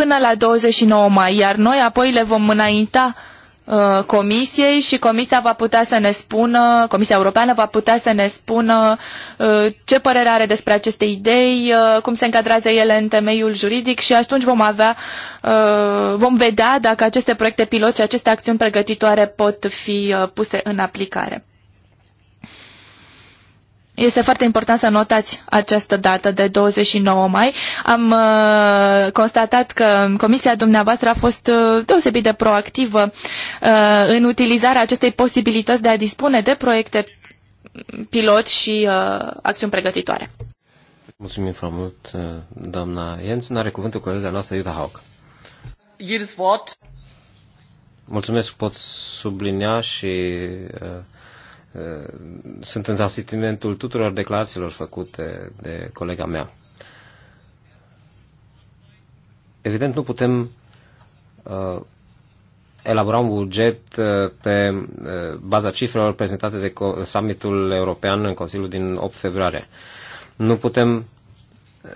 până la 29 mai, iar noi apoi le vom înainta uh, Comisiei și Comisia va putea să ne spună, Comisia Europeană va putea să ne spună uh, ce părere are despre aceste idei, uh, cum se încadrează ele în temeiul juridic și atunci vom avea, vom vedea dacă aceste proiecte pilot și aceste acțiuni pregătitoare pot fi puse în aplicare. Este foarte important să notați această dată de 29 mai. Am uh, constatat că comisia dumneavoastră a fost uh, deosebit de proactivă uh, în utilizarea acestei posibilități de a dispune de proiecte pilot și acțiuni pregătitoare. Mulțumim foarte mult, doamna Jensen. Are cuvântul colega noastră, Iuda Hauk. Mulțumesc, pot sublinia și uh, sunt în asistimentul tuturor declarațiilor făcute de colega mea. Evident, nu putem uh, elabora un buget uh, pe uh, baza cifrelor prezentate de summitul european în Consiliul din 8 februarie. Nu putem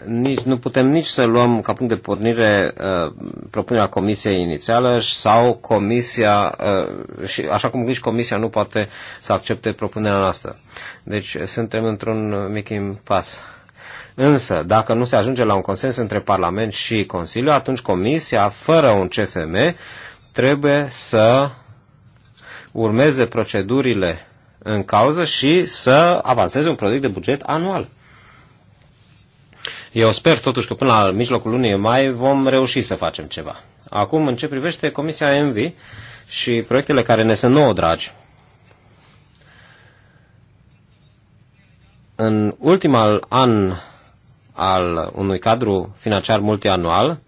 nici, nu putem nici să luăm ca punct de pornire uh, propunerea comisiei inițială sau comisia, uh, și așa cum nici comisia nu poate să accepte propunerea noastră. Deci suntem într-un mic impas. Însă, dacă nu se ajunge la un consens între Parlament și Consiliu, atunci Comisia, fără un CFM, trebuie să urmeze procedurile în cauză și să avanseze un proiect de buget anual. Eu sper totuși că până la mijlocul lunii mai vom reuși să facem ceva. Acum, în ce privește Comisia ENVI și proiectele care ne sunt nouă dragi, în ultimul an al unui cadru financiar multianual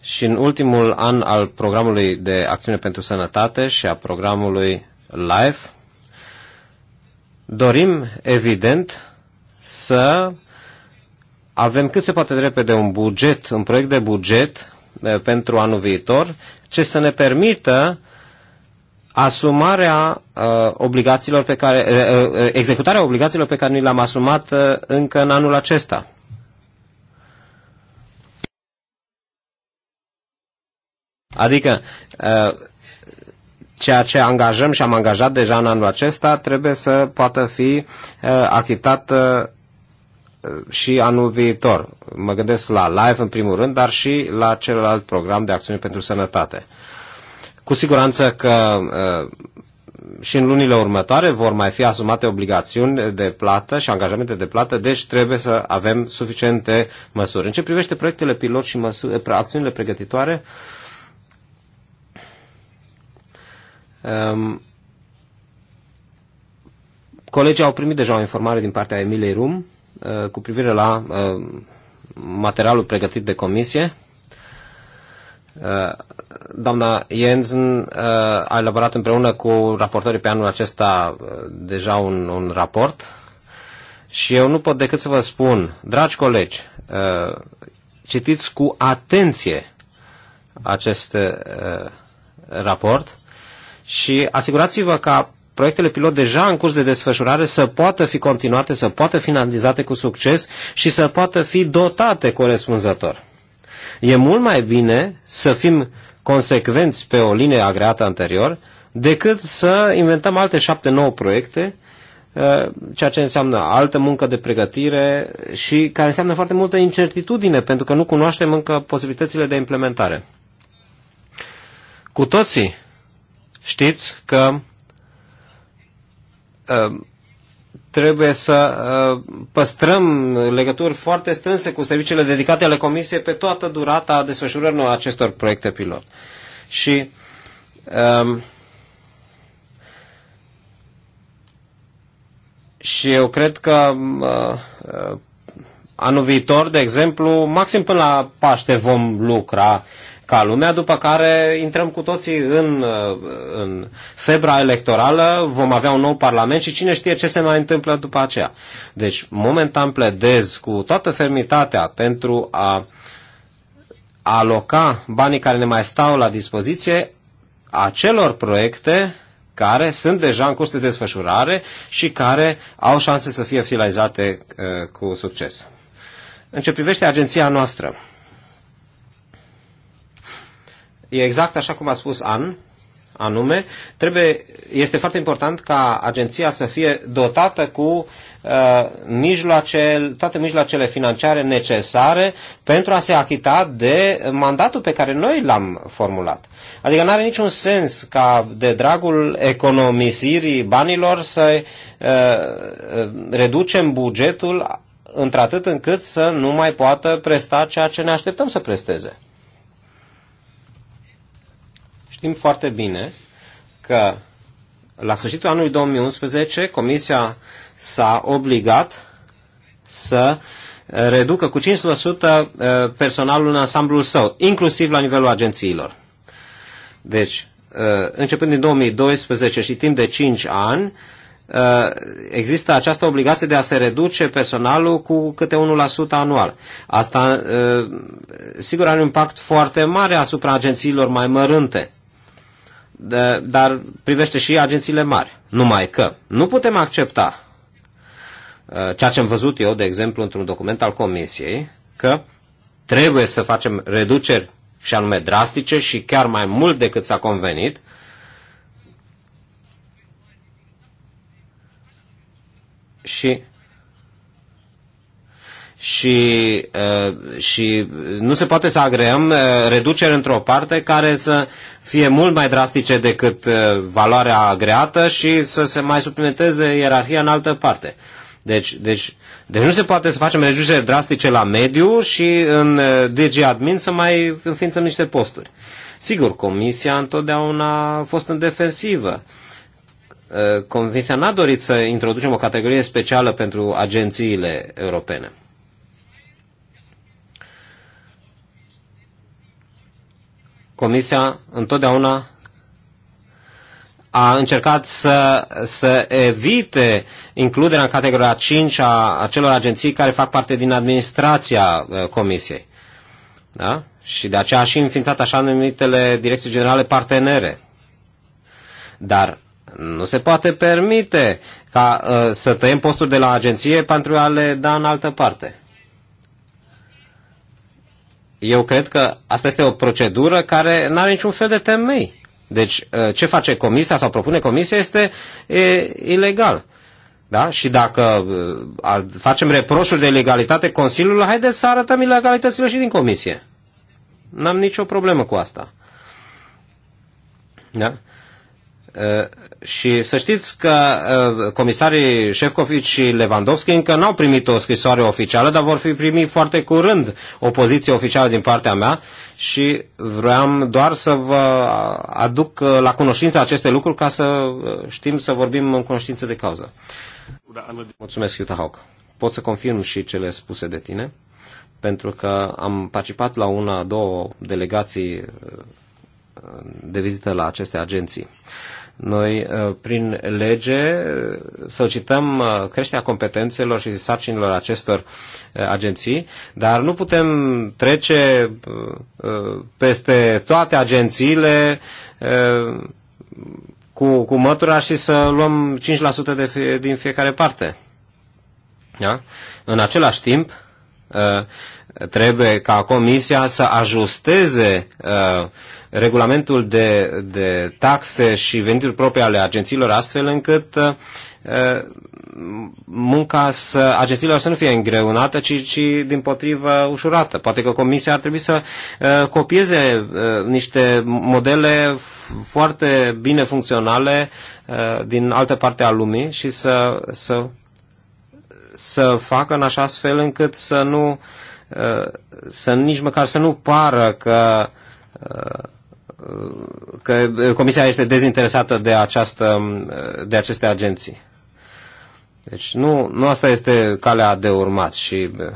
și în ultimul an al programului de acțiune pentru sănătate și a programului LIFE, dorim, evident, să avem cât se poate de repede un buget, un proiect de buget eh, pentru anul viitor, ce să ne permită asumarea uh, obligațiilor pe care, uh, executarea obligațiilor pe care ni le-am asumat uh, încă în anul acesta. Adică, uh, ceea ce angajăm și am angajat deja în anul acesta trebuie să poată fi uh, achitat uh, și anul viitor. Mă gândesc la live în primul rând, dar și la celălalt program de acțiuni pentru sănătate. Cu siguranță că uh, și în lunile următoare vor mai fi asumate obligațiuni de plată și angajamente de plată, deci trebuie să avem suficiente măsuri. În ce privește proiectele pilot și măsuri, eh, acțiunile pregătitoare, um, colegii au primit deja o informare din partea Emilei Rum Uh, cu privire la uh, materialul pregătit de comisie. Uh, doamna Jensen a elaborat împreună cu raportorii pe anul acesta deja un, un raport și eu nu pot decât să vă spun, dragi colegi, citiți cu atenție acest raport și asigurați-vă ca proiectele pilot deja în curs de desfășurare să poată fi continuate, să poată finalizate cu succes și să poată fi dotate corespunzător. E mult mai bine să fim consecvenți pe o linie agreată anterior decât să inventăm alte șapte, nouă proiecte, uh, ceea ce înseamnă altă muncă de pregătire și care înseamnă foarte multă incertitudine, pentru că nu cunoaștem încă posibilitățile de implementare. Cu toții știți că Uh, trebuie să uh, păstrăm legături foarte strânse cu serviciile dedicate ale Comisiei pe toată durata desfășurării acestor proiecte pilot. Și um, și eu cred că uh, anul viitor, de exemplu, maxim până la Paște vom lucra ca lumea, după care intrăm cu toții în, uh, în febra electorală, vom avea un nou parlament și cine știe ce se mai întâmplă după aceea. Deci, momentan pledez cu toată fermitatea pentru a aloca banii care ne mai stau la dispoziție acelor proiecte care sunt deja în curs de desfășurare și care au șanse să fie finalizate uh, cu succes. În ce privește agenția noastră, e exact așa cum a spus An, anume, trebuie, este foarte important ca agenția să fie dotată cu uh, mijloace, toate mijloacele financiare necesare pentru a se achita de mandatul pe care noi l-am formulat. Adică nu are niciun sens ca de dragul economisirii banilor să uh, uh, reducem bugetul într-atât încât să nu mai poată presta ceea ce ne așteptăm să presteze. Știm foarte bine că la sfârșitul anului 2011 Comisia s-a obligat să eh, reducă cu 5% eh, personalul în ansamblul său, inclusiv la nivelul agențiilor. Deci, eh, începând din 2012 și timp de 5 ani, există această obligație de a se reduce personalul cu câte 1% anual. Asta, sigur, are un impact foarte mare asupra agențiilor mai mărânte de, dar privește și agențiile mari. Numai că nu putem accepta uh, ceea ce am văzut eu, de exemplu, într-un document al Comisiei, că trebuie să facem reduceri și anume drastice și chiar mai mult decât s-a convenit, și și, și nu se poate să agreăm reduceri într-o parte care să fie mult mai drastice decât valoarea agreată și să se mai suplimenteze ierarhia în altă parte. Deci, deci, deci nu se poate să facem reduceri drastice la mediu și în DG Admin să mai înființăm niște posturi. Sigur, Comisia întotdeauna a fost în defensivă. Comisia n-a dorit să introducem o categorie specială pentru agențiile europene. Comisia întotdeauna a încercat să, să evite includerea în categoria 5 a acelor agenții care fac parte din administrația uh, Comisiei. Da? Și de aceea a și înființat așa numitele direcții generale partenere. Dar nu se poate permite ca uh, să tăiem posturi de la agenție pentru a le da în altă parte eu cred că asta este o procedură care nu are niciun fel de temei. Deci ă, ce face comisia sau propune comisia este e, ilegal. Da? Și dacă ă, a, facem reproșuri de ilegalitate Consiliului, haideți să arătăm ilegalitățile și din comisie. N-am nicio problemă cu asta. Da? Uh, și să știți că uh, comisarii Șefcovic și Lewandowski încă n-au primit o scrisoare oficială, dar vor fi primi foarte curând o poziție oficială din partea mea și vreau doar să vă aduc uh, la cunoștință aceste lucruri ca să știm să vorbim în cunoștință de cauză. Mulțumesc, Iuta Hawk. Pot să confirm și cele spuse de tine, pentru că am participat la una, două delegații de vizită la aceste agenții. Noi, uh, prin lege, uh, solicităm uh, creșterea competențelor și sarcinilor acestor agenții, dar nu putem trece peste toate agențiile cu, cu mătura și să luăm 5% de, din fiecare parte. Da? În același timp, Uh, trebuie ca Comisia să ajusteze uh, regulamentul de, de taxe și venituri proprii ale agențiilor astfel încât uh, munca să, agențiilor să nu fie îngreunată, ci, ci din potrivă ușurată. Poate că Comisia ar trebui să uh, copieze uh, niște modele foarte bine funcționale uh, din altă parte a lumii și să, să să facă în așa fel încât să nu, uh, să nici măcar să nu pară că, uh, că Comisia este dezinteresată de, această, de aceste agenții. Deci nu, nu asta este calea de urmat și uh,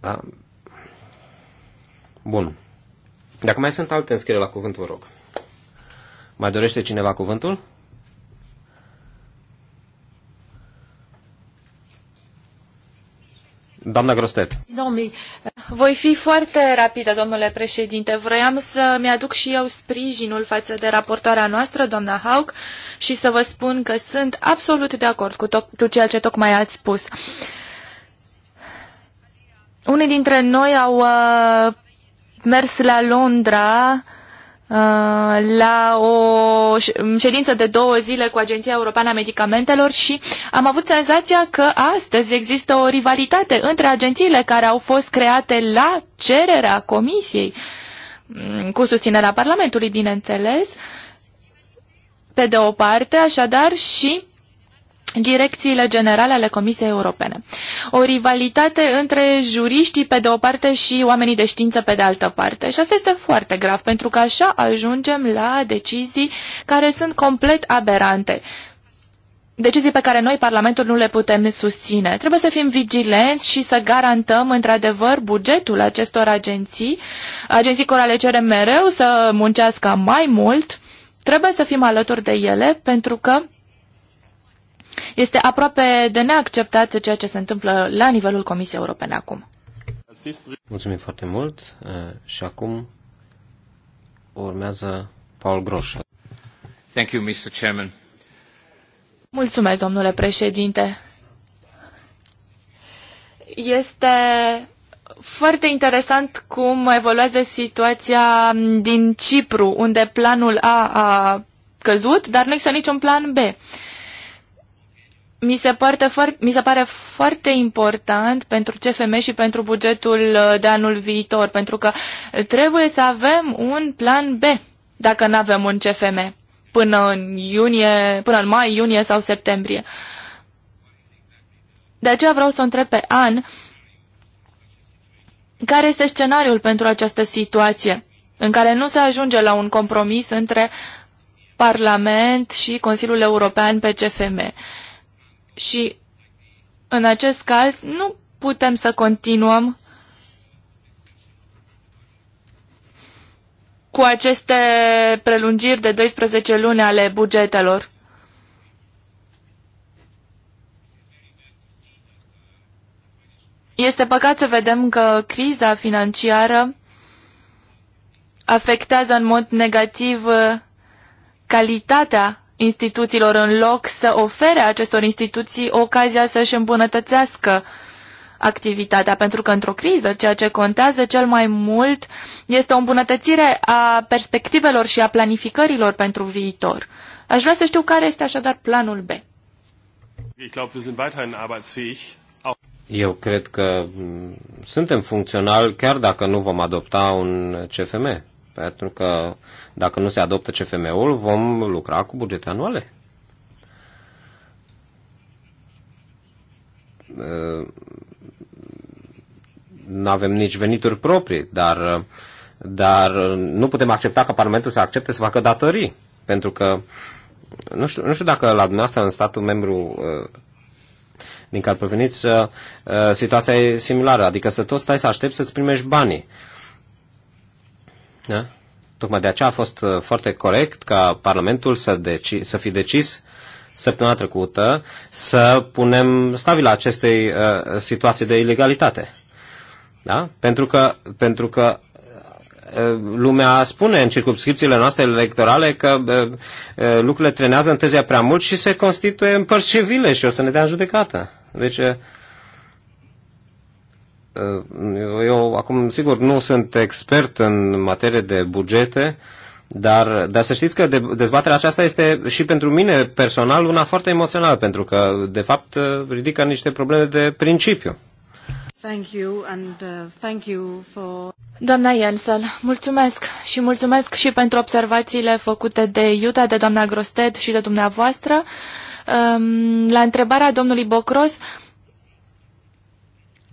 da. Bun. Dacă mai sunt alte înscrieri la cuvânt, vă rog. Mai dorește cineva cuvântul? Doamna Grostet. Domnul, voi fi foarte rapidă, domnule președinte. Vroiam să-mi aduc și eu sprijinul față de raportoarea noastră, doamna Hauk, și să vă spun că sunt absolut de acord cu, cu ceea ce tocmai ați spus. Unii dintre noi au uh, mers la Londra uh, Uh, la o ședință de două zile cu Agenția Europeană a Medicamentelor și am avut senzația că astăzi există o rivalitate între agențiile care au fost create la cererea Comisiei, mm, cu susținerea Parlamentului, bineînțeles, pe de o parte, așadar, și direcțiile generale ale Comisiei Europene. O rivalitate între juriștii pe de o parte și oamenii de știință pe de altă parte. Și asta este foarte grav, pentru că așa ajungem la decizii care sunt complet aberante. Decizii pe care noi, Parlamentul, nu le putem susține. Trebuie să fim vigilenți și să garantăm, într-adevăr, bugetul acestor agenții, agenții care le cere mereu să muncească mai mult. Trebuie să fim alături de ele, pentru că este aproape de neacceptat ceea ce se întâmplă la nivelul Comisiei Europene acum. Mulțumim foarte mult uh, și acum urmează Paul Groș. Thank you, Mr. Chairman. Mulțumesc, domnule președinte. Este foarte interesant cum evoluează situația din Cipru, unde planul A a căzut, dar nu există niciun plan B mi se, parte foar- mi se pare foarte important pentru CFM și pentru bugetul uh, de anul viitor, pentru că trebuie să avem un plan B dacă nu avem un CFM până în iunie, până în mai, iunie sau septembrie. De aceea vreau să o întreb pe An care este scenariul pentru această situație în care nu se ajunge la un compromis între Parlament și Consiliul European pe CFM. Și în acest caz nu putem să continuăm cu aceste prelungiri de 12 luni ale bugetelor. Este păcat să vedem că criza financiară afectează în mod negativ uh, calitatea instituțiilor în loc să ofere acestor instituții ocazia să-și îmbunătățească activitatea, pentru că într-o criză ceea ce contează cel mai mult este o îmbunătățire a perspectivelor și a planificărilor pentru viitor. Aș vrea să știu care este așadar planul B. Eu cred că mm, suntem funcționali chiar dacă nu vom adopta un CFM. Pentru că dacă nu se adoptă CFM-ul, vom lucra cu bugete anuale. Ă, nu avem nici venituri proprii, dar, dar nu putem accepta ca Parlamentul să accepte să facă datorii. Pentru că nu știu, nu știu dacă la dumneavoastră în statul membru ă, din care proveniți, ă, situația e similară, adică să tot stai să aștepți să-ți primești banii. Da? Tocmai de aceea a fost uh, foarte corect ca Parlamentul să, deci, să fi decis săptămâna trecută să punem stabila acestei uh, situații de ilegalitate. Da? Pentru că, pentru că uh, lumea spune în circunscripțiile noastre electorale că e, uh, lucrurile trenează întâzia prea mult și se constituie în părți civile și o să ne dea în judecată. Deci, Uh, eu acum, sigur, nu sunt expert în materie de bugete, dar, dar să știți că dezbaterea aceasta este și pentru mine personal una foarte emoțională, pentru că, de fapt, uh, ridică niște probleme de principiu. Thank you and, uh, thank you for... Doamna Jensen, mulțumesc și mulțumesc și pentru observațiile făcute de Iuda, de doamna Grosted și de dumneavoastră. Um, la întrebarea domnului Bocros,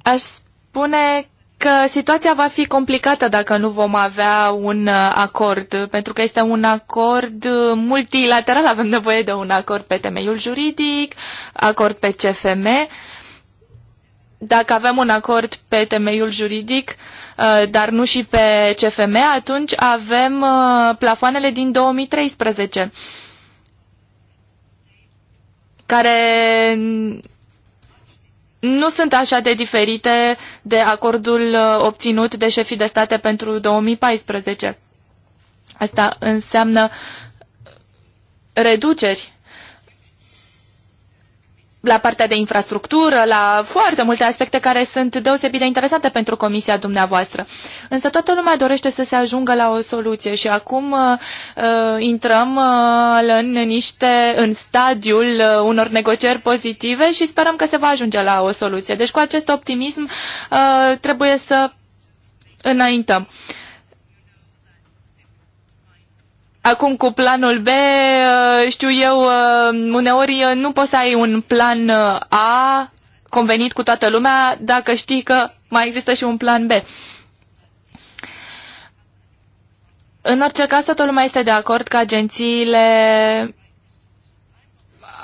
aș spune spune că situația va fi complicată dacă nu vom avea un uh, acord, pentru că este un acord uh, multilateral, avem nevoie de un acord pe temeiul juridic, acord pe CFM. Dacă avem un acord pe temeiul juridic, uh, dar nu și pe CFM, atunci avem plafoanele din 2013 care nu sunt așa de diferite de acordul uh, obținut de șefii de state pentru 2014. Asta înseamnă uh, reduceri la partea de infrastructură, la foarte multe aspecte care sunt deosebit de interesante pentru comisia dumneavoastră. Însă toată lumea dorește să se ajungă la o soluție și acum uh, uh intrăm uh, în, niște, în stadiul uh, unor negocieri pozitive și sperăm că se va ajunge la o soluție. Deci cu acest optimism uh, trebuie să înaintăm. Uh, Acum, cu planul B, uh, știu eu, uh, uneori uh, nu poți să ai un plan A convenit cu toată lumea dacă știi că mai există și un plan B. În orice caz, toată lumea este de acord că agențiile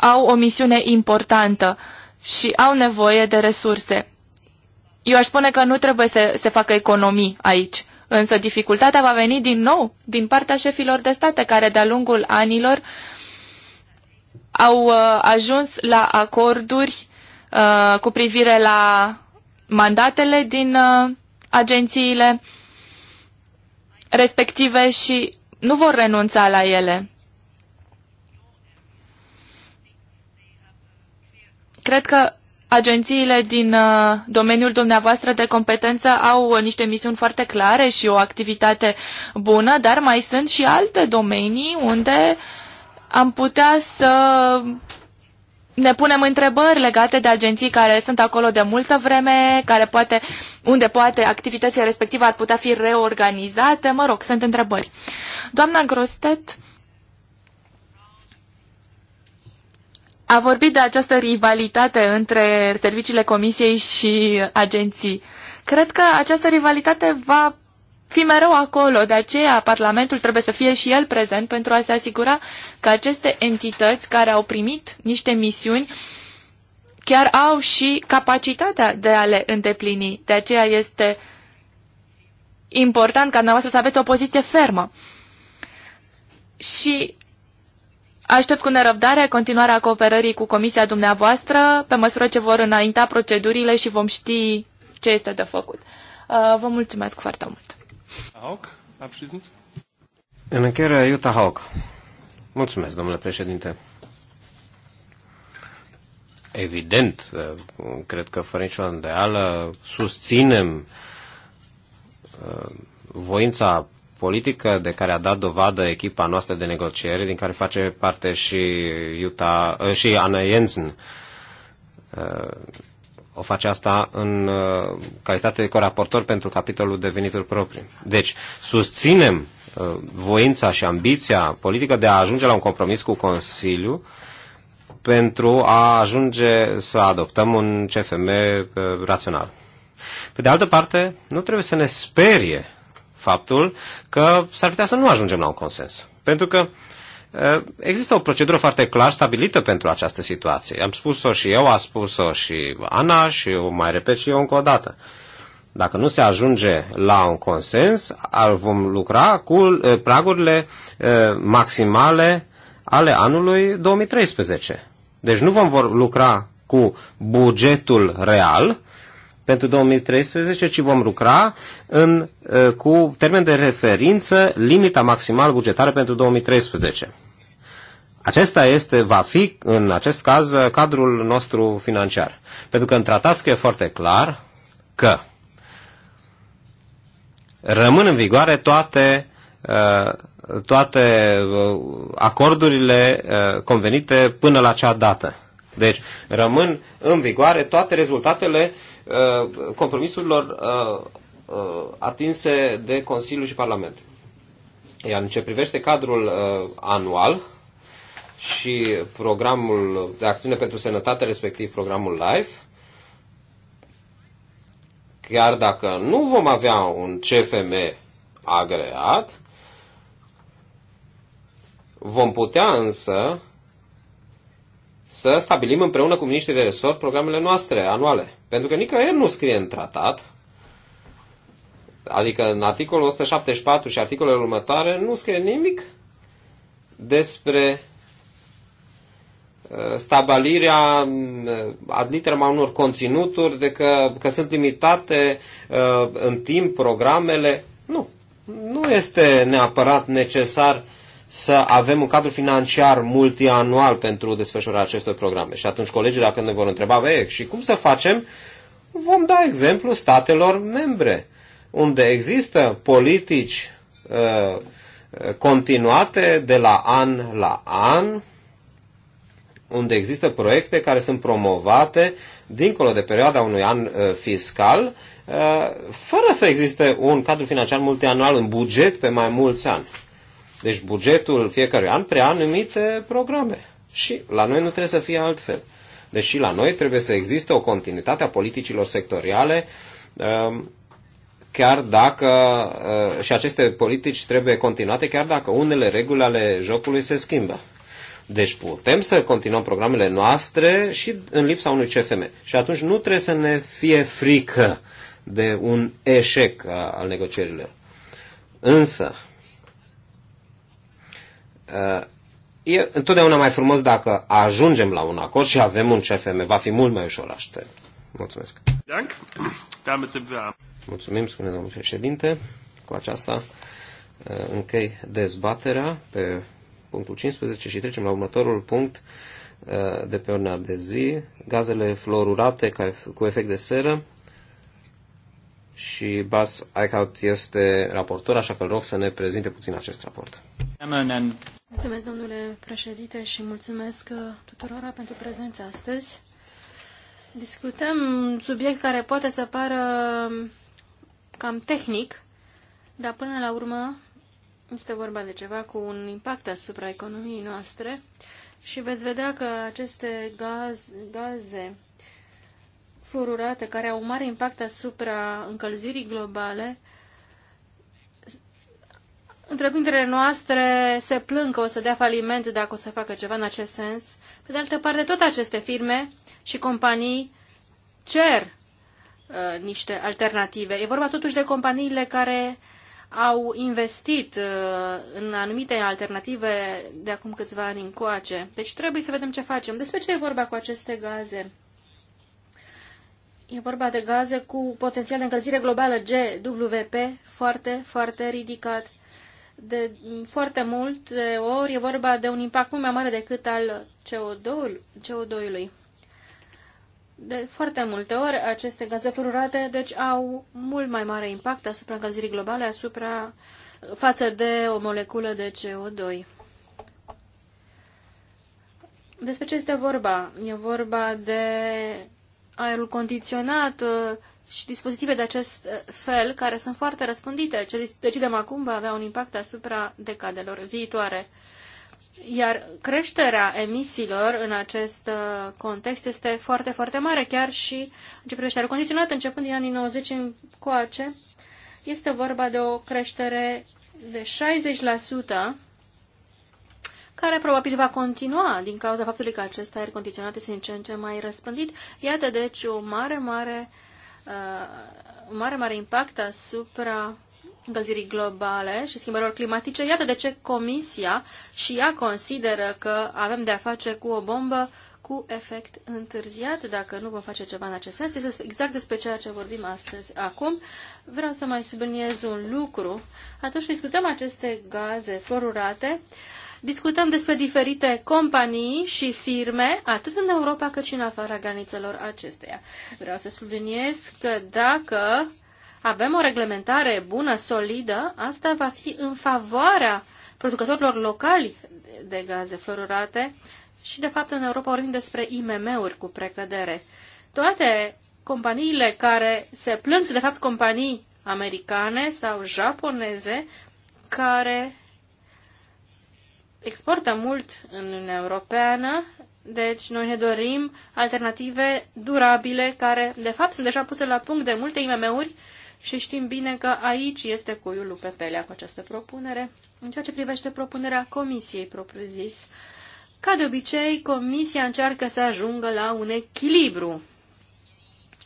au o misiune importantă și au nevoie de resurse. Eu aș spune că nu trebuie să se facă economii aici. Însă dificultatea va veni din nou din partea șefilor de state care de-a lungul anilor au uh, ajuns la acorduri uh, cu privire la mandatele din uh, agențiile respective și nu vor renunța la ele. Cred că agențiile din uh, domeniul dumneavoastră de competență au uh, niște misiuni foarte clare și o activitate bună, dar mai sunt și alte domenii unde am putea să ne punem întrebări legate de agenții care sunt acolo de multă vreme, care poate, unde poate activitățile respective ar putea fi reorganizate. Mă rog, sunt întrebări. Doamna Grostet, uh, a vorbit de această rivalitate între serviciile comisiei și agenții. Cred că această rivalitate va fi mereu acolo, de aceea Parlamentul trebuie să fie și el prezent pentru a se asigura că aceste entități care au primit niște misiuni chiar au și capacitatea de a le îndeplini. De aceea este important ca dumneavoastră să aveți o poziție fermă. Și Aștept cu nerăbdare continuarea cooperării cu comisia dumneavoastră pe măsură ce vor înainta procedurile și vom ști ce este de făcut. Uh, vă mulțumesc foarte mult. În încheiere, Iuta Hawk. Mulțumesc, domnule președinte. Evident, uh, cred că fără nicio îndeală susținem uh, voința politică de care a dat dovadă echipa noastră de negocieri, din care face parte și, Iuta ă, și Anna Jensen. Ă, o face asta în ă, calitate de coraportor pentru capitolul de venituri proprii. Deci, susținem voința și ambiția politică de a ajunge la un compromis cu Consiliu pentru a ajunge să adoptăm un CFM rațional. Pe de altă parte, nu trebuie să ne sperie faptul că s-ar putea să nu ajungem la un consens. Pentru că există o procedură foarte clar stabilită pentru această situație. Am spus-o și eu, a spus-o și Ana și o mai repet și eu încă o dată. Dacă nu se ajunge la un consens, vom lucra cu pragurile maximale ale anului 2013. Deci nu vom vor lucra cu bugetul real, pentru 2013, ci vom lucra în, cu termen de referință limita maximală bugetară pentru 2013. Acesta este, va fi, în acest caz, cadrul nostru financiar. Pentru că în tratat scrie foarte clar că rămân în vigoare toate, toate acordurile convenite până la acea dată. Deci rămân în vigoare toate rezultatele Uh, compromisurilor uh, uh, atinse de Consiliu și Parlament. Iar în ce privește cadrul anual și programul de acțiune pentru sănătate, respectiv programul LIFE, chiar dacă nu vom avea un CFM agreat, vom putea însă să stabilim împreună cu miniștrii de resort programele noastre anuale. Pentru că nicăieri nu scrie în tratat, adică în articolul 174 și articolele următoare, nu scrie nimic despre uh, stabilirea uh, ad literam a unor conținuturi, de că, că sunt limitate uh, în timp programele. Nu. Nu este neapărat necesar uh, să avem un cadru financiar multianual pentru desfășurarea acestor programe. Și atunci colegii, dacă ne vor întreba, băi, și cum să facem, vom da exemplu statelor membre, unde există politici uh, continuate de la an la an, unde există proiecte care sunt promovate dincolo de perioada unui an uh, fiscal, uh, fără să existe un cadru financiar multianual, în buget pe mai mulți ani. Deci bugetul fiecare an prea anumite programe. Și la noi nu trebuie să fie altfel. Deși deci la noi trebuie să existe o continuitate a politicilor sectoriale, um, chiar dacă uh, și aceste politici trebuie continuate, chiar dacă unele reguli ale jocului se schimbă. Deci putem să continuăm programele noastre și în lipsa unui CFM. Și atunci nu trebuie să ne fie frică de un eșec uh, al negocierilor. Însă, e întotdeauna mai frumos dacă ajungem la un acord și avem un CFM. Va fi mult mai ușor, aștept. Mulțumesc. Dank. Mulțumim, spune domnul președinte. Cu aceasta uh, închei dezbaterea pe punctul 15 și trecem la următorul punct uh, de pe ordinea de zi, gazele fluorurate cu efect de seră și Bas Eichhout este raportor, așa că îl rog să ne prezinte puțin acest raport. Mulțumesc, domnule președinte, și mulțumesc uh, tuturora pentru prezența astăzi. Discutăm un subiect care poate să pară um, cam tehnic, dar până la urmă este vorba de ceva cu un impact asupra economiei noastre și veți vedea că aceste gaz, gaze fluorurate, care au un mare impact asupra încălzirii globale, întreprinderile noastre se plâng că o să dea faliment dacă o să facă ceva în acest sens. Pe de altă parte, tot aceste firme și companii cer uh, niște alternative. E vorba totuși de companiile care au investit uh, în anumite alternative de acum câțiva ani încoace. Deci trebuie să vedem ce facem. Despre ce e vorba cu aceste gaze? E vorba de gaze cu potențial de încălzire globală GWP foarte, foarte ridicat de foarte de ori e vorba de un impact mult mai mare decât al CO2-ului. De foarte multe ori, aceste gaze fluorate deci, au mult mai mare impact asupra încălzirii globale asupra, față de o moleculă de CO2. Despre ce este vorba? E vorba de aerul condiționat, și dispozitive de acest eh, fel, care sunt foarte răspândite. Ce decidem acum va avea un impact asupra decadelor viitoare. Iar creșterea emisiilor în acest eh, context este foarte, foarte mare, chiar și în ce privește condiționat, începând din anii 90 încoace, este vorba de o creștere de 60%, care probabil va continua din cauza faptului că acest aer condiționat este din ce în ce mai răspândit. Iată, deci, o mare, mare uh, Uh, un mare, mare impact asupra încălzirii globale și schimbărilor climatice. Iată de ce Comisia și ea consideră că avem de a face cu o bombă cu efect întârziat, dacă nu vom face ceva în acest sens. Este exact despre ceea ce vorbim astăzi. Acum vreau să mai subliniez un lucru. Atunci discutăm aceste gaze florurate, Uh, Discutăm despre diferite companii și firme, atât în Europa cât și în afara granițelor acesteia. Vreau să subliniez că dacă avem o reglementare bună, solidă, asta va fi în favoarea producătorilor locali de gaze fluorurate și, de fapt, în Europa vorbim despre IMM-uri cu precădere. Toate companiile care se plâng de fapt, companii americane sau japoneze care exportă mult în Uniunea Europeană, deci noi ne dorim alternative durabile care, de fapt, sunt deja puse la punct de multe IMM-uri și știm bine că aici este cuiul lui Pepelea cu această propunere. În ceea ce privește propunerea Comisiei propriu-zis, ca de obicei, Comisia încearcă să ajungă la un echilibru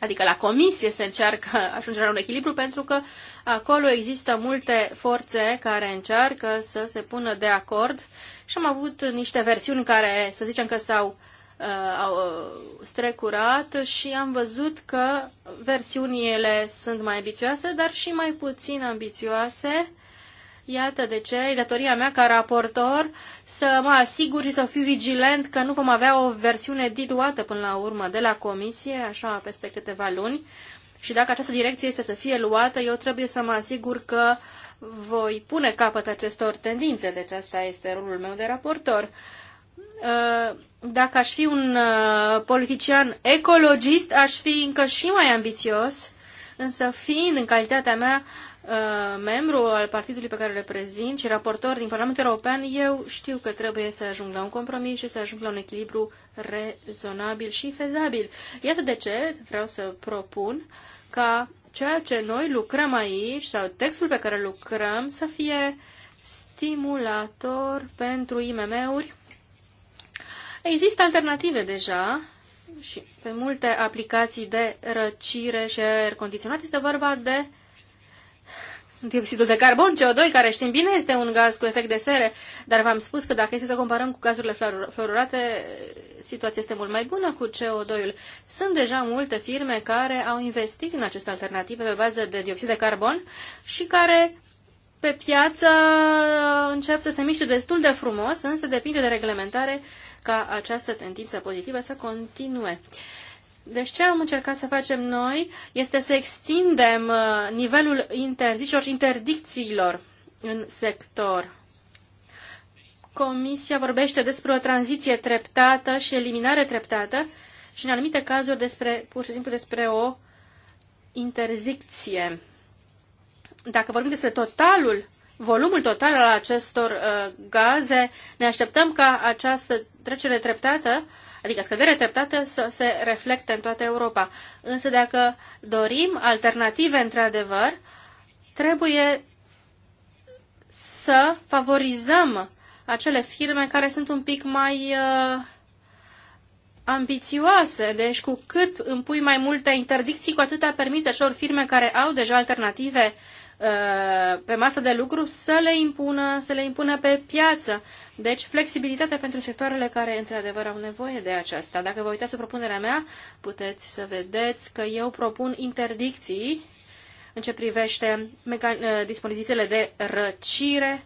adică la comisie se încearcă ajungerea un echilibru, pentru că acolo există multe forțe care încearcă să se pună de acord și am avut niște versiuni care, să zicem că s-au uh, au uh, strecurat și am văzut că versiunile sunt mai ambițioase, dar și mai puțin ambițioase Iată de ce e datoria mea ca raportor să mă asigur și să fiu vigilent că nu vom avea o versiune diluată până la urmă de la comisie, așa peste câteva luni. Și dacă această direcție este să fie luată, eu trebuie să mă asigur că voi pune capăt acestor tendințe, deci asta este rolul meu de raportor. Uh, dacă aș fi un uh, politician ecologist, aș fi încă și mai ambițios, însă fiind în calitatea mea Uh, membru al partidului pe care îl reprezint și raportor din Parlamentul European, eu știu că trebuie să ajung la un compromis și să ajung la un echilibru rezonabil și fezabil. Iată de ce vreau să propun ca ceea ce noi lucrăm aici sau textul pe care lucrăm să fie stimulator pentru IMM-uri. Există alternative deja și pe multe aplicații de răcire și aer condiționat este vorba de uh, dioxidul de carbon, CO2, care știm bine este un gaz cu efect de sere, dar v-am spus că dacă este să comparăm cu gazurile fluorurate, situația este mult mai bună cu CO2-ul. Sunt deja multe firme care au investit în aceste alternative pe bază de dioxid de carbon și care pe piață încep să se miște destul de frumos, însă depinde de reglementare ca această tendință pozitivă să continue. Uh, deci ce am încercat să facem noi este să extindem uh, nivelul interzicilor și interdicțiilor în sector. Comisia vorbește despre o tranziție treptată și eliminare treptată și în anumite cazuri despre, pur și simplu despre o interzicție. Dacă vorbim despre totalul, volumul total al acestor uh, gaze, ne așteptăm ca această trecere treptată uh, adică scădere treptată, să se reflecte în toată Europa. Însă dacă dorim alternative, într-adevăr, trebuie să favorizăm acele firme care sunt un pic mai uh, ambițioase. Deci cu cât împui mai multe interdicții, cu atâta permiți deci acelor firme care au deja alternative Uh, pe masă de lucru să le impună, să le impună pe piață. Deci flexibilitatea pentru sectoarele care într-adevăr au nevoie de aceasta. Dacă vă uitați la propunerea mea, puteți să vedeți că eu propun interdicții în ce privește uh, dispozițiile de răcire,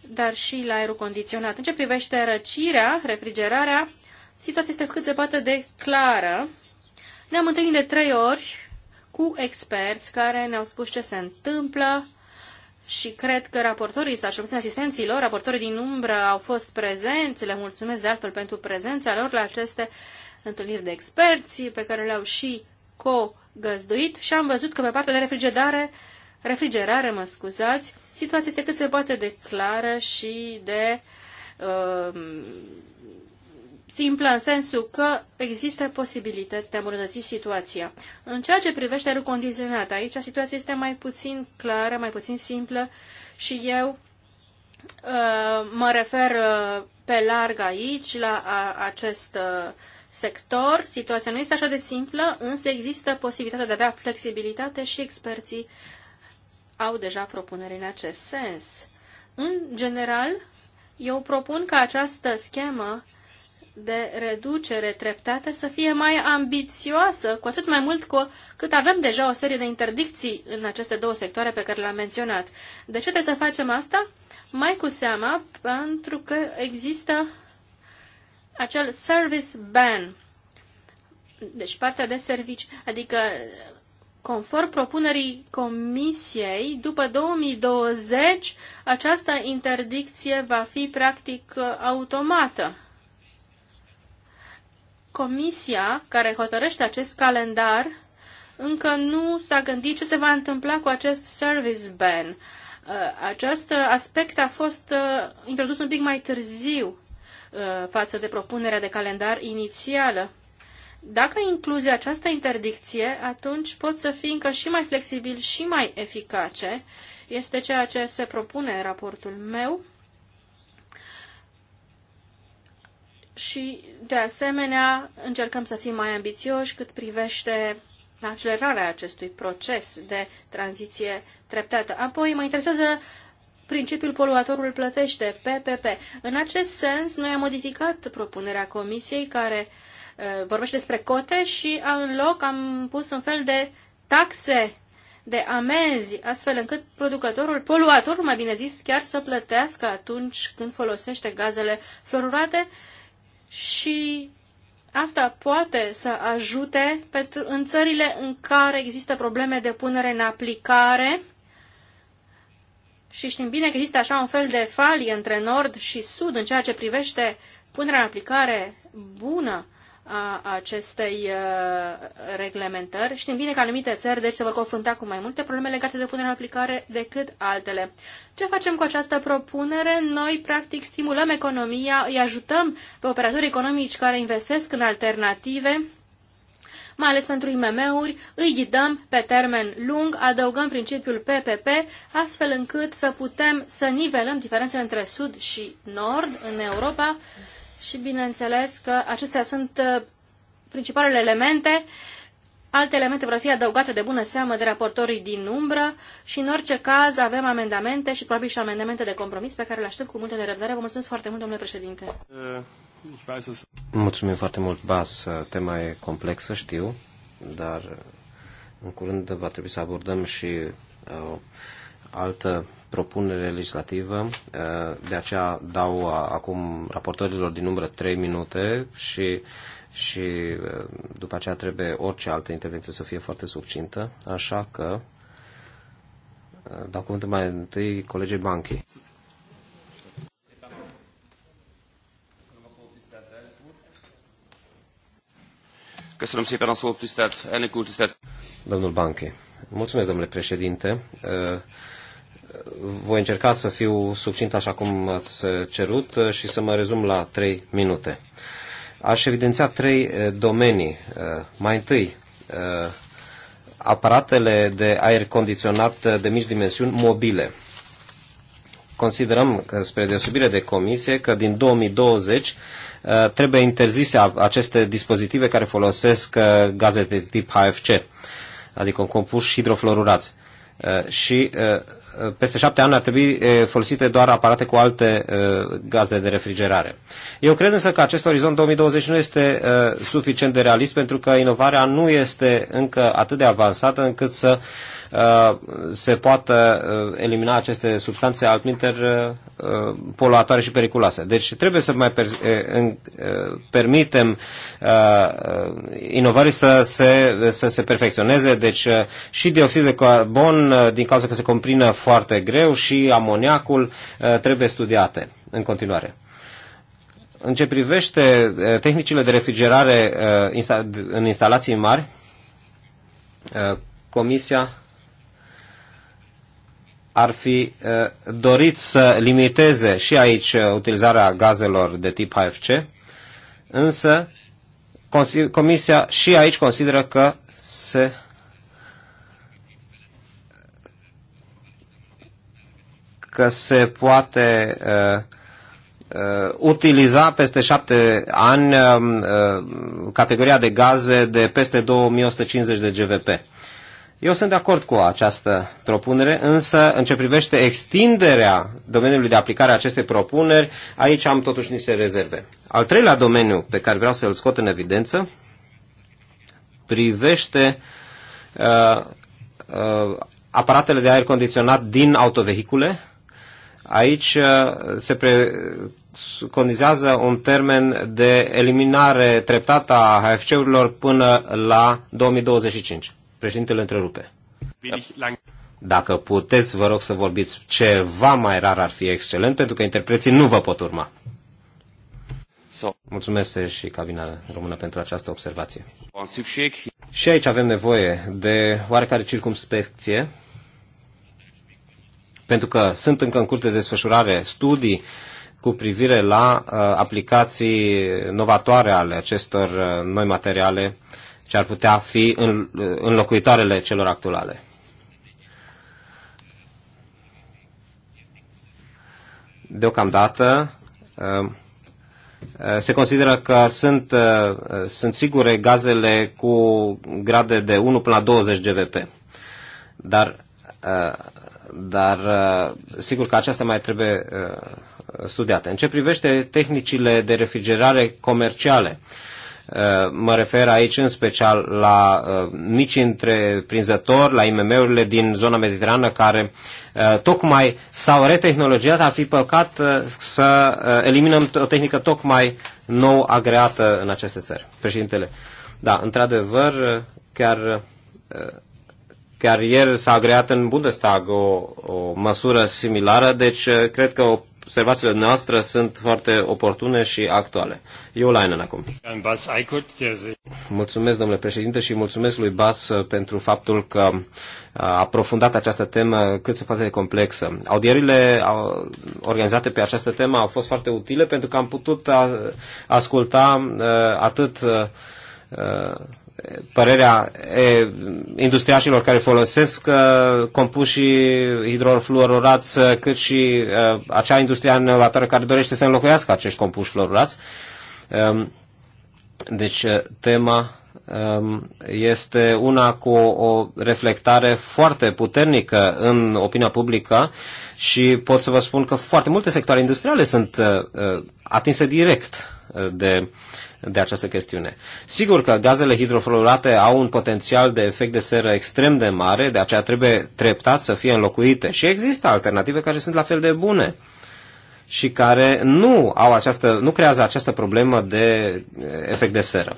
dar și la aerul condiționat. În ce privește răcirea, refrigerarea, situația este cât se poate de clară. Ne-am întâlnit de trei ori cu experți care ne-au spus ce se întâmplă și cred că raportorii sau cel asistenții lor, raportorii din umbră au fost prezenți, le mulțumesc de altfel pentru prezența lor la aceste întâlniri de experți pe care le-au și co-găzduit și am văzut că pe partea de refrigerare, refrigerare, mă scuzați, situația este cât se poate de clară și de uh, simplă în sensul că există posibilități de a îmbunătăți situația. În ceea ce privește aerul condiționat, aici situația este mai puțin clară, mai puțin simplă și eu uh, mă refer uh, pe larg aici la a, acest uh, sector. Situația nu este așa de simplă, însă există posibilitatea de a avea flexibilitate și experții au deja propuneri în acest sens. În general, eu propun ca această schemă uh, de reducere treptată să fie mai ambițioasă, cu atât mai mult cu, cât avem deja o serie de interdicții în aceste două sectoare pe care le-am menționat. De ce trebuie să facem asta? Mai cu seama pentru că există acel service ban, deci partea de servici, adică Conform propunerii Comisiei, după 2020, această interdicție va fi practic automată comisia care hotărăște acest calendar încă nu s-a gândit ce se va întâmpla cu acest service ban. Uh, acest aspect a fost uh, introdus un pic mai târziu uh, față de propunerea de calendar inițială. Dacă incluzi această interdicție, atunci pot să fii încă și mai flexibil și mai eficace. Este ceea ce se propune în raportul meu și, de asemenea, încercăm să fim mai ambițioși cât privește accelerarea acestui proces de tranziție treptată. Apoi mă interesează principiul poluatorul plătește, PPP. În acest sens, noi am modificat propunerea comisiei care uh, vorbește despre cote și în loc am pus un fel de taxe de amenzi, astfel încât producătorul, poluatorul, mai bine zis, chiar să plătească atunci când folosește gazele fluorurate uh, și asta poate să ajute pentru, în țările în care există probleme de punere în aplicare și știm bine că există așa un fel de falie între nord și sud în ceea ce privește punerea în aplicare bună a acestei uh, reglementări. Știm bine că anumite țări deci se vor confrunta cu mai multe probleme legate de punerea în aplicare decât altele. Ce facem cu această propunere? Noi practic stimulăm economia, îi ajutăm pe operatorii economici care investesc în alternative mai ales pentru IMM-uri, îi ghidăm pe termen lung, adăugăm principiul PPP, astfel încât să putem să nivelăm diferențele între Sud și Nord în Europa și bineînțeles că acestea sunt uh, principalele elemente. Alte elemente vor fi adăugate de bună seamă de raportorii din umbră și în orice caz avem amendamente și probabil și amendamente de compromis pe care le aștept cu multă nerăbdare. Vă mulțumesc foarte mult, domnule președinte. Mulțumim foarte mult, Bas. Tema e complexă, știu, dar în curând va trebui să abordăm și uh, altă propunere legislativă. Uh, de aceea dau uh, acum raportorilor din umbră 3 minute și, și uh, după aceea trebuie orice altă intervenție să fie foarte succintă. Așa că dau cuvântul mai întâi colegii Banchi. Köszönöm szépen a szót, tisztelt elnök úr, tisztelt... Domnul Banchi. Mulțumesc, domnule președinte voi încerca să fiu succint așa cum ați cerut și să mă rezum la trei minute. Aș evidenția trei eh, domenii. Eh, mai întâi, eh, aparatele de aer condiționat de mici dimensiuni mobile. Considerăm, spre deosebire de comisie, că din 2020 trebuie interzise aceste dispozitive care folosesc gaze de tip HFC, adică compuși hidroflorurați. Uh, Uh, și uh, uh, peste șapte ani ar trebui folosite doar aparate cu alte gaze de refrigerare. Eu cred însă că acest orizont 2020 nu este suficient de realist pentru că inovarea nu este încă atât de avansată încât să Uh, se poată uh, elimina aceste substanțe altminter uh, poluatoare și periculoase. Deci trebuie să mai permitem inovării să se, să se perfecționeze, deci și dioxidul de carbon, din cauza că se comprină foarte greu, și amoniacul trebuie studiate în continuare. În ce privește tehnicile de refrigerare în instalații mari, Comisia ar fi uh, dorit să limiteze și aici uh, utilizarea gazelor de tip HFC, însă Comisia și aici consideră că se că se poate uh, uh, utiliza peste șapte ani um, uh, categoria de gaze de peste 2150 de GVP. Eu sunt de acord cu această propunere, însă în ce privește extinderea domeniului de aplicare a acestei propuneri, aici am totuși niște rezerve. Al treilea domeniu pe care vreau să-l scot în evidență privește uh, uh, aparatele de aer condiționat din autovehicule. Aici uh, se pre, condizează un termen de eliminare treptată a HFC-urilor până la 2025. Președintele întrerupe. Dacă puteți, vă rog să vorbiți ceva mai rar ar fi excelent, pentru că interpreții nu vă pot urma. Mulțumesc și cabina română pentru această observație. Și aici avem nevoie de oarecare circumspecție, pentru că sunt încă în curs de desfășurare studii cu privire la uh, aplicații novatoare ale acestor uh, noi materiale uh, ce ar putea fi înlocuitoarele celor actuale. Deocamdată uh, uh, se consideră că sunt, uh, sunt sigure gazele cu grade de 1 până la 20 GVP. Dar, dar sigur că acestea mai trebuie studiate. În ce privește tehnicile de refrigerare comerciale, Uh, mă refer aici în special la uh, mici întreprinzători, la IMM-urile din zona mediterană care uh, tocmai s-au retehnologiat, ar fi păcat să eliminăm o tehnică tocmai nou agreată în aceste țări. Președintele, da, într-adevăr, chiar chiar ieri s-a agreat în Bundestag o, o măsură similară, deci cred că o observațiile noastre sunt foarte oportune și actuale. Eu la acum. Mulțumesc, domnule președinte, și mulțumesc lui Bas uh, pentru faptul că uh, a aprofundat această temă cât se poate de complexă. Audierile uh, organizate pe această temă au fost foarte utile pentru că am putut asculta atât părerea e, industriașilor care folosesc uh, compușii hidrofluorurați, uh, cât și uh, acea industrie inovatoare care dorește să înlocuiască acești compuși fluorurați. Um, deci, uh, tema um, este una cu o, o reflectare foarte puternică în opinia publică și pot să vă spun că foarte multe sectoare industriale sunt uh, uh atinse direct de de această chestiune. Sigur că gazele hidrofluorate au un potențial de efect de seră extrem de mare, de aceea trebuie treptat să fie înlocuite. Și există alternative care sunt la fel de bune și care nu, au această, nu creează această problemă de eh, efect de seră.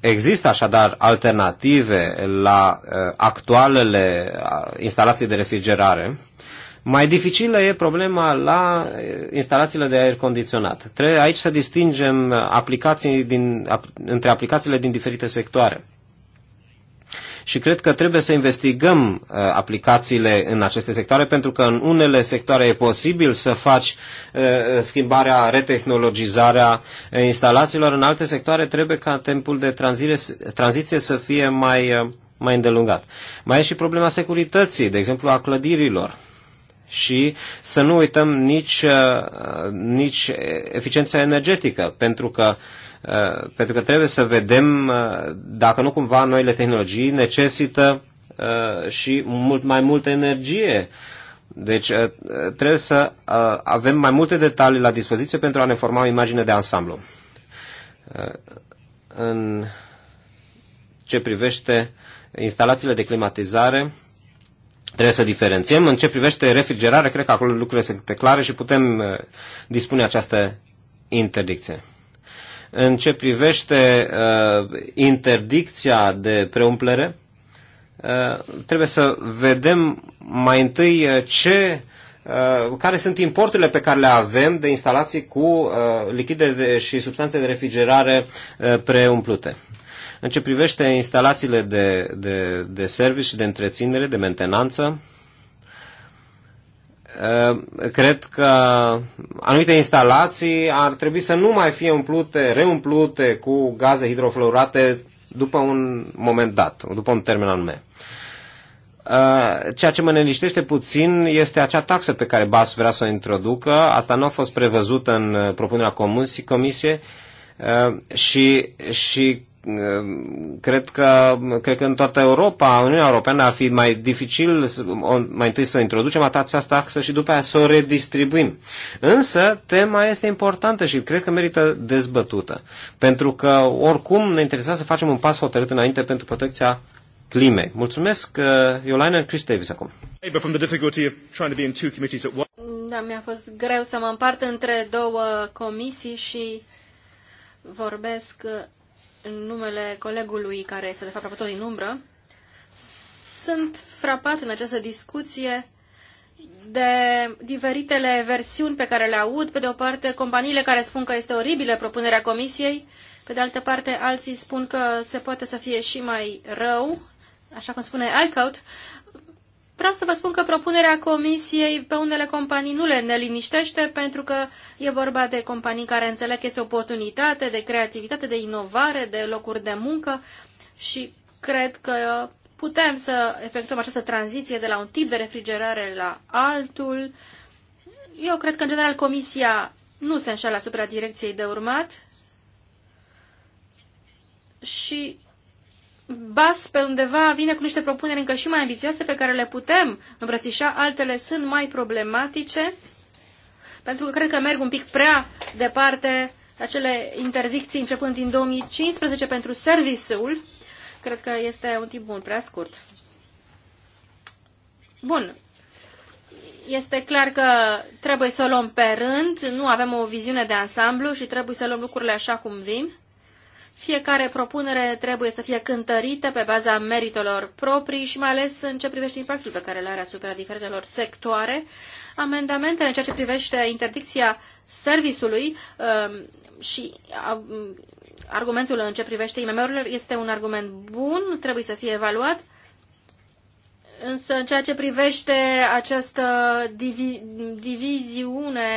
Există așadar alternative la uh, actualele eh, instalații de refrigerare mai dificilă e problema la eh, instalațiile de aer condiționat. Trebuie aici să distingem aplicații din, ap, între aplicațiile din diferite sectoare. Și cred că trebuie să investigăm uh, aplicațiile în aceste sectoare, pentru că în unele sectoare e posibil să faci uh, schimbarea, retehnologizarea instalațiilor, în alte sectoare trebuie ca timpul de tranziție, tranziție să fie mai, uh, mai îndelungat. Mai e și problema securității, de exemplu a clădirilor și să nu uităm nici, uh, nici eficiența energetică, pentru că, uh, pentru că trebuie să vedem uh, dacă nu cumva noile tehnologii necesită și mult mai multă energie. Deci trebuie să avem mai multe detalii la dispoziție pentru a ne forma o imagine de ansamblu. În ce privește instalațiile de climatizare, Trebuie să diferențiem. În ce privește refrigerarea, cred că acolo lucrurile sunt clare și putem uh, dispune această interdicție. În ce privește uh, interdicția de preumplere, uh, trebuie să vedem mai întâi uh, ce, uh, care sunt importurile pe care le avem de instalații cu uh, lichide de, și substanțe de refrigerare uh, preumplute. În ce privește instalațiile de, de, de service și de întreținere, de mentenanță, ă, cred că anumite instalații ar trebui să nu mai fie umplute, reumplute cu gaze hidrofluorate după un moment dat, după un termen anume. Ă, ceea ce mă neliștește puțin este acea taxă pe care BAS vrea să o introducă. Asta nu a fost prevăzută în propunerea comisiei comisie, ă, și, și cred că, cred că în toată Europa, Uniunea Europeană, ar fi mai dificil mai întâi să introducem asta, taxă și după aia să o redistribuim. Însă, tema este importantă și cred că merită dezbătută. Pentru că, oricum, ne interesează să facem un pas hotărât înainte pentru protecția climei. Mulțumesc, uh, Iolaina Chris Davis acum. Da, mi-a fost greu să mă împart între două comisii și vorbesc uh, în numele colegului care este de fapt raportor din umbră. Sunt frapat în această discuție de diferitele versiuni pe care le aud. Pe de o parte, companiile care spun că este oribilă propunerea comisiei, pe de altă parte, alții spun că se poate să fie și mai rău, așa cum spune iCout. Vreau să vă spun că propunerea comisiei pe unele companii nu le neliniștește pentru că e vorba de companii care înțeleg că este oportunitate de creativitate, de inovare, de locuri de muncă și cred că putem să efectuăm această tranziție de la un tip de refrigerare la altul. Eu cred că, în general, comisia nu se înșală asupra direcției de urmat și BAS pe undeva vine cu niște propuneri încă și mai ambițioase pe care le putem îmbrățișa, altele sunt mai problematice, pentru că cred că merg un pic prea departe acele interdicții începând din 2015 pentru serviciul. Cred că este un timp bun, prea scurt. Bun. Este clar că trebuie să o luăm pe rând, nu avem o viziune de ansamblu și trebuie să luăm lucrurile așa cum vin. Fiecare propunere trebuie să fie cântărită pe baza meritelor proprii și mai ales în ce privește impactul pe care îl are asupra diferitelor sectoare. Amendamentele în ceea ce privește interdicția servisului um, și um, argumentul în ce privește IMM-urile este un argument bun, trebuie să fie evaluat, însă în ceea ce privește această divi diviziune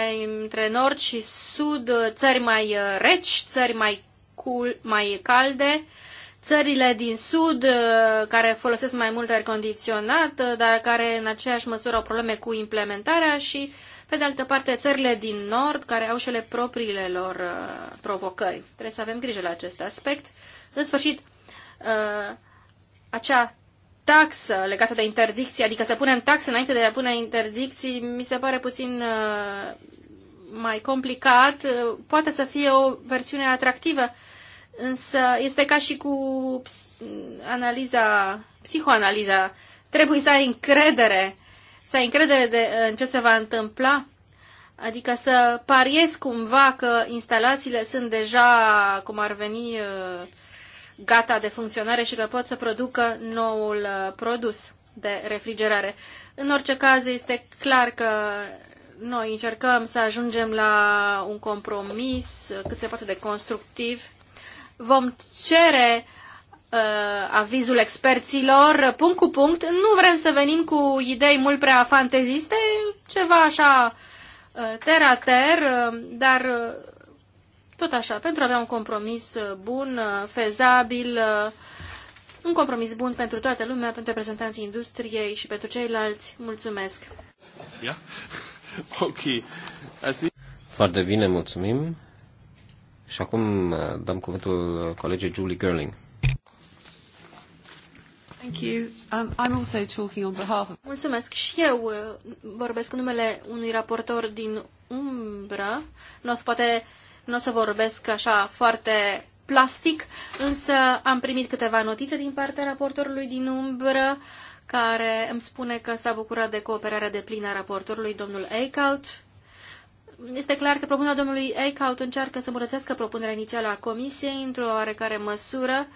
între nord și sud, țări mai uh, reci, țări mai cool, mai calde, țările din sud uh, care folosesc mai mult aer condiționat, uh, dar care în aceeași măsură au probleme cu implementarea și, pe de altă parte, țările din nord care au și ele propriile lor uh, provocări. Trebuie să avem grijă la acest aspect. În sfârșit, acea taxă legată de interdicție, adică să punem taxe înainte de a pune interdicții, mi se pare puțin mai complicat, poate să fie o versiune atractivă, însă este ca și cu analiza, psihoanaliza. Trebuie să ai încredere, să ai încredere de, în ce se va întâmpla, adică să pariezi cumva că instalațiile sunt deja, cum ar veni, uh, gata de funcționare și că pot să producă noul uh, produs de refrigerare. În orice caz, este clar că noi încercăm să ajungem la un compromis cât se poate de constructiv. Vom cere uh, avizul experților punct cu punct. Nu vrem să venim cu idei mult prea fanteziste, ceva așa uh, ter-a-ter, uh, dar uh, tot așa, pentru a avea un compromis uh, bun, uh, fezabil, uh, un compromis bun pentru toată lumea, pentru reprezentanții industriei și pentru ceilalți. Mulțumesc! Yeah. Ok. Think... Foarte bine, mulțumim. Și acum uh, dăm cuvântul colegii Julie Gerling. Thank you. Um, I'm also talking on behalf of... Mulțumesc. Și eu uh, vorbesc în numele unui raportor din umbră. Nu o să, poate, nu o să vorbesc așa foarte plastic, însă am primit câteva notițe din partea raportorului din umbră. Uh, care îmi spune că s-a bucurat de cooperarea de plină a raportorului domnul Eichaut. Este clar că propunerea domnului Eichaut încearcă să îmbunătățească propunerea inițială a comisiei într-o oarecare măsură.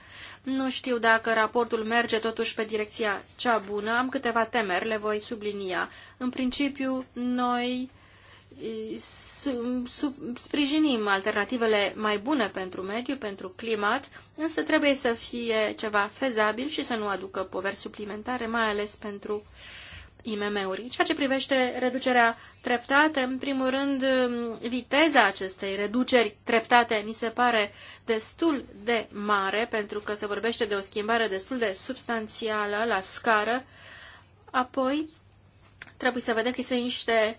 Nu știu dacă raportul merge totuși pe direcția cea bună. Am câteva temeri, le voi sublinia. În principiu, noi sprijinim alternativele mai bune pentru mediu, pentru climat, însă trebuie să fie ceva fezabil și să nu aducă poveri suplimentare, mai ales pentru IMM-uri. Ceea ce privește reducerea treptată, în primul rând, um, viteza acestei reduceri treptate mi se pare destul de mare, pentru că se vorbește de o schimbare destul de substanțială la scară. Apoi, trebuie să vedem că sunt niște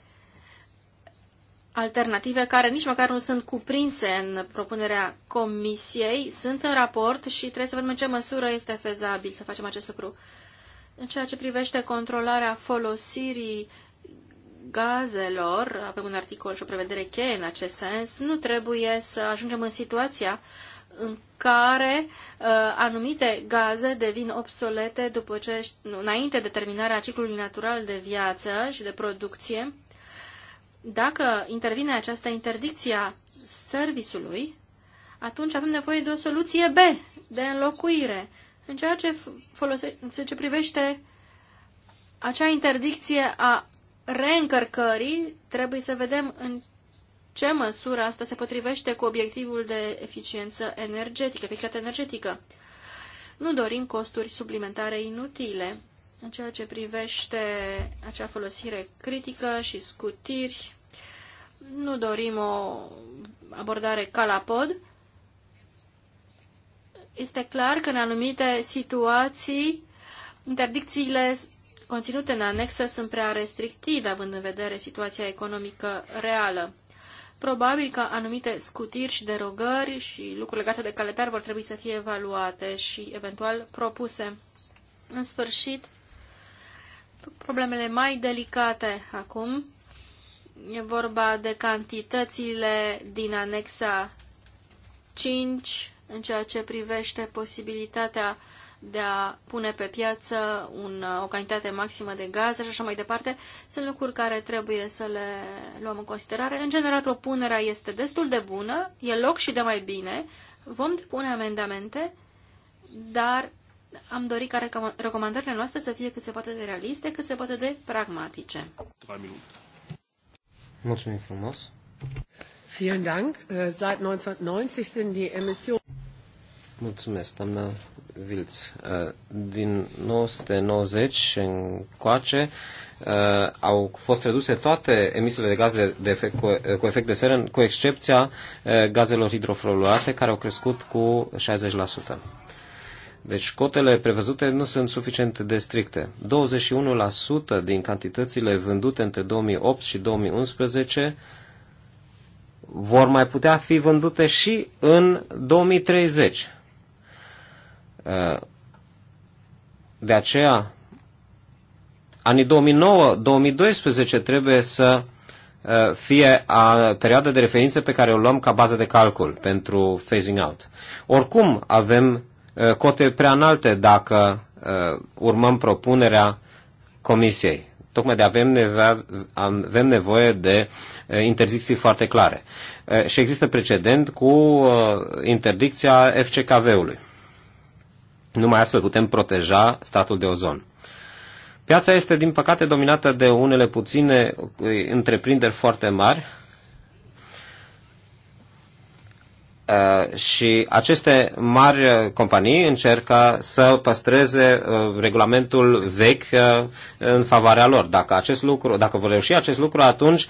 alternative care nici măcar nu sunt cuprinse în propunerea comisiei, sunt în raport și trebuie să vedem în ce măsură este fezabil să facem acest lucru. În ceea ce privește controlarea folosirii gazelor, avem un articol și o prevedere cheie în acest sens, nu trebuie să ajungem în situația în care uh, anumite gaze devin obsolete după ce, înainte de terminarea ciclului natural de viață și de producție dacă intervine această interdicție a servisului, atunci avem nevoie de o soluție B, de înlocuire, în ceea ce, folose, în ceea ce privește acea interdicție a reîncărcării, trebuie să vedem în ce măsură asta se potrivește cu obiectivul de eficiență energetică, eficiență energetică. Nu dorim costuri suplimentare inutile în ceea ce privește acea folosire critică și scutiri. Nu dorim o abordare ca la pod. Este clar că în anumite situații interdicțiile conținute în anexă sunt prea restrictive, având în vedere situația economică reală. Probabil că anumite scutiri și derogări și lucruri legate de calendar vor trebui să fie evaluate și eventual propuse. În sfârșit, problemele mai delicate acum. E vorba de cantitățile din anexa 5 în ceea ce privește posibilitatea de a pune pe piață un, o cantitate maximă de gaze și așa mai departe, sunt lucruri care trebuie să le luăm în considerare. În general, propunerea este destul de bună, e loc și de mai bine, vom depune amendamente, dar am dorit ca recomandările noastre să fie cât se poate de realiste, cât se poate de pragmatice. Mulțumim frumos! Vielen Dank. Äh, seit 1990 sind die Emissionen. Mulțumesc, doamna Vilț. Äh, din 1990 încoace äh, au fost reduse toate emisiile de gaze de efect, cu efect de seră, cu excepția gazelor hidrofluorate, care au crescut cu 60%. Deci cotele prevăzute nu sunt suficient de stricte. 21% din cantitățile vândute între 2008 și 2011 vor mai putea fi vândute și în 2030. Uh, de aceea, anii 2009-2012 trebuie să uh, fie a perioada de referință pe care o luăm ca bază de calcul pentru phasing out. Oricum avem Uh, cote prea înalte dacă uh, urmăm propunerea Comisiei. Tocmai de avem nevoie, avem nevoie de uh, interdicții foarte clare. Și există precedent cu interdicția FCKV-ului. Numai astfel putem proteja statul de ozon. Piața este, din păcate, dominată de unele puține întreprinderi foarte mari, Uh, și aceste mari companii încercă să păstreze uh, regulamentul vechi uh, în favoarea lor. Dacă, acest lucru, dacă vor reuși acest lucru, atunci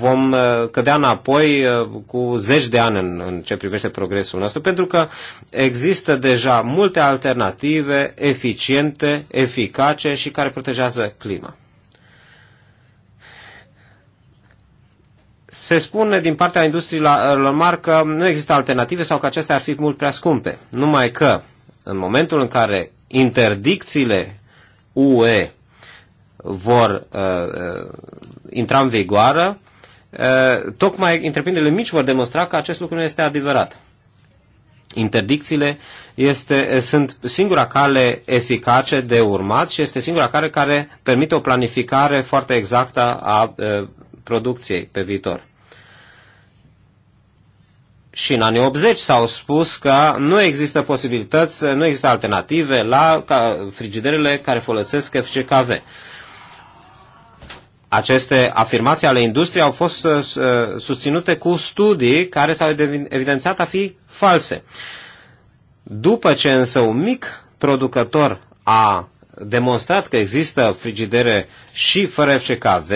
vom cădea înapoi cu zeci de ani în, în ce privește progresul nostru, pentru că există deja multe alternative eficiente, eficace și care protejează clima. se spune din partea industriilor mari că nu există alternative sau că acestea ar fi mult prea scumpe. Numai că în momentul în care interdicțiile UE vor uh, uh intra în vigoară, uh, tocmai întreprinderile mici vor demonstra că acest lucru nu este adevărat. Interdicțiile este, sunt singura cale eficace de urmat și este singura cale care permite o planificare foarte exactă a uh, producției pe viitor. Și în anii 80 s-au spus că nu există posibilități, nu există alternative la frigiderele care folosesc FCKV. Aceste afirmații ale industriei au fost uh, uh, susținute cu studii care s-au evidențiat a fi false. După ce însă un mic producător a demonstrat că există frigidere și fără FCKV,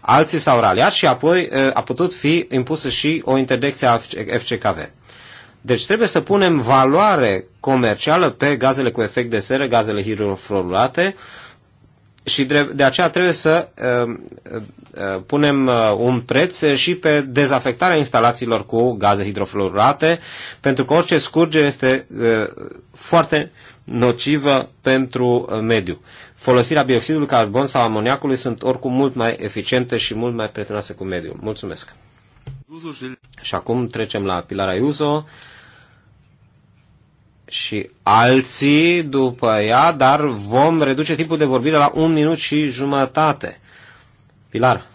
alții s-au raliat și apoi a putut fi impusă și o interdicție a FCKV. Deci trebuie să punem valoare comercială pe gazele cu efect de seră, gazele hidrofluorate, uh, și de aceea trebuie să um, uh, punem uh, un preț și pe dezafectarea instalațiilor cu gaze hidrofluorate, pentru că orice scurgere este uh, foarte nocivă pentru mediu. Folosirea bioxidului carbon sau amoniacului sunt oricum mult mai eficiente și mult mai prietenoase cu mediul. Mulțumesc! Și acum trecem la Pilar Iuso și alții după ea, dar vom reduce timpul de vorbire la un minut și jumătate. Pilar,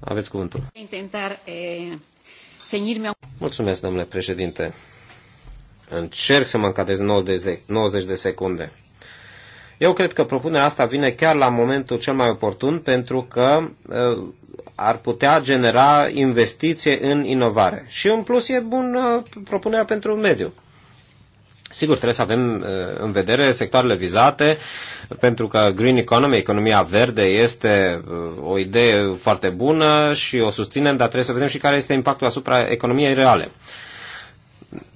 aveți cuvântul. Eh, Mulțumesc, domnule președinte. Încerc să mă încadrez de, 90 de secunde. Eu cred că propunerea asta vine chiar la momentul cel mai oportun pentru că eh, ar putea genera investiție în inovare. Și în plus e bună eh, propunerea pentru mediu. Sigur, trebuie să avem uh, în vedere sectoarele vizate, pentru că green economy, economia verde, este uh, o idee foarte bună și o susținem, dar trebuie să vedem și care este impactul asupra economiei reale.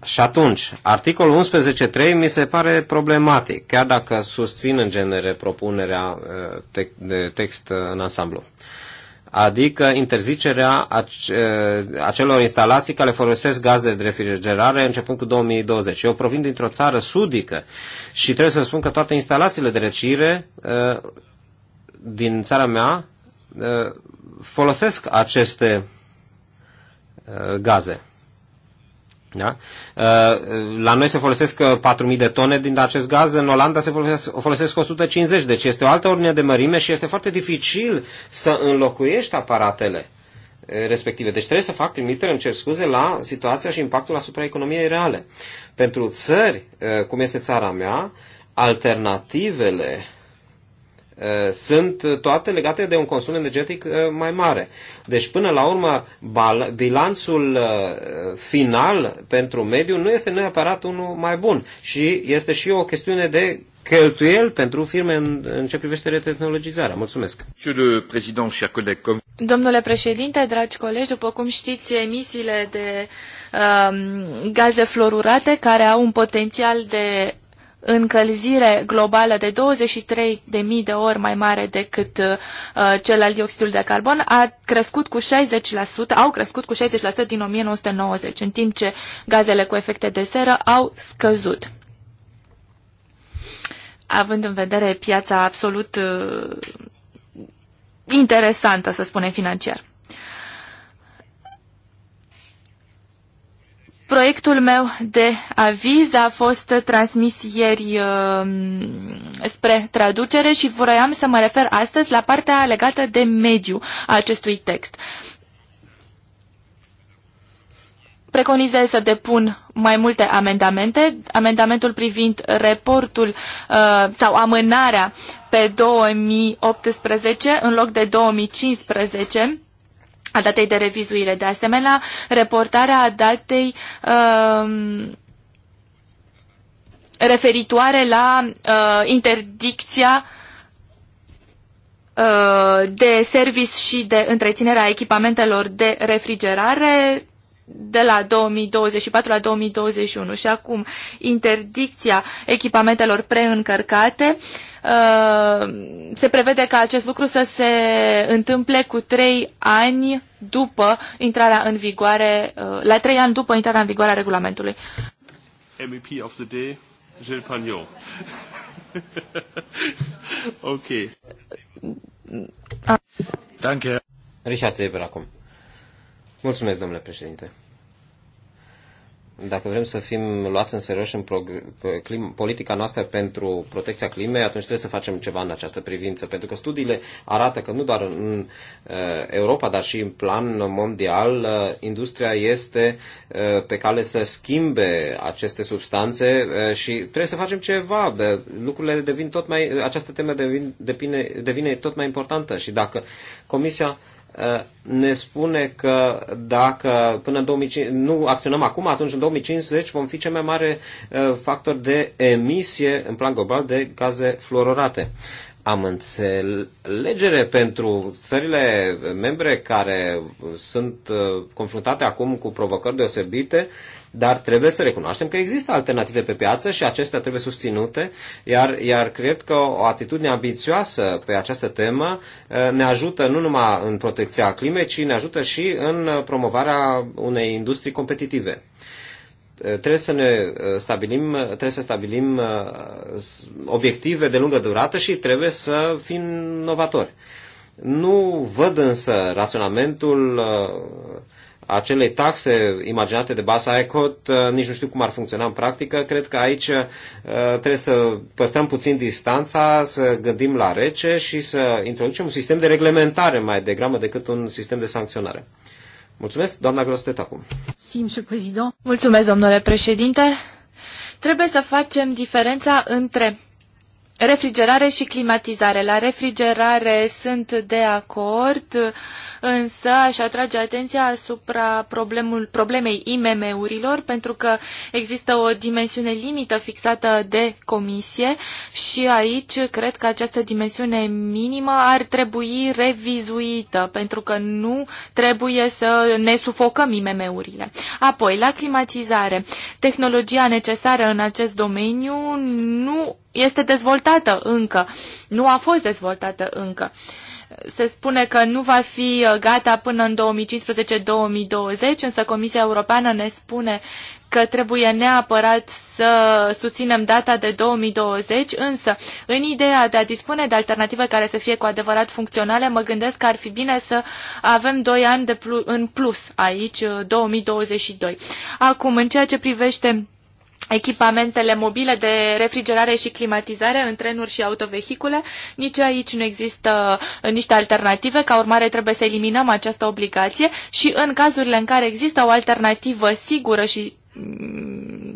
Și atunci, articolul 11.3 mi se pare problematic, chiar dacă susțin în genere propunerea uh, de text în ansamblu adică interzicerea acelor instalații care folosesc gaz de refrigerare începând cu 2020. Eu provin dintr-o țară sudică și trebuie să spun că toate instalațiile de răcire uh, din țara mea uh, folosesc aceste uh, gaze. Da? Uh, uh, la noi se folosesc 4.000 uh, de tone din acest gaz, în Olanda se folosesc, folosesc 150, deci este o altă ordine de mărime și este foarte dificil să înlocuiești aparatele respective. Deci trebuie să fac trimitere, îmi cer scuze, la situația și impactul asupra economiei reale. Pentru țări, cum este țara mea, alternativele Eh, sunt toate legate de un consum energetic eh, mai mare. Deci, până la urmă, bilanțul eh, final pentru mediu nu este neapărat unul mai bun și este și o chestiune de cheltuiel pentru firme în, în ce privește retehnologizarea. Mulțumesc. Domnule președinte, dragi colegi, după cum știți, emisiile de ehm, gaze fluorurate care au un potențial de încălzire globală de 23.000 de de ori mai mare decât uh, cel al dioxidului de carbon a crescut cu 60%, au crescut cu 60% din 1990, în timp ce gazele cu efecte de seră au scăzut. Având în vedere piața absolut uh, interesantă, să spunem, financiar. Proiectul meu de aviz a fost transmis ieri uh, spre traducere și vroiam să mă refer astăzi la partea legată de mediu a acestui text. Preconizez să depun mai multe amendamente. Amendamentul privind reportul uh, sau amânarea pe 2018 în loc de 2015 a datei de revizuire. De asemenea, reportarea a datei um, referitoare la uh, interdicția uh, de service și de întreținerea echipamentelor de refrigerare de la 2024 la 2021 și acum interdicția echipamentelor preîncărcate uh, Uh, se prevede ca acest lucru să se întâmple cu trei ani după intrarea în vigoare, uh, la trei ani după intrarea în vigoare a regulamentului. MEP of the day, Gilles Pagnot. ok. Danke. Richard Zeber acum. Mulțumesc, domnule președinte dacă vrem să fim luați în serios în clim, politica noastră pentru protecția climei, atunci trebuie să facem ceva în această privință, pentru că studiile arată că nu doar în uh, Europa, dar și în plan mondial, uh, industria este uh, pe cale să schimbe aceste substanțe uh, și trebuie să facem ceva. lucrurile devin tot mai, această temă devine, devine, devine tot mai importantă și dacă Comisia uh, Eh, ne spune că dacă până în 2005, nu acționăm acum, atunci în 2050 vom fi cel mai mare eh, factor de emisie în plan global de gaze fluororate. Am înțelegere pentru țările membre care sunt eh, confruntate acum cu provocări deosebite dar trebuie să recunoaștem că există alternative pe piață și acestea trebuie susținute, iar, iar cred că o atitudine ambițioasă pe această temă uh, ne ajută nu numai în protecția climei, ci ne ajută și în uh, promovarea unei industrii competitive uh, trebuie să ne stabilim, trebuie să stabilim obiective de lungă durată și trebuie să fim novatori. Nu văd însă raționamentul acele taxe imaginate de Basa Ecot, uh, nici nu știu cum ar funcționa în practică. Cred că aici uh, trebuie să păstrăm puțin distanța, să gândim la rece și să introducem un sistem de reglementare mai degrabă decât un sistem de sancționare. Mulțumesc, doamna Grostet, acum. Mulțumesc, domnule președinte. Trebuie să facem diferența între Refrigerare și climatizare. La refrigerare sunt de acord, însă aș atrage atenția asupra problemul, problemei IMM-urilor, pentru că există o dimensiune limită fixată de comisie și aici cred că această dimensiune minimă ar trebui revizuită, pentru că nu trebuie să ne sufocăm IMM-urile. Apoi, la climatizare, tehnologia necesară în acest domeniu nu este dezvoltată încă, nu a fost dezvoltată încă. Se spune că nu va fi uh, gata până în 2015-2020, însă Comisia Europeană ne spune că trebuie neapărat să susținem data de 2020, însă în ideea de a dispune de alternative care să fie cu adevărat funcționale, mă gândesc că ar fi bine să avem 2 ani de plus, în plus aici, 2022. Uh, Acum, în ceea ce privește echipamentele mobile de refrigerare și climatizare în trenuri și autovehicule. Nici aici nu există uh, niște alternative, ca urmare trebuie să eliminăm această obligație și în cazurile în care există o alternativă sigură și mm,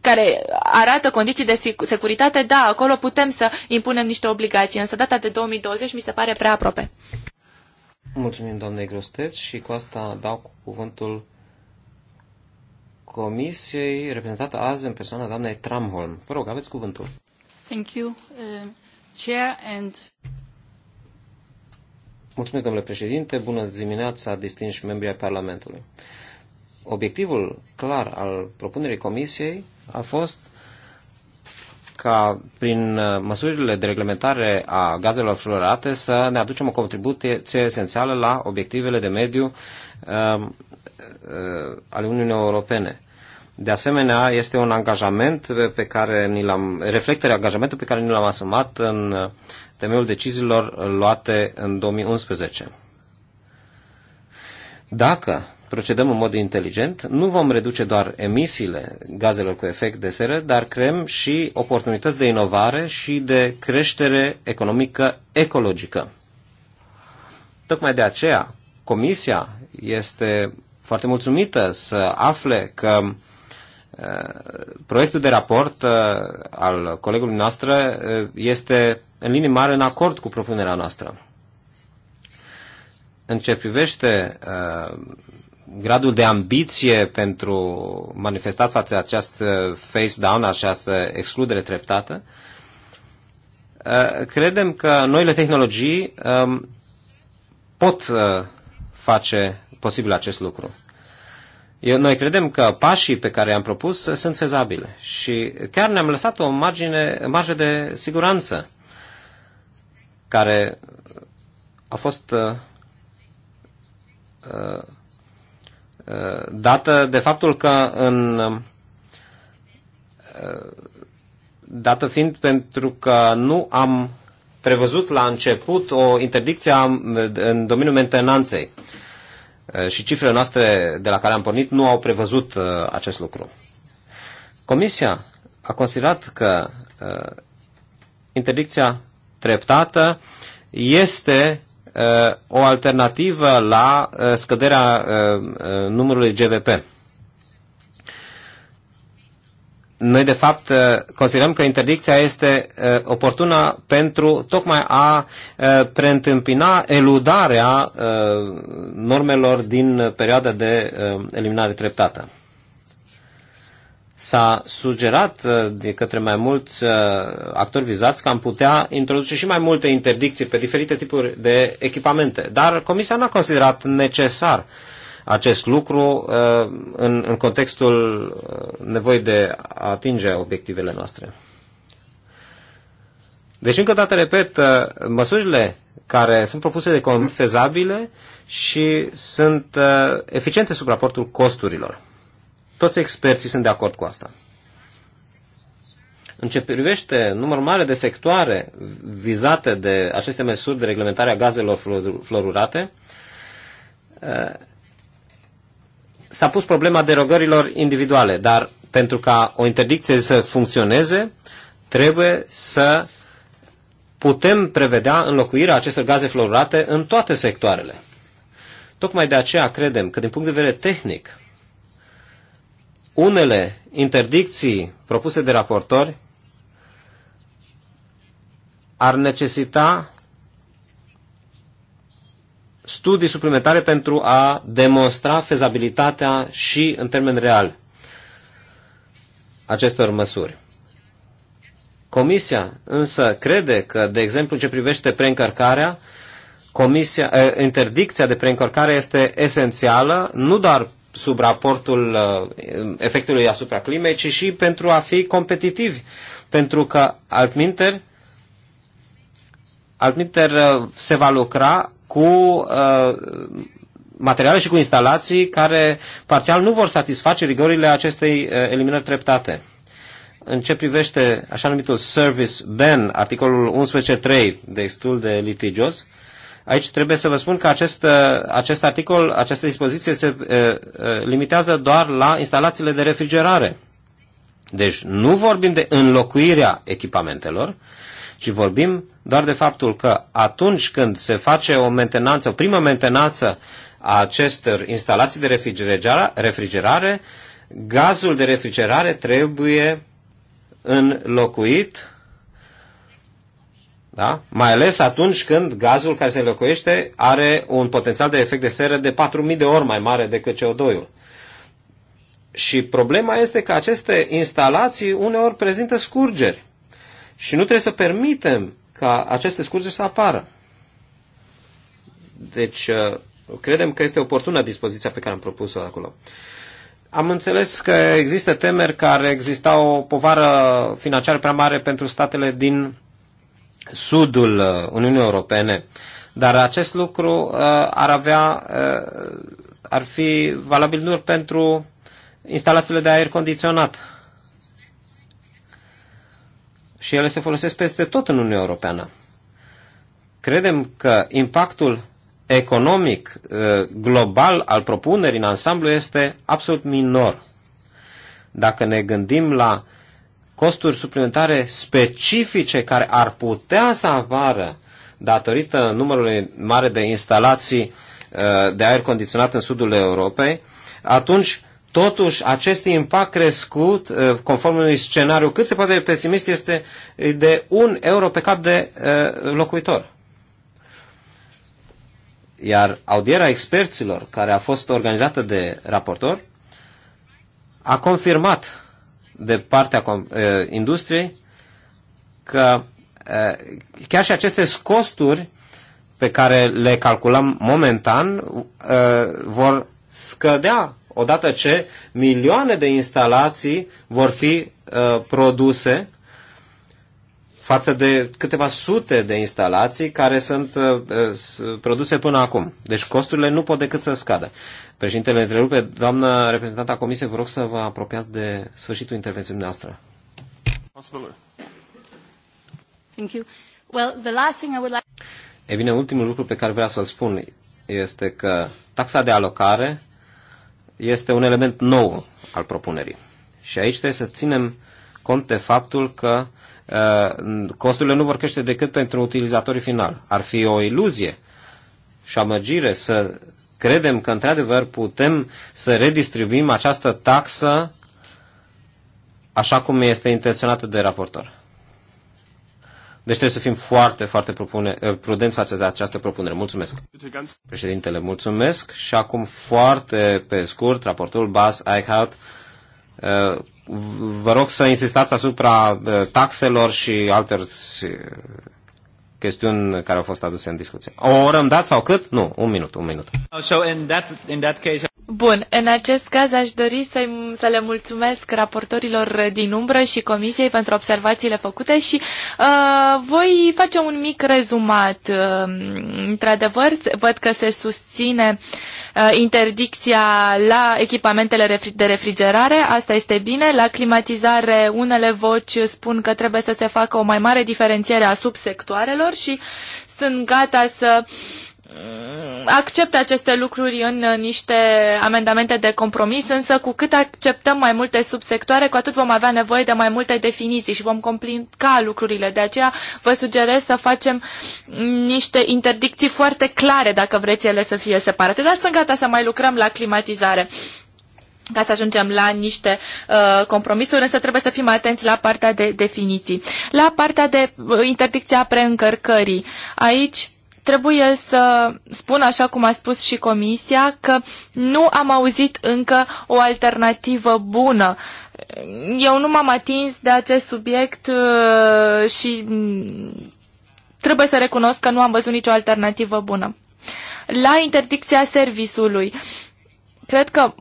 care arată condiții de securitate, da, acolo putem să impunem niște obligații, însă data de 2020 mi se pare prea aproape. Mulțumim, doamne Grostet, și cu asta dau cuvântul Comisiei, reprezentată azi în persoana doamnei Tramholm. Vă rog, aveți cuvântul. Thank you, uh, Chair and... Mulțumesc, domnule președinte. Bună dimineața, distinși membri ai Parlamentului. Obiectivul clar al propunerii Comisiei a fost ca prin uh, măsurile de reglementare a gazelor fluorate să ne aducem o contribuție esențială la obiectivele de mediu uh, Uh, ale Uniunii Europene. De asemenea, este un angajament pe care ni l-am, reflectarea angajamentul pe care ni l-am asumat în uh, temeiul deciziilor luate în 2011. Dacă procedăm în mod inteligent, nu vom reduce doar emisiile gazelor cu efect de seră, dar creăm și oportunități de inovare și de creștere economică ecologică. Tocmai de aceea, Comisia este foarte mulțumită să afle că uh, proiectul de raport uh, al colegului noastră uh, este în linie mare în acord cu propunerea noastră. În ce privește gradul de ambiție pentru manifestat față acest face down, această excludere treptată, credem că noile tehnologii um, pot face posibil acest lucru. Eu, noi credem că pașii pe care i-am propus sunt fezabile și chiar ne-am lăsat o margine, marge de siguranță care a fost uh, uh, dată de faptul că în uh, dată fiind pentru că nu am prevăzut la început o interdicție în domeniul mentenanței. Uh, Eh, și cifrele noastre de la care am pornit nu au prevăzut eh, acest lucru. Comisia a considerat că eh, interdicția treptată este o alternativă la scăderea numărului GVP. Noi, de fapt, uh, considerăm că interdicția este uh, oportună pentru tocmai a uh, preîntâmpina eludarea normelor din perioada de eliminare treptată. S-a sugerat de către mai mulți actori vizați că am putea introduce și mai multe interdicții pe diferite tipuri de echipamente, dar Comisia n-a considerat necesar uh, acest lucru uh, în, în contextul uh, nevoii de a atinge obiectivele noastre. Deci, încă o dată repet, uh, măsurile care sunt propuse de economii fezabile și sunt eficiente sub raportul costurilor. Toți experții sunt de acord cu asta. În ce privește numărul mare de sectoare vizate de aceste măsuri de reglementare a gazelor fluorurate, s-a pus problema derogărilor individuale, dar pentru ca o interdicție să funcționeze, trebuie să putem prevedea înlocuirea acestor gaze fluorate în toate sectoarele. Tocmai de aceea credem că, din punct de vedere tehnic, unele interdicții propuse de raportori ar necesita studii suplimentare pentru a demonstra fezabilitatea și în termen real acestor măsuri. Comisia însă crede că, de exemplu, ce privește preîncărcarea, comisia, eh, interdicția de preîncărcare este esențială, nu doar sub raportul eh, efectului asupra climei, ci și pentru a fi competitivi. Pentru că, altminteri, altminteri eh, se va lucra cu uh, materiale și cu instalații care parțial nu vor satisface rigorile acestei uh, eliminări treptate. În ce privește așa numitul service ban, articolul 11.3, destul de litigios, aici trebuie să vă spun că acest, uh, acest articol, această dispoziție se e, limitează doar la instalațiile de refrigerare. Deci nu vorbim de înlocuirea echipamentelor, ci vorbim doar de faptul că atunci când se face o mentenanță, o primă mentenanță a acestor instalații de refrigerare, gazul de refrigerare trebuie înlocuit, da? mai ales atunci când gazul care se înlocuiește are un potențial de efect de seră de 4.000 de ori mai mare decât CO2-ul. Și problema este că aceste instalații uneori prezintă scurgeri. Și nu trebuie să permitem ca aceste scuze să apară. Deci, uh, credem că este oportună dispoziția pe care am propus-o acolo. Am înțeles că există temeri care exista o povară financiară prea mare pentru statele din sudul uh, Uniunii Europene, dar acest lucru uh, ar avea, ar fi valabil nu pentru instalațiile de aer condiționat și ele se folosesc peste tot în Uniunea Europeană. Credem că impactul economic uh, global al propunerii în ansamblu este absolut minor. Dacă ne gândim la costuri suplimentare specifice care ar putea să apară datorită numărului mare de instalații uh, de aer condiționat în sudul Europei, atunci Totuși, acest impact crescut, eh, conform unui scenariu cât se poate de pesimist, este de un euro pe cap de eh, locuitor. Iar audierea experților care a fost organizată de raportor a confirmat de partea eh, industriei că chiar și aceste costuri pe care le calculăm momentan vor scădea odată ce milioane de instalații vor fi uh, produse față de câteva sute de instalații care sunt uh, produse până acum. Deci costurile nu pot decât să scadă. Președintele întrerupe, doamnă reprezentanta Comisiei, vă rog să vă apropiați de sfârșitul intervenției noastre. Thank you. Well, the last thing I would like... E bine, ultimul lucru pe care vreau să-l spun este că taxa de alocare este un element nou al propunerii. Și aici trebuie să ținem cont de faptul că uh, costurile nu vor crește decât pentru utilizatorii final. Ar fi o iluzie și amăgire să credem că într-adevăr putem să redistribuim această taxă așa cum este intenționată de raportor. Deci trebuie să fim foarte, foarte propune, eh, prudenți față de această propunere. Mulțumesc. Președintele, mulțumesc. Și acum, foarte pe scurt, raportul Bas Eichhardt. Eh, vă rog să insistați asupra eh, taxelor și altor chestiuni care au fost aduse în discuție. O oră îmi dați sau cât? Nu, un minut, un minut. So in that, in that case... Bun, în acest caz aș dori să, să le mulțumesc raportorilor din umbră și comisiei pentru observațiile făcute și uh, voi face un mic rezumat. Uh, într-adevăr, văd că se susține uh, interdicția la echipamentele de refrigerare, asta este bine. La climatizare, unele voci spun că trebuie să se facă o mai mare diferențiere a subsectoarelor și sunt gata să uh, acceptă aceste lucruri în uh, niște amendamente de compromis, însă cu cât acceptăm mai multe subsectoare, cu atât vom avea nevoie de mai multe definiții și vom complica lucrurile. De aceea vă sugerez să facem mm, niște interdicții foarte clare, dacă vreți ele să fie separate. Dar sunt gata să mai lucrăm la climatizare ca să ajungem la niște uh, compromisuri, însă trebuie să fim atenți la partea de definiții. La partea de uh, interdicția preîncărcării, aici Trebuie să spun, așa cum a spus și Comisia, că nu am auzit încă o alternativă bună. Eu nu m-am atins de acest subiect uh, și mm, trebuie să recunosc că nu am văzut nicio alternativă bună. La interdicția servisului, cred că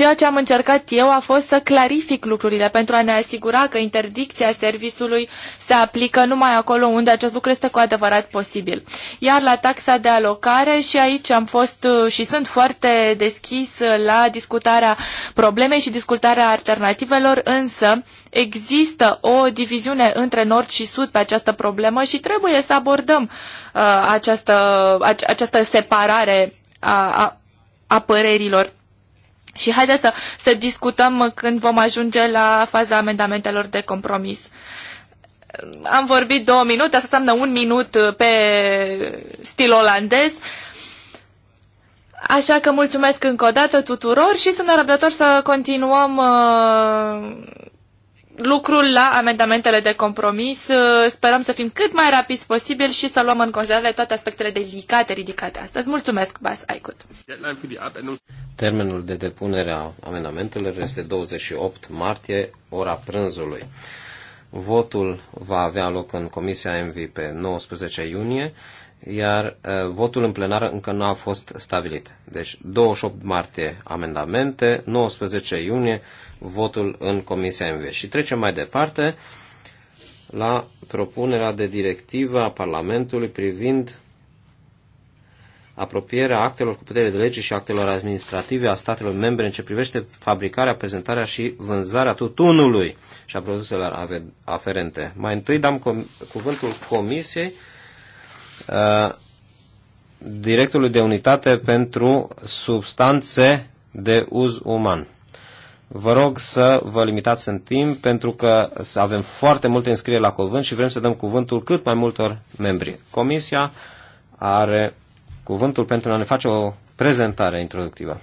Ceea ce am încercat eu a fost să clarific lucrurile pentru a ne asigura că interdicția servisului se aplică numai acolo unde acest lucru este cu adevărat posibil. Iar la taxa de alocare și aici am fost uh, și sunt foarte deschis uh, la discutarea problemei și discutarea alternativelor, însă există o diviziune între nord și sud pe această problemă și trebuie să abordăm uh, această, această separare a, a, a părerilor. Și haideți să, să discutăm când vom ajunge la faza amendamentelor de compromis. Am vorbit două minute, asta înseamnă un minut uh, pe stil olandez. Așa că mulțumesc încă o dată tuturor și sunt răbdător să continuăm uh, lucrul la amendamentele de compromis. Uh, sperăm să fim cât mai rapizi posibil și să luăm în considerare toate aspectele delicate ridicate astăzi. Mulțumesc, Bas Aicut. Termenul de depunere a amendamentelor este 28 martie, ora prânzului. Votul va avea loc în Comisia MV pe 19 iunie, iar uh, votul în plenară încă nu a fost stabilit. Deci 28 martie amendamente, 19 iunie votul în Comisia MV. Și trecem mai departe la propunerea de directivă a Parlamentului privind apropierea actelor cu putere de lege și actelor administrative a statelor membre în ce privește fabricarea, prezentarea și vânzarea tutunului și a produselor aferente. Mai întâi dam com- cuvântul Comisiei uh, directorului de unitate pentru substanțe de uz uman. Vă rog să vă limitați în timp pentru că avem foarte multe înscrieri la cuvânt și vrem să dăm cuvântul cât mai multor membri. Comisia are cuvântul pentru a ne face o prezentare introductivă.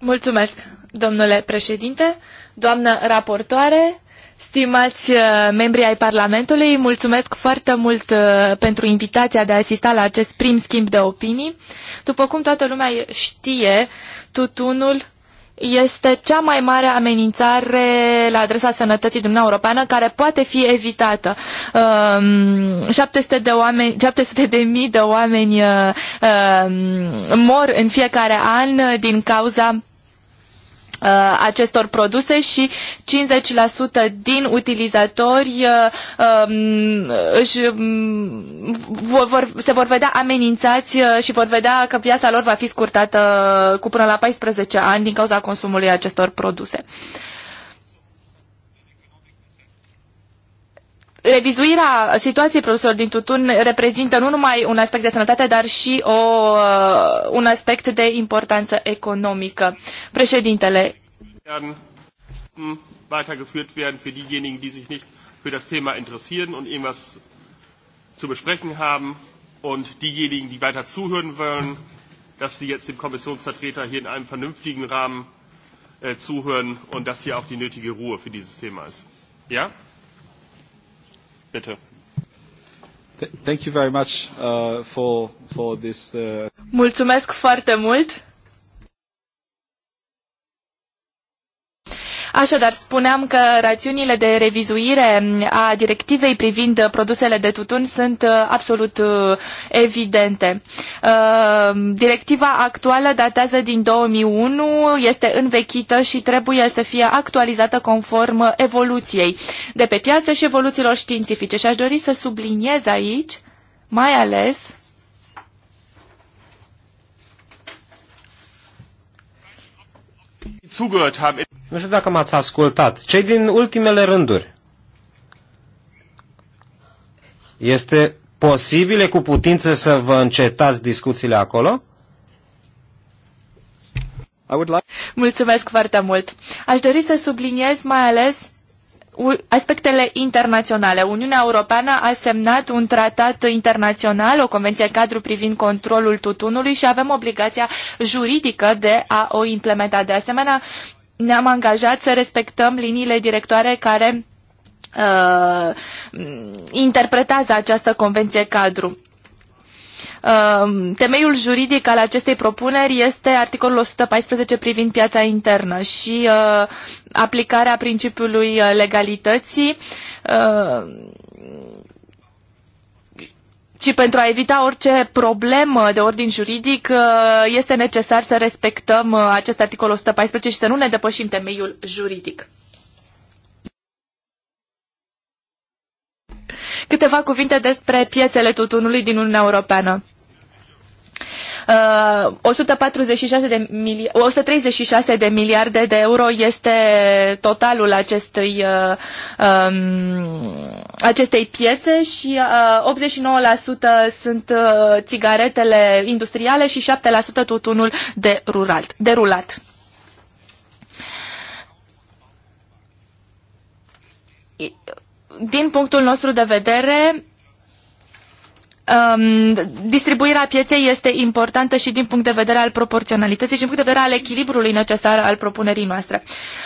Mulțumesc, domnule președinte, doamnă raportoare, Stimați uh, membri ai Parlamentului, mulțumesc foarte mult uh, pentru invitația de a asista la acest prim schimb de opinii. După cum toată lumea știe, tutunul este cea mai mare amenințare la adresa sănătății din Europeană care poate fi evitată. Um, 700 de oameni, 700 de mii de oameni uh, um, mor în fiecare an din cauza Uh, acestor produse și 50% din utilizatori uh, um, își, mm, vor, se vor vedea amenințați uh, și vor vedea că viața lor va fi scurtată cu până la 14 ani din cauza consumului acestor produse. Revizuirea situației produselor din tutun reprezintă nu numai un aspect de sănătate, dar și o, uh, un aspect de importanță economică. Președintele. Um, weitergeführt werden für diejenigen, die sich nicht für das Thema interessieren und irgendwas zu besprechen haben und diejenigen, die weiter zuhören wollen, dass sie jetzt dem Kommissionsvertreter hier in einem vernünftigen Rahmen äh, zuhören und dass hier auch die nötige Ruhe für dieses Thema ist. Ja? Bitte. Thank you very much uh, for, for this. Uh... Mulțumesc foarte mult Așadar, spuneam că rațiunile de revizuire a directivei privind produsele de tutun sunt uh, absolut uh, evidente. Uh, directiva actuală datează din 2001, este învechită și trebuie să fie actualizată conform evoluției de pe piață și evoluțiilor științifice. Și aș dori să subliniez aici, mai ales, zugehört haben. Nu știu dacă m-ați ascultat. Cei din ultimele rânduri. Este posibile cu putință să vă încetați discuțiile acolo? Mulțumesc foarte mult. Aș dori să subliniez mai ales aspectele internaționale. Uniunea Europeană a semnat un tratat internațional, o convenție cadru privind controlul tutunului și avem obligația juridică de a o implementa. De asemenea, ne-am angajat să respectăm liniile directoare care uh, interpretează această convenție cadru. Uh, temeiul juridic al acestei propuneri este articolul 114 privind piața internă și uh, aplicarea principiului uh, legalității uh, ci pentru a evita orice problemă de ordin juridic uh, este necesar să respectăm uh, acest articol 114 și să nu ne depășim temeiul juridic. Câteva cuvinte despre piețele tutunului din Uniunea Europeană. 146 uh, de mili- 136 de miliarde de euro este totalul acestei uh, um, acestei piețe și uh, 89% sunt uh, țigaretele industriale și 7% tutunul de rural, de rulat. Din punctul nostru de vedere, um, distribuirea pieței este importantă și din punct de vedere al proporționalității și din punct de vedere al echilibrului necesar al propunerii noastre.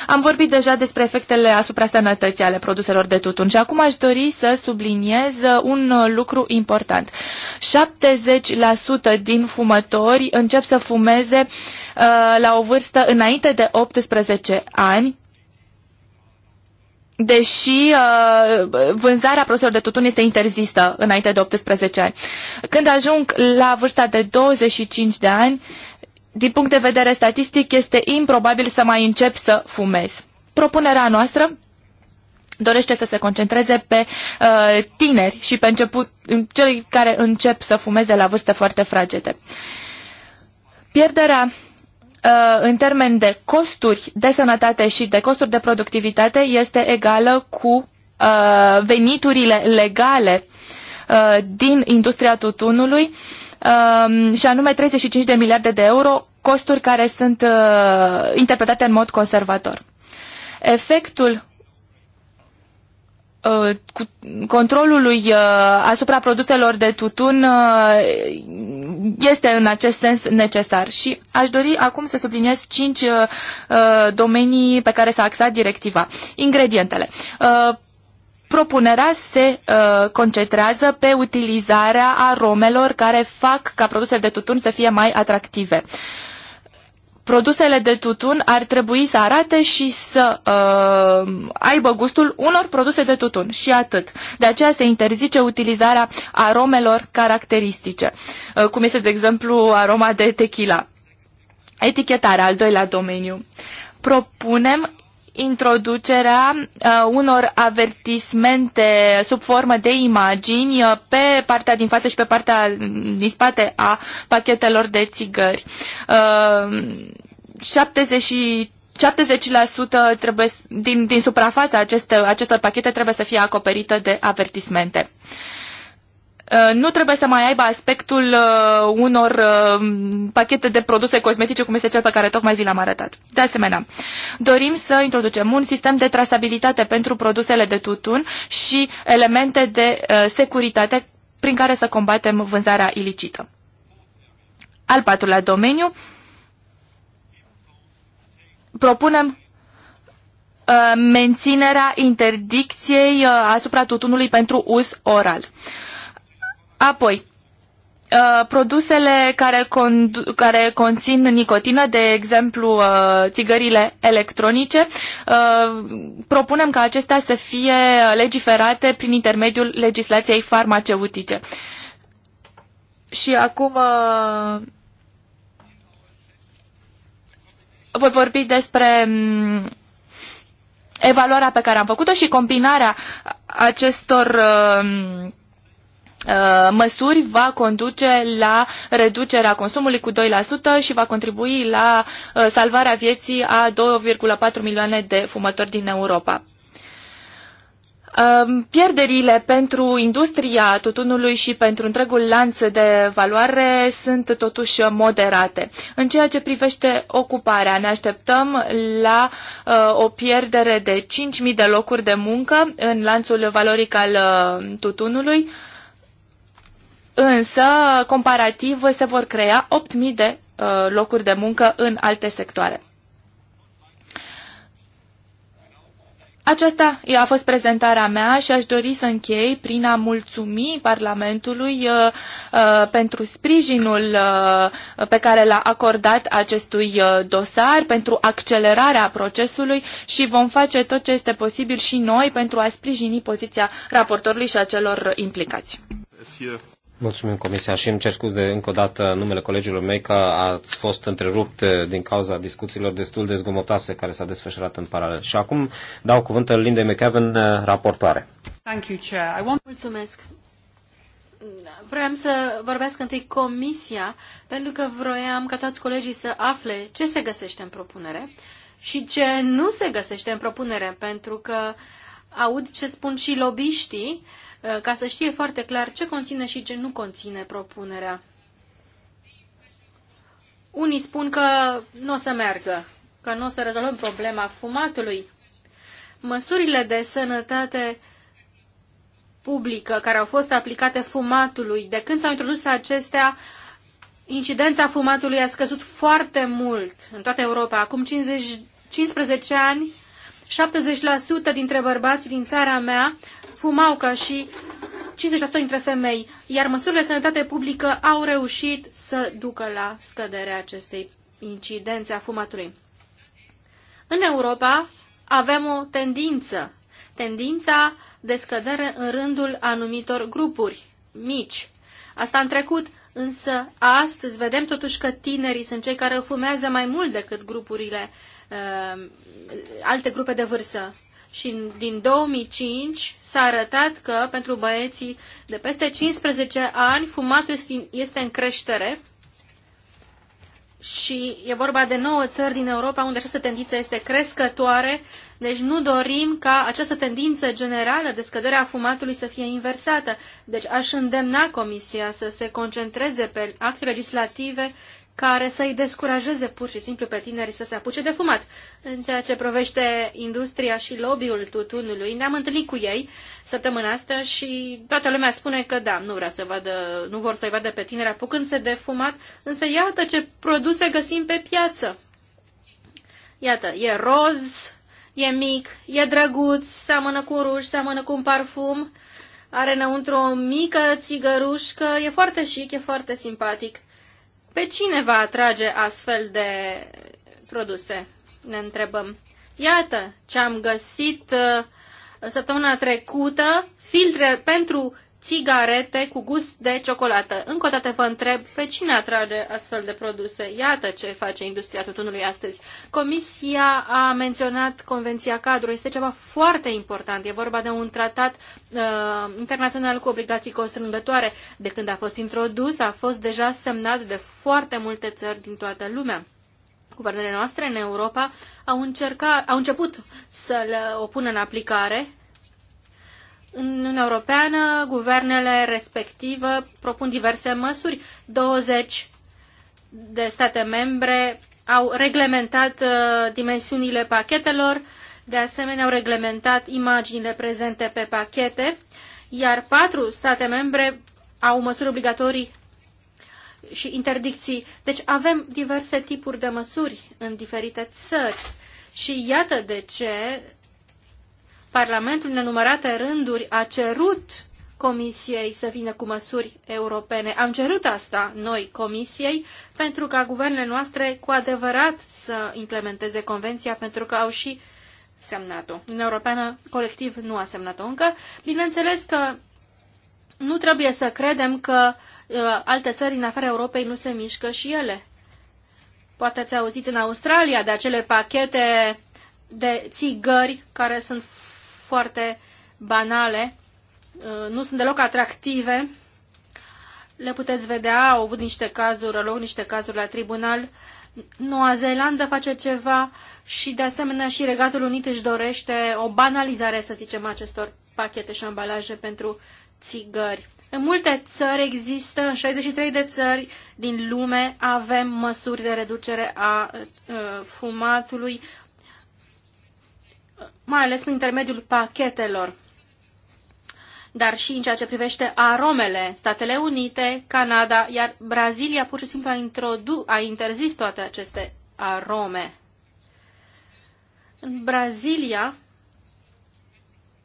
Am vorbit deja despre efectele asupra sănătății ale produselor de tutun și acum aș dori să subliniez uh, un uh, lucru important. 70% din fumători încep să fumeze uh, la o vârstă înainte de 18 ani deși uh, vânzarea produselor de tutun este interzisă înainte de 18 ani. Când ajung la vârsta de 25 de ani, din punct de vedere statistic, este improbabil să mai încep să fumez. Propunerea noastră dorește să se concentreze pe uh, tineri și pe început, cei care încep să fumeze la vârste foarte fragede. Pierderea Uh, în termen de costuri de sănătate și de costuri de productivitate este egală cu uh, veniturile legale uh, din industria tutunului um, și anume 35 de miliarde de euro, costuri care sunt interpretate în mod conservator. Efectul Uh, cu controlului uh, asupra produselor de tutun uh, este în acest sens necesar. Și aș dori acum să subliniez cinci domenii pe care s-a axat directiva. Ingredientele. Propunerea se uh, concentrează pe utilizarea aromelor care fac ca produsele de tutun să fie mai atractive. Uh, produsele de tutun ar trebui să arate și să uh, aibă gustul unor produse de tutun și atât. De aceea se interzice utilizarea aromelor caracteristice, uh, cum este, de exemplu, aroma de tequila. Etichetarea, al doilea domeniu. Propunem introducerea uh, unor avertismente sub formă de imagini uh, pe partea din față și pe partea din spate a pachetelor de țigări. Uh, 70 70% trebuie, din, din suprafața aceste, acestor pachete trebuie să fie acoperită de avertismente. Uh, Uh, nu trebuie să mai aibă aspectul uh, unor uh, pachete de produse cosmetice, cum este cel pe care tocmai vi l-am arătat. De asemenea, dorim să introducem un sistem de trasabilitate pentru produsele de tutun și elemente de securitate prin care să combatem vânzarea ilicită. Al patrulea domeniu, propunem menținerea interdicției asupra tutunului pentru uz oral. Apoi, uh, produsele care, con- care conțin nicotină, de exemplu uh, țigările electronice, uh, propunem ca acestea să fie legiferate prin intermediul legislației farmaceutice. Și acum voi vorbi despre mm, evaluarea pe care am făcut-o și combinarea acestor uh, Uh, măsuri va conduce la reducerea consumului cu 2% și va contribui la uh, salvarea vieții a 2,4 milioane de fumători din Europa. Um, pierderile pentru industria tutunului și pentru întregul lanț de valoare sunt totuși moderate. În ceea ce privește ocuparea, ne așteptăm la uh, o pierdere de 5.000 de locuri de muncă în lanțul valoric al uh, tutunului. Uh, însă, comparativ, se vor crea 8.000 de uh, locuri de muncă în alte sectoare. Aceasta a fost prezentarea mea și aș dori să închei prin a mulțumi Parlamentului uh, uh, pentru sprijinul pe care l-a acordat acestui dosar, pentru accelerarea procesului și vom face tot ce este posibil și noi pentru a sprijini poziția raportorului și a celor implicați. Mulțumim, Comisia, și îmi cer scuze încă o dată numele colegilor mei că ați fost întrerupt eh, din cauza discuțiilor destul de zgomotoase care s-au desfășurat în paralel. Și acum dau cuvântul Lindei McEvan, eh, raportoare. Thank you, Chair. I want... Mulțumesc. Vreau să vorbesc întâi Comisia, pentru că vroiam ca toți colegii să afle ce se găsește în propunere și ce nu se găsește în propunere, pentru că aud ce spun și lobiștii uh, Uh, ca să știe foarte clar ce conține și ce nu conține propunerea. Unii spun că nu o să meargă, că nu o să rezolvăm problema fumatului. Măsurile de sănătate publică care au fost aplicate fumatului, de când s-au introdus acestea, incidența fumatului a scăzut foarte mult în toată Europa. Acum 50, 15 ani 70% dintre bărbați din țara mea fumau ca și 50% dintre femei, iar măsurile de sănătate publică au reușit să ducă la scăderea acestei incidențe a fumatului. În Europa avem o tendință, tendința de scădere în rândul anumitor grupuri mici. Asta în trecut, însă astăzi vedem totuși că tinerii sunt cei care fumează mai mult decât grupurile uh, alte grupe de vârstă. Și din 2005 s-a arătat că pentru băieții de peste 15 ani fumatul este în creștere și e vorba de 9 țări din Europa unde această tendință este crescătoare, deci nu dorim ca această tendință generală de scăderea fumatului să fie inversată. Deci aș îndemna Comisia să se concentreze pe acte legislative care să-i descurajeze pur și simplu pe tineri să se apuce de fumat. În ceea ce provește industria și lobby-ul tutunului, ne-am întâlnit cu ei săptămâna asta și toată lumea spune că da, nu vrea să vadă, nu vor să-i vadă pe tineri apucându-se de fumat, însă iată ce produse găsim pe piață. Iată, e roz, e mic, e drăguț, seamănă cu un ruș, seamănă cu un parfum, are înăuntru o mică țigărușcă, e foarte chic, e foarte simpatic. Pe cine va atrage astfel de produse? Ne întrebăm. Iată ce am găsit uh, săptămâna trecută, filtre pentru țigarete cu gust de ciocolată. Încă o dată vă întreb pe cine atrage astfel de produse. Iată ce face industria tutunului astăzi. Comisia a menționat Convenția Cadru. Este ceva foarte important. E vorba de un tratat uh, internațional cu obligații constrângătoare. De când a fost introdus, a fost deja semnat de foarte multe țări din toată lumea. Guvernele noastre în Europa au, încercat, au început să le o pună în aplicare, în Uniunea Europeană, guvernele respective propun diverse măsuri. 20 de state membre au reglementat uh, dimensiunile pachetelor, de asemenea au reglementat imaginile prezente pe pachete, iar patru state membre au măsuri obligatorii și interdicții. Deci avem diverse tipuri de măsuri în diferite țări. Și iată de ce Parlamentul, în nenumărate rânduri, a cerut Comisiei să vină cu măsuri europene. Am cerut asta noi Comisiei pentru ca guvernele noastre cu adevărat să implementeze convenția pentru că au și semnat-o. Uniunea Europeană colectiv nu a semnat-o încă. Bineînțeles că nu trebuie să credem că uh, alte țări în afara Europei nu se mișcă și ele. Poate ați auzit în Australia de acele pachete de țigări care sunt foarte banale, uh, nu sunt deloc atractive. Le puteți vedea, au avut niște cazuri, au niște cazuri la tribunal. Noua Zeelandă face ceva și, de asemenea, și Regatul Unit își dorește o banalizare, să zicem, acestor pachete și ambalaje pentru țigări. În multe țări există, în 63 de țări din lume avem măsuri de reducere a uh, fumatului, mai ales prin intermediul pachetelor, dar și în ceea ce privește aromele. Statele Unite, Canada, iar Brazilia pur și simplu a, introdu- a interzis toate aceste arome. În Brazilia,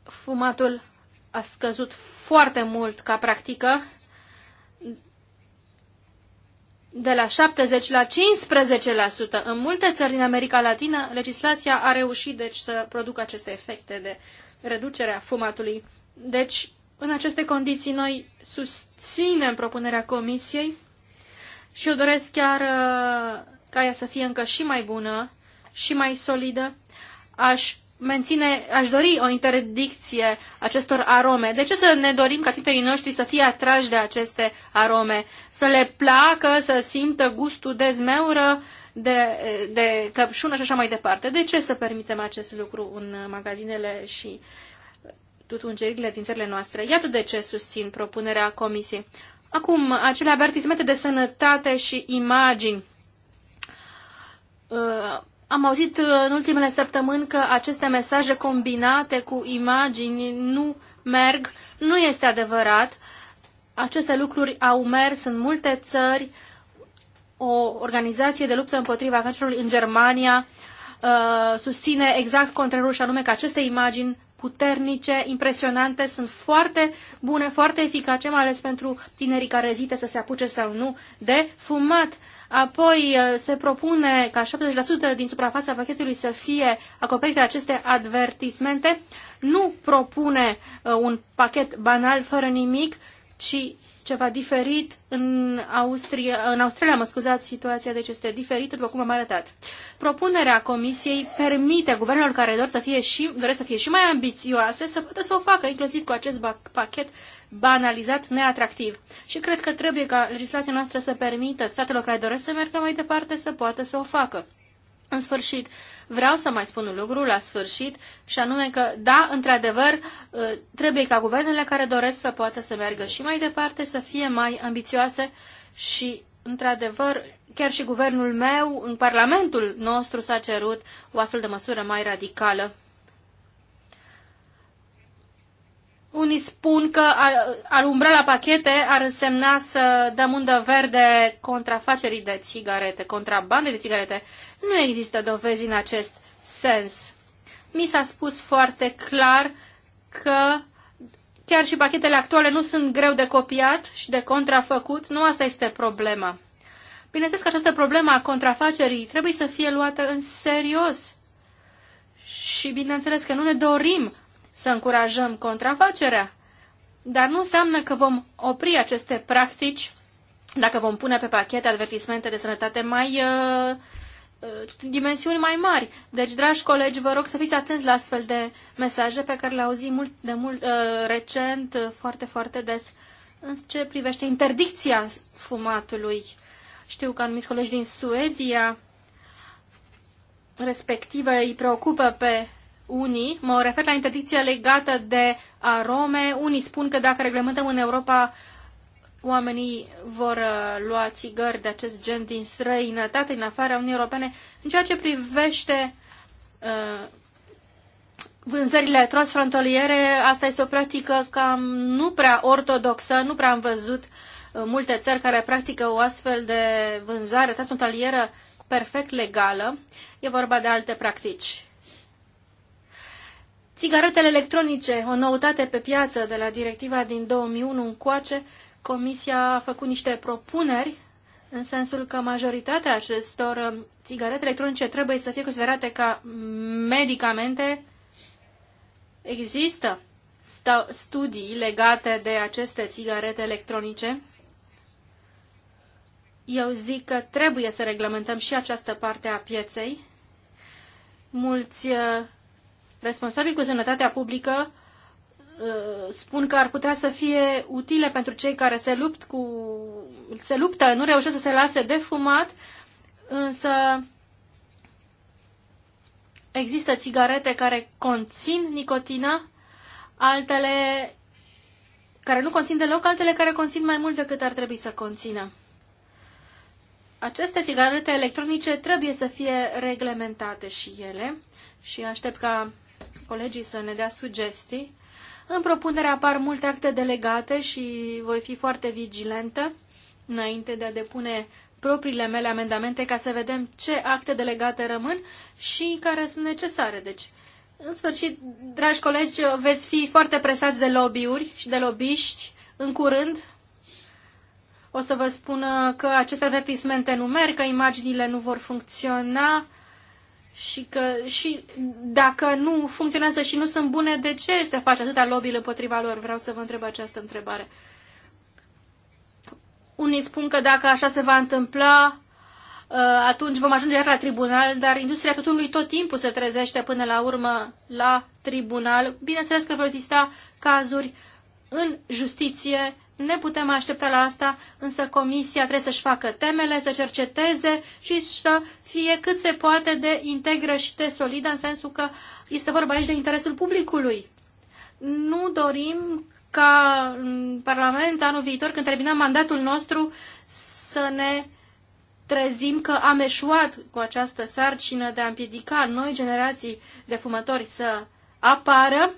fumatul a scăzut foarte mult ca practică de la 70 la 15%. În multe țări din America Latină, legislația a reușit deci, să producă aceste efecte de reducere a fumatului. Deci, în aceste condiții, noi susținem propunerea Comisiei și eu doresc chiar uh, ca ea să fie încă și mai bună și mai solidă. Aș menține, aș dori o interdicție acestor arome. De ce să ne dorim ca tinerii noștri să fie atrași de aceste arome? Să le placă, să simtă gustul de zmeură, de, de căpșună și așa mai departe. De ce să permitem acest lucru în magazinele și tutungerile din țările noastre? Iată de ce susțin propunerea comisiei. Acum, acele avertismente de sănătate și imagini. Uh, am auzit uh, în ultimele săptămâni că aceste mesaje combinate cu imagini nu merg. Nu este adevărat. Aceste lucruri au mers în multe țări. O organizație de luptă împotriva cancerului în Germania uh, susține exact contrarul și anume că aceste imagini puternice, impresionante, sunt foarte bune, foarte eficace, mai ales pentru tinerii care ezită să se apuce sau nu de fumat. Uh, Apoi uh, se propune ca 70% din suprafața pachetului să fie acoperite aceste avertismente, Nu propune uh, un pachet banal fără nimic, ci ceva diferit. În, Austria, în Australia, mă scuzați, situația deci este diferită, după cum am arătat. Propunerea Comisiei permite guvernelor care dor să fie și, doresc să fie și mai ambițioase să poată să o facă, inclusiv cu acest pachet banalizat, neatractiv. Și cred că trebuie ca legislația noastră să permită statelor care doresc să meargă mai departe să poată să o facă. În sfârșit, vreau să mai spun un lucru la sfârșit, și anume că, da, într-adevăr, uh, trebuie ca guvernele care doresc să poată să meargă și mai departe, să fie mai ambițioase și, într-adevăr, chiar și guvernul meu, în Parlamentul nostru s-a cerut o astfel de măsură mai radicală. Unii spun că ar umbra la pachete ar însemna să dăm undă verde contrafacerii de țigarete, contrabande de țigarete. Nu există dovezi în acest sens. Mi s-a spus foarte clar că chiar și pachetele actuale nu sunt greu de copiat și de contrafăcut. Nu asta este problema. Bineînțeles că această problemă a contrafacerii trebuie să fie luată în serios. Și bineînțeles că nu ne dorim să încurajăm contrafacerea, dar nu înseamnă că vom opri aceste practici dacă vom pune pe pachete advertismente de sănătate mai uh, uh, dimensiuni mai mari. Deci, dragi colegi, vă rog să fiți atenți la astfel de mesaje pe care le auzim mult, de mult, uh, recent, uh, foarte, foarte des. În ce privește interdicția fumatului, știu că anumiți colegi din Suedia respectivă îi preocupă pe unii, mă refer la interdicția legată de arome, unii spun că dacă reglementăm în Europa oamenii vor uh, lua țigări de acest gen din străinătate, în afara Uniunii Europene, în ceea ce privește uh, vânzările transfrontaliere, asta este o practică cam nu prea ortodoxă, nu prea am văzut uh, multe țări care practică o astfel de vânzare transfrontalieră perfect legală. E vorba de alte practici. Țigaretele electronice, o noutate pe piață de la directiva din 2001 încoace, Comisia a făcut niște propuneri în sensul că majoritatea acestor um, țigarete electronice trebuie să fie considerate ca medicamente. Există studii legate de aceste țigarete electronice. Eu zic că trebuie să reglementăm și această parte a pieței. Mulți uh, responsabili cu sănătatea publică uh, spun că ar putea să fie utile pentru cei care se, lupt cu, se luptă, nu reușesc să se lase de fumat, însă există țigarete care conțin nicotina, altele care nu conțin deloc, altele care conțin mai mult decât ar trebui să conțină. Aceste țigarete electronice trebuie să fie reglementate și ele și aștept ca colegii să ne dea sugestii. În propunere apar multe acte delegate și voi fi foarte vigilentă înainte de a depune propriile mele amendamente ca să vedem ce acte delegate rămân și care sunt necesare. Deci, în sfârșit, dragi colegi, veți fi foarte presați de lobby-uri și de lobbyști. în curând. O să vă spun că aceste avertismente nu merg, că imaginile nu vor funcționa, și că și dacă nu funcționează și nu sunt bune, de ce se face atâta lobby împotriva lor? Vreau să vă întreb această întrebare. Unii spun că dacă așa se va întâmpla, uh, atunci vom ajunge la tribunal, dar industria tutunului tot timpul se trezește până la urmă la tribunal. Bineînțeles că vor exista cazuri în justiție ne putem aștepta la asta, însă comisia trebuie să-și facă temele, să cerceteze și să fie cât se poate de integră și de solidă, în sensul că este vorba aici de interesul publicului. Nu dorim ca în Parlament anul viitor, când terminăm mandatul nostru, să ne trezim că am eșuat cu această sarcină de a împiedica noi generații de fumători să apară.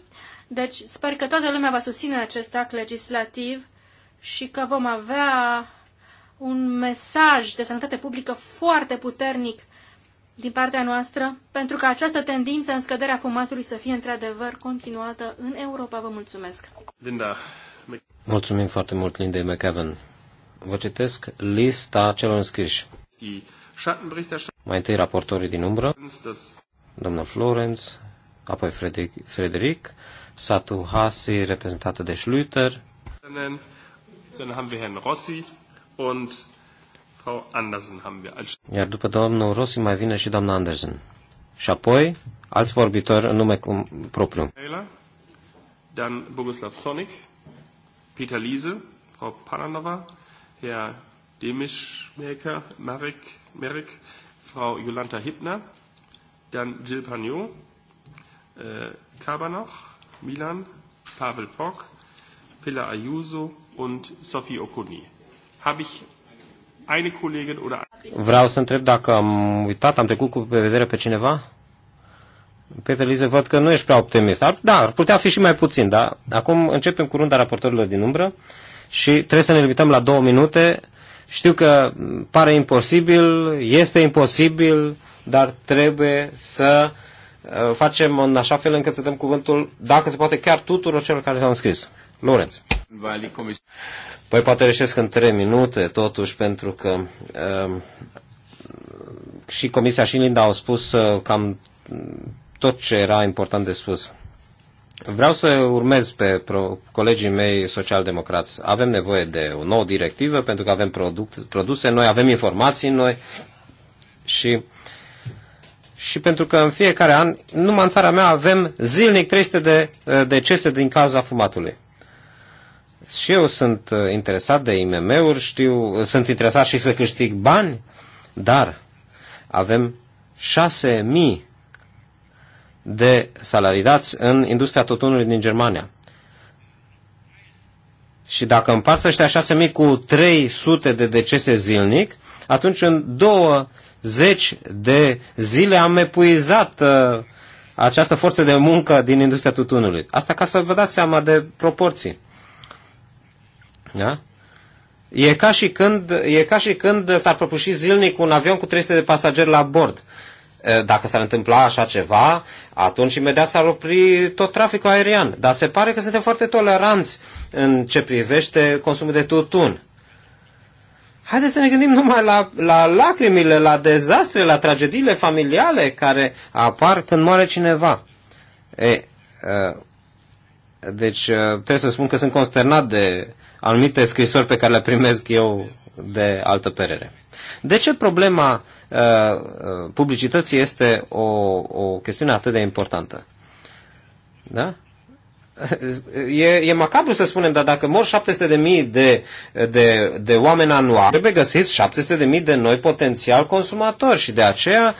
Deci sper că toată lumea va susține acest act legislativ și că vom avea un mesaj de sănătate publică foarte puternic din partea noastră pentru că această tendință în scăderea fumatului să fie într-adevăr continuată în Europa. Vă mulțumesc! Linda. Mulțumim foarte mult, Linda McEvan. Vă citesc lista celor înscriși. Mai întâi raportorii din umbră, domnul Florence, apoi Frederic, Frederic Satu Hasi, reprezentată de Schlüter, Dann haben wir Herrn Rossi und Frau Andersen haben wir als... Iar după domnul Rossi mai vine și doamna Andersen. Și apoi alți vorbitori în nume cum, propriu. Dan Boguslav Sonic, Peter Liese, Frau Pananova, Herr Demischmerker, Marek, Merik, Frau Jolanta Hipner, dann Jill Pagnot, äh, Kabanoch, Milan, Pavel Pock, Pilla Ayuso, und Sophie Okuni. Habe ich eine Kollegin oder Vreau să întreb dacă am uitat, am trecut cu vedere pe cineva? Peter Lise, văd că nu ești prea optimist. Ar, da, ar putea fi și mai puțin, da? Acum începem cu runda raportorilor din umbră și trebuie să ne limităm la două minute. Știu că pare imposibil, este imposibil, dar trebuie să uh, facem în așa fel încât să dăm cuvântul, dacă se poate, chiar tuturor celor care s-au înscris. Lorenz. Păi poate reșesc în trei minute, totuși, pentru că uh, și Comisia și Linda au spus uh, cam tot ce era important de spus. Vreau să urmez pe pro- colegii mei socialdemocrați. Avem nevoie de o nouă directivă pentru că avem product, produse noi, avem informații noi și, și pentru că în fiecare an, numai în țara mea, avem zilnic 300 de uh, decese din cauza fumatului. Și eu sunt uh, interesat de IMM-uri, știu, uh, sunt interesat și să câștig bani, dar avem 6.000 de salaridați în industria totunului din Germania. Și dacă împarți ăștia 6.000 cu 300 de decese zilnic, atunci în două zeci de zile am epuizat uh, această forță de muncă din industria tutunului. Asta ca să vă dați seama de proporții. Da? E ca și când, e ca și când s-ar prăbuși zilnic un avion cu 300 de pasageri la bord. Dacă s-ar întâmpla așa ceva, atunci imediat s-ar opri tot traficul aerian. Dar se pare că suntem foarte toleranți în ce privește consumul de tutun. Haideți să ne gândim numai la, la lacrimile, la dezastre, la tragediile familiale care apar când moare cineva. E, deci trebuie să spun că sunt consternat de anumite scrisori pe care le primesc eu de altă perere. De ce problema uh, uh publicității este o, o chestiune atât de importantă? Da? E, e macabru să spunem, dar dacă mor 700.000 de mii de, de, de oameni anual, trebuie găsiți 700.000 de mii de noi potențial consumatori și de aceea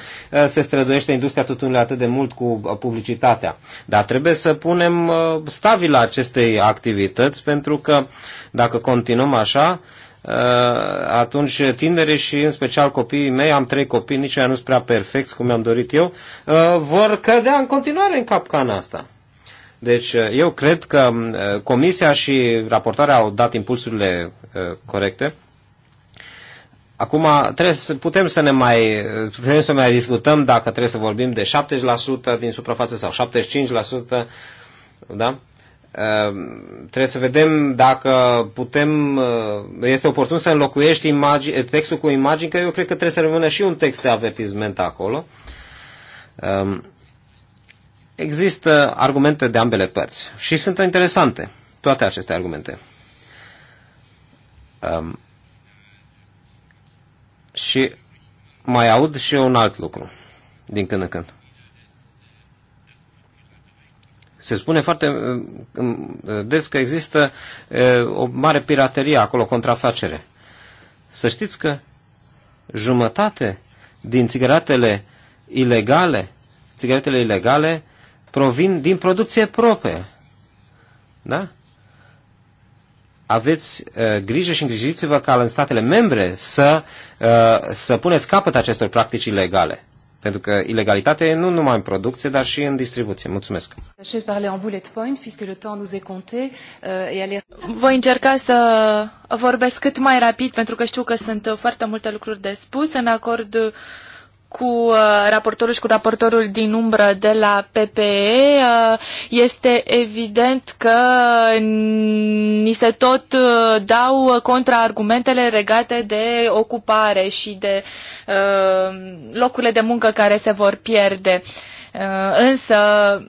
se străduiește industria tutunului atât de mult cu publicitatea. Dar trebuie să punem stabila acestei activități pentru că dacă continuăm așa, atunci tinerii și în special copiii mei, am trei copii, nici nu sunt prea perfecți cum mi-am dorit eu, vor cădea în continuare în capcana asta. Deci uh, eu cred că uh, comisia și raportarea au dat impulsurile uh, corecte. Acum trebuie să, putem să ne mai, putem să mai discutăm dacă trebuie să vorbim de 70% din suprafață sau 75%, da? Trebuie să vedem dacă putem, este oportun să înlocuiești imagine, textul cu imagini, că eu cred că trebuie să rămână și un text de avertizment acolo. Um, Există argumente de ambele părți și sunt interesante toate aceste argumente. Um, și mai aud și un alt lucru din când în când. Se spune foarte um, um, des că există uh, o mare piraterie acolo, contrafacere. Să știți că jumătate din țigaretele ilegale, țigaretele ilegale provin din producție proprie. Da? Aveți uh, grijă și îngrijiți-vă ca în statele membre să, uh, să puneți capăt acestor practici ilegale. Pentru că ilegalitatea e nu numai în producție, dar și în distribuție. Mulțumesc. Euh, Voi încerca să vorbesc cât mai rapid, pentru că știu că sunt foarte multe lucruri de spus. În acord cu uh, raportorul și cu raportorul din umbră de la PPE, uh, este evident că ni se tot uh, dau contraargumentele regate de ocupare și de locurile de muncă care se vor pierde. Uh, Uh, însă,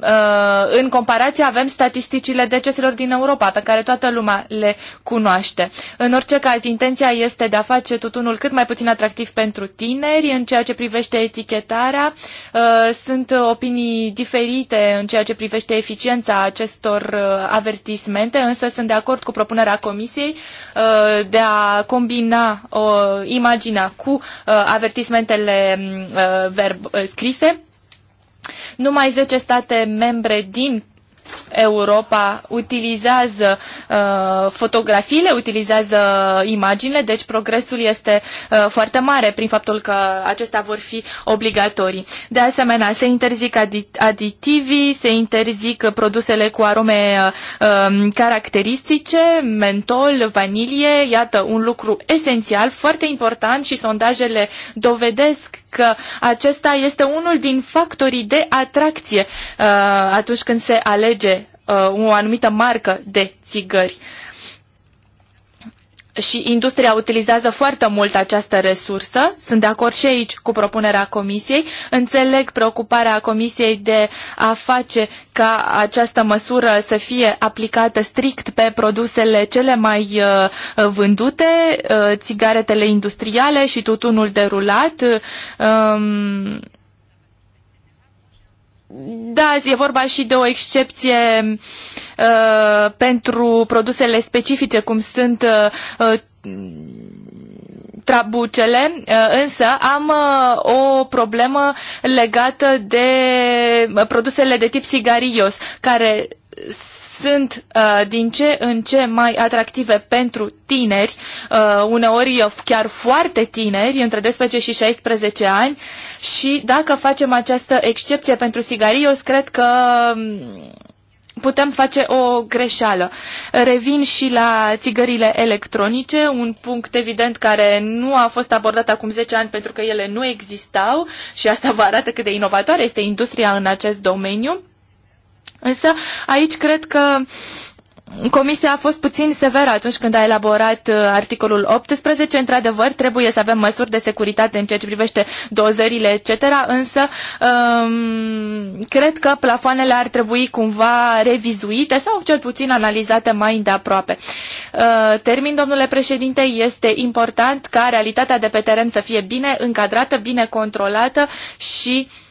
uh, în comparație, avem statisticile deceselor din Europa, pe care toată lumea le cunoaște. În orice caz, intenția este de a face tutunul cât mai puțin atractiv pentru tineri. În ceea ce privește etichetarea, uh, sunt opinii diferite în ceea ce privește eficiența acestor avertismente, însă sunt de acord cu propunerea Comisiei de a combina imaginea cu avertismentele mm, verb, scrise numai 10 state membre din Europa utilizează uh, fotografiile, utilizează imaginile, deci progresul este uh, foarte mare prin faptul că acestea vor fi obligatorii. De asemenea, se interzic aditivii, se interzic produsele cu arome uh, um, caracteristice, mentol, vanilie, iată un lucru esențial, foarte important și sondajele dovedesc că acesta este unul din factorii de atracție uh, atunci când se alege uh, o anumită marcă de țigări. Uh, și industria utilizează foarte mult această resursă. Sunt de acord și aici cu propunerea Comisiei. Înțeleg preocuparea Comisiei de a face ca această măsură să fie aplicată strict pe produsele cele mai uh, vândute, uh, țigaretele industriale și tutunul derulat. Um, da, e vorba și de o excepție uh, pentru produsele specifice, cum sunt uh, uh trabucele, uh, însă am uh, o problemă legată de produsele de tip sigarios, care sunt uh, din ce în ce mai atractive pentru tineri, uh, uneori chiar foarte tineri, între 12 și 16 ani și dacă facem această excepție pentru sigarii, eu cred că um, putem face o greșeală. Revin și la țigările electronice, un punct evident care nu a fost abordat acum 10 ani pentru că ele nu existau și asta vă arată cât de inovatoare este industria în acest domeniu. Însă aici cred că Comisia a fost puțin severă atunci când a elaborat uh, articolul 18. Într-adevăr, trebuie să avem măsuri de securitate în ceea ce privește dozările, etc. Însă, um, cred că plafoanele ar trebui cumva revizuite sau cel puțin analizate mai îndeaproape. Uh, termin, domnule președinte, este important ca realitatea de pe teren să fie bine încadrată, bine controlată și uh,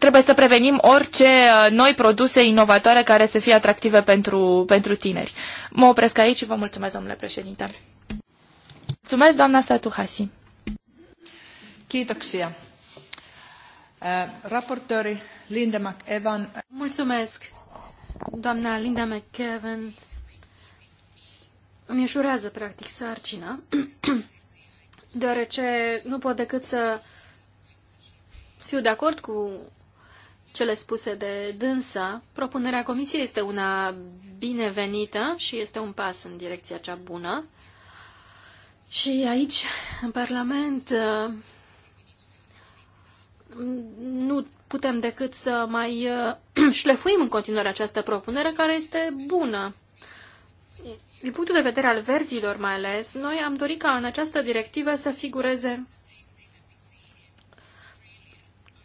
trebuie să prevenim orice uh, noi produse inovatoare care să fie atractive pentru, pentru tineri. Mă opresc aici și vă mulțumesc, domnule președinte. Mulțumesc, doamna Satuhasi. Kiitoksia. Raportori Linda McEvan. Mulțumesc, doamna Linda McEvan. Îmi ușurează, practic, sarcina, deoarece nu pot decât să fiu de acord cu cele spuse de dânsa. Propunerea comisiei este una binevenită și este un pas în direcția cea bună. Și aici, în Parlament, uh, nu putem decât să mai uh, șlefuim în continuare această propunere care este bună. Din punctul de vedere al verzilor mai ales, noi am dorit ca în această directivă să figureze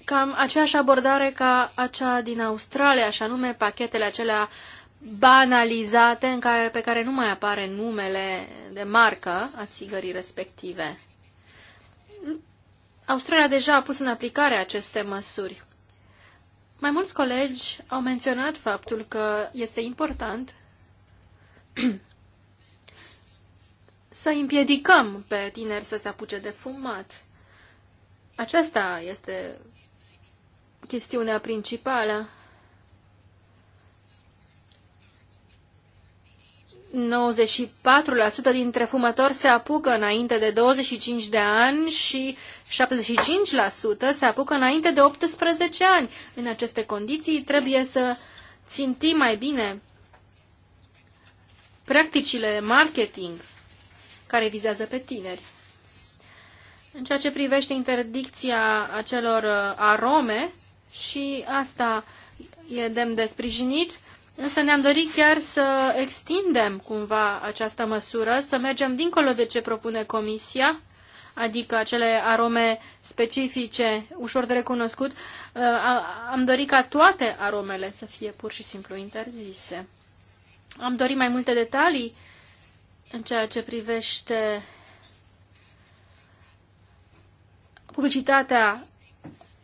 cam aceeași abordare ca acea din Australia, așa nume pachetele acelea banalizate în care, pe care nu mai apare numele de marcă a țigării respective. Australia deja a pus în aplicare aceste măsuri. Mai mulți colegi au menționat faptul că este important să împiedicăm pe tineri să se apuce de fumat. Aceasta este chestiunea principală. 94% dintre fumători se apucă înainte de 25 de ani și 75% se apucă înainte de 18 ani. În aceste condiții trebuie să țintim mai bine practicile marketing care vizează pe tineri. În ceea ce privește interdicția acelor uh, arome, și asta e demn de sprijinit, însă ne-am dorit chiar să extindem cumva această măsură, să mergem dincolo de ce propune Comisia, adică acele arome specifice, ușor de recunoscut, uh, am dorit ca toate aromele să fie pur și simplu interzise. Am dorit mai multe detalii în ceea ce privește publicitatea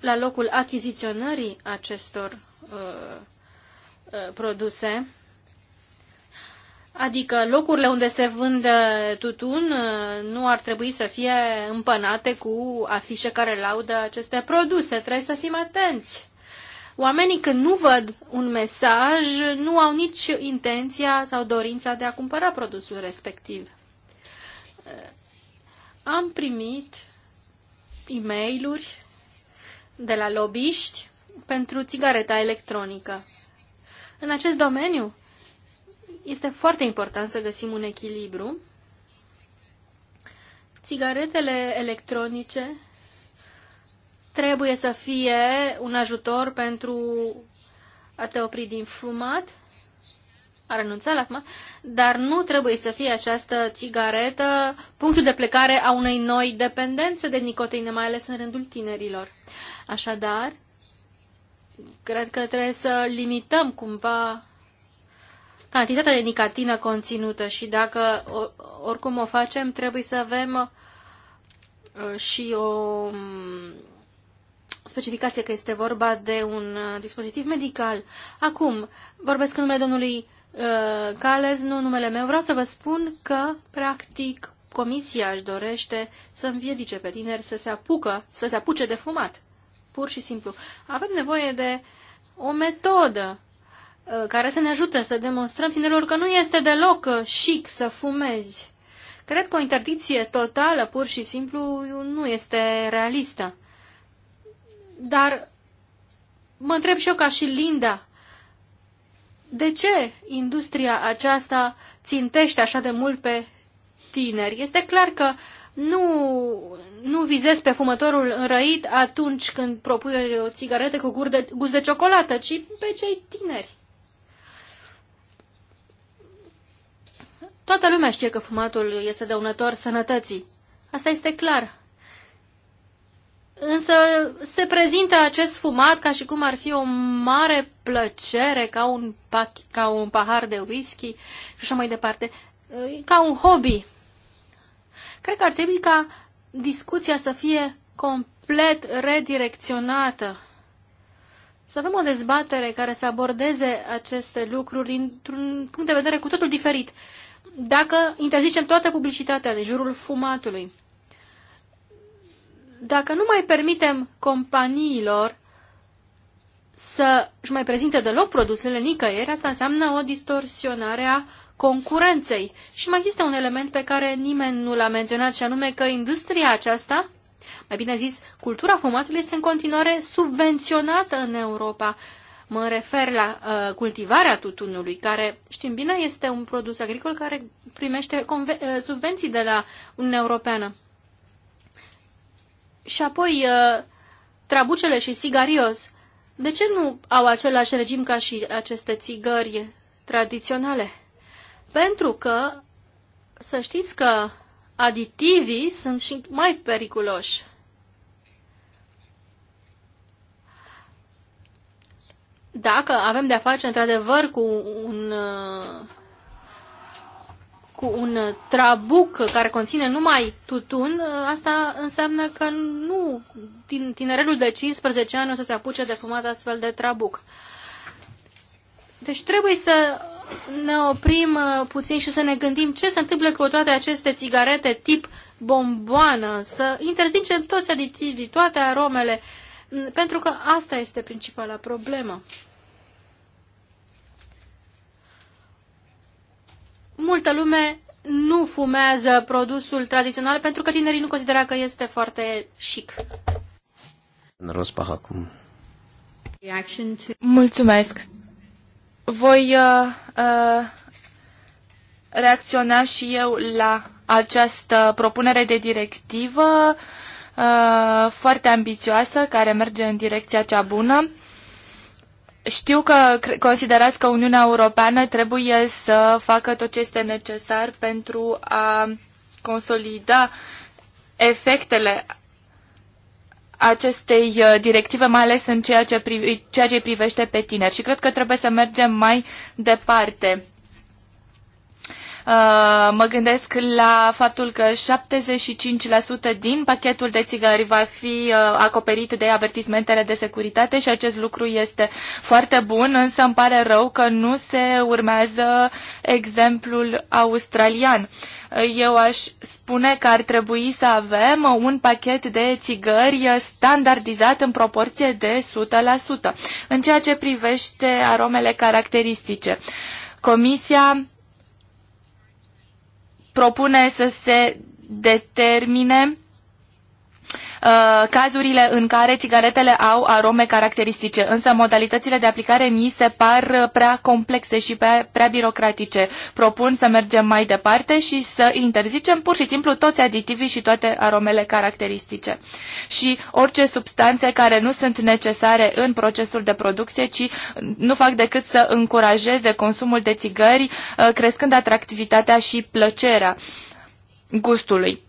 la locul achiziționării acestor uh, uh, produse, adică locurile unde se vând uh, tutun uh, nu ar trebui să fie împănate cu afișe care laudă aceste produse. Trebuie să fim atenți. Oamenii când nu văd un mesaj, nu au nici intenția sau dorința de a cumpăra produsul respectiv. Uh, am primit e-mail-uri de la lobiști pentru țigareta electronică. În acest domeniu este foarte important să găsim un echilibru. Țigaretele electronice trebuie să fie un ajutor pentru a te opri din fumat, a renunțat la fumat, dar nu trebuie să fie această țigaretă punctul de plecare a unei noi dependențe de nicotină, mai ales în rândul tinerilor. Așadar, cred că trebuie să limităm cumva cantitatea de nicotină conținută și dacă oricum o facem, trebuie să avem uh, și o um, specificație că este vorba de un uh, dispozitiv medical. Acum, vorbesc în numele domnului Uh, Cales, nu numele meu, vreau să vă spun că, practic, comisia își dorește să împiedice pe tineri să se, apucă, să se apuce de fumat. Pur și simplu. Avem nevoie de o metodă uh, care să ne ajute să demonstrăm tinerilor că nu este deloc uh, chic să fumezi. Cred că o interdicție totală, pur și simplu, nu este realistă. Dar mă întreb și eu ca și Linda, de ce industria aceasta țintește așa de mult pe tineri? Este clar că nu, nu vizezi pe fumătorul înrăit atunci când propui o țigaretă cu gust de, gust de ciocolată, ci pe cei tineri. Toată lumea știe că fumatul este dăunător sănătății. Asta este clar. Însă se prezintă acest fumat ca și cum ar fi o mare plăcere, ca un, pach, ca un pahar de whisky și așa mai departe, ca un hobby. Cred că ar trebui ca discuția să fie complet redirecționată. Să avem o dezbatere care să abordeze aceste lucruri dintr-un punct de vedere cu totul diferit. Dacă interzicem toată publicitatea de jurul fumatului, dacă nu mai permitem companiilor să și mai prezinte deloc produsele nicăieri, asta înseamnă o distorsionare a concurenței. Și mai există un element pe care nimeni nu l-a menționat, și anume că industria aceasta, mai bine zis, cultura fumatului este în continuare subvenționată în Europa. Mă refer la uh, cultivarea tutunului, care, știm bine, este un produs agricol care primește uh, subvenții de la Uniunea Europeană și apoi uh, trabucele și sigarios. De ce nu au același regim ca și aceste țigări tradiționale? Pentru că să știți că aditivii sunt și mai periculoși. Dacă avem de-a face într-adevăr cu un uh, cu un trabuc care conține numai tutun, asta înseamnă că nu tinerelul de 15 ani o să se apuce de fumat astfel de trabuc. Deci trebuie să ne oprim uh, puțin și să ne gândim ce se întâmplă cu toate aceste țigarete tip bomboană, să interzicem toți aditivii, toate aromele, pentru că asta este principala problemă. multă lume nu fumează produsul tradițional pentru că tinerii nu consideră că este foarte chic. Rospah acum. Mulțumesc. Voi uh, uh, reacționa și eu la această propunere de directivă uh, foarte ambițioasă care merge în direcția cea bună. Știu că considerați că Uniunea Europeană trebuie să facă tot ce este necesar pentru a consolida efectele acestei uh, directive, mai ales în ceea ce, pri- ceea ce privește pe tineri. Și cred că trebuie să mergem mai departe. Uh, mă gândesc la faptul că 75% din pachetul de țigări va fi uh, acoperit de avertismentele de securitate și acest lucru este foarte bun, însă îmi pare rău că nu se urmează exemplul australian. Uh, eu aș spune că ar trebui să avem un pachet de țigări standardizat în proporție de 100% în ceea ce privește aromele caracteristice. Comisia propune să se determine Uh, cazurile în care țigaretele au arome caracteristice, însă modalitățile de aplicare mi se par prea complexe și prea, prea birocratice. Propun să mergem mai departe și să interzicem pur și simplu toți aditivii și toate aromele caracteristice și orice substanțe care nu sunt necesare în procesul de producție, ci nu fac decât să încurajeze consumul de țigări, uh, crescând atractivitatea și plăcerea gustului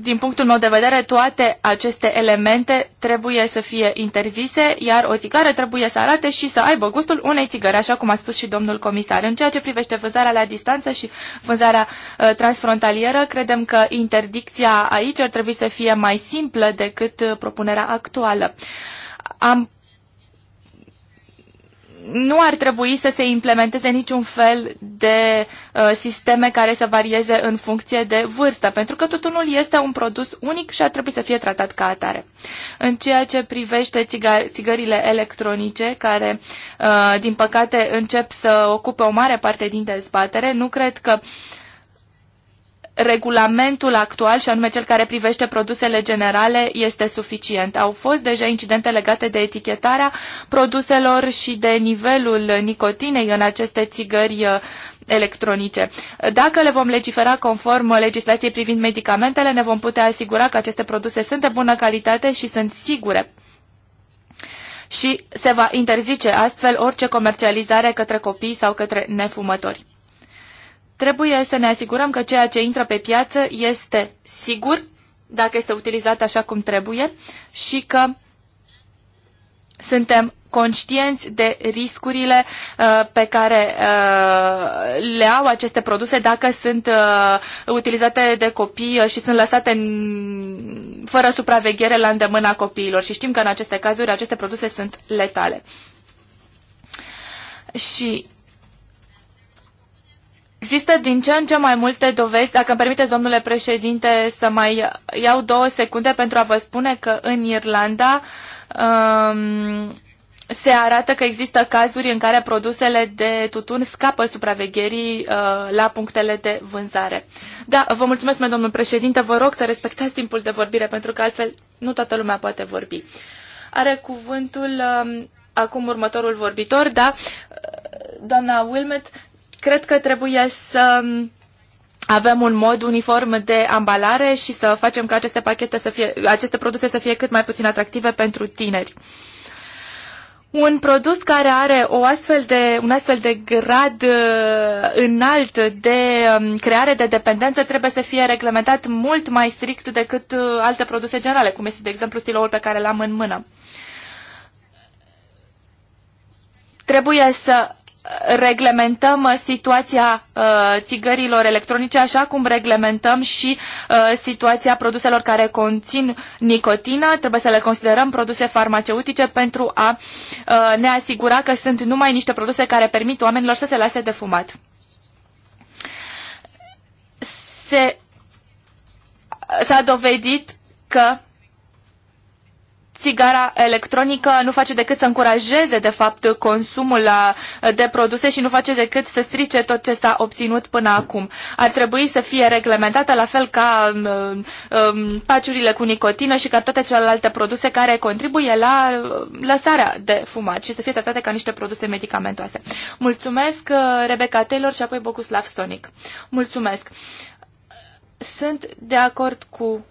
din punctul meu de vedere, toate aceste elemente trebuie să fie interzise, iar o țigară trebuie să arate și să aibă gustul unei țigări, așa cum a spus și domnul comisar. În ceea ce privește vânzarea la distanță și vânzarea uh, transfrontalieră, credem că interdicția aici ar trebui să fie mai simplă decât ă, propunerea actuală. Am nu ar trebui să se implementeze niciun fel de uh, sisteme care să varieze în funcție de vârstă, pentru că tutunul este un produs unic și ar trebui să fie tratat ca atare. În ceea ce privește țiga- țigările electronice, care, uh, din păcate, încep să ocupe o mare parte din dezbatere, nu cred că uh, regulamentul actual, și anume cel care privește produsele generale, este suficient. Au fost deja incidente legate de etichetarea produselor și de nivelul nicotinei în aceste țigări uh, electronice. Dacă le vom legifera conform legislației privind medicamentele, ne vom putea asigura că aceste produse sunt de bună calitate și sunt sigure și se va interzice astfel orice comercializare către copii sau către nefumători. Trebuie să ne asigurăm că ceea ce intră pe piață este sigur, dacă este utilizat așa cum trebuie, și că suntem conștienți de riscurile uh, pe care uh, le au aceste produse dacă sunt uh, utilizate de copii uh, și sunt lăsate în, fără supraveghere la îndemâna copiilor. Și știm că în aceste cazuri aceste produse sunt letale. Și Există din ce în ce mai multe dovezi, dacă îmi permiteți, domnule președinte, să mai iau două secunde pentru a vă spune că în Irlanda um, se arată că există cazuri în care produsele de tutun scapă supravegherii uh, la punctele de vânzare. Da, vă mulțumesc, domnul președinte, vă rog să respectați timpul de vorbire, pentru că altfel nu toată lumea poate vorbi. Are cuvântul um, acum următorul vorbitor, da? Doamna Wilmet, Cred că trebuie să avem un mod uniform de ambalare și să facem ca aceste pachete să fie, aceste produse să fie cât mai puțin atractive pentru tineri. Un produs care are o astfel de, un astfel de grad uh, înalt de um, creare de dependență trebuie să fie reglementat mult mai strict decât uh, alte produse generale, cum este, de exemplu, stiloul pe care l-am în mână. Trebuie să reglementăm uh, situația uh, țigărilor electronice așa cum reglementăm și uh, situația produselor care conțin nicotină. Trebuie să le considerăm produse farmaceutice pentru a ne asigura că sunt numai niște produse care permit oamenilor să se lase de fumat. Se, s-a dovedit că țigara electronică nu face decât să încurajeze, de fapt, consumul uh, de produse și nu face decât să strice tot ce s-a obținut până acum. Ar trebui să fie reglementată la fel ca um, um, paciurile cu nicotină și ca toate celelalte produse care contribuie la uh, lăsarea de fumat și să fie tratate ca niște produse medicamentoase. Mulțumesc, uh, Rebecca Taylor și apoi Boguslav Sonic. Mulțumesc. Sunt de acord cu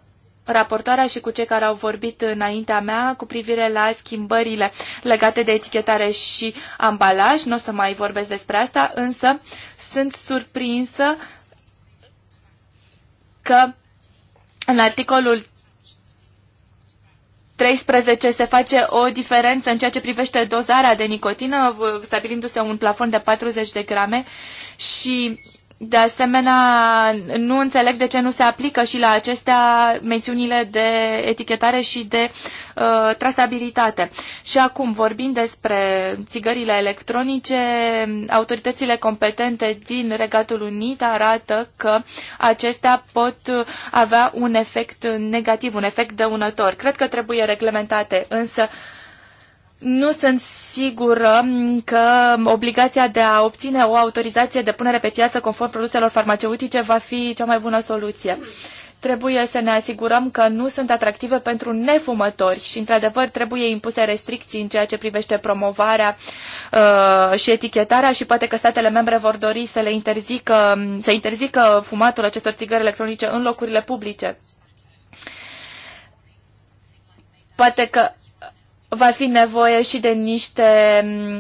raportoarea și cu cei care au vorbit înaintea mea cu privire la schimbările legate de etichetare și ambalaj. Nu o să mai vorbesc despre asta, însă sunt surprinsă că în articolul 13 se face o diferență în ceea ce privește dozarea de nicotină, stabilindu-se un plafon de 40 de grame și de asemenea, nu înțeleg de ce nu se aplică și la acestea mențiunile de etichetare și de uh, trasabilitate. Și acum, vorbind despre țigările electronice, autoritățile competente din Regatul Unit arată că acestea pot avea un efect negativ, un efect dăunător. Cred că trebuie reglementate, însă uh, nu sunt sigură că obligația de a obține o autorizație de punere pe piață conform produselor farmaceutice va fi cea mai bună soluție. Trebuie să ne asigurăm că nu sunt atractive pentru nefumători și, într-adevăr, trebuie impuse restricții în ceea ce privește promovarea uh, și etichetarea și poate că statele membre vor dori să le interzică, să interzică fumatul acestor țigări electronice în locurile publice. Poate că va fi nevoie și de niște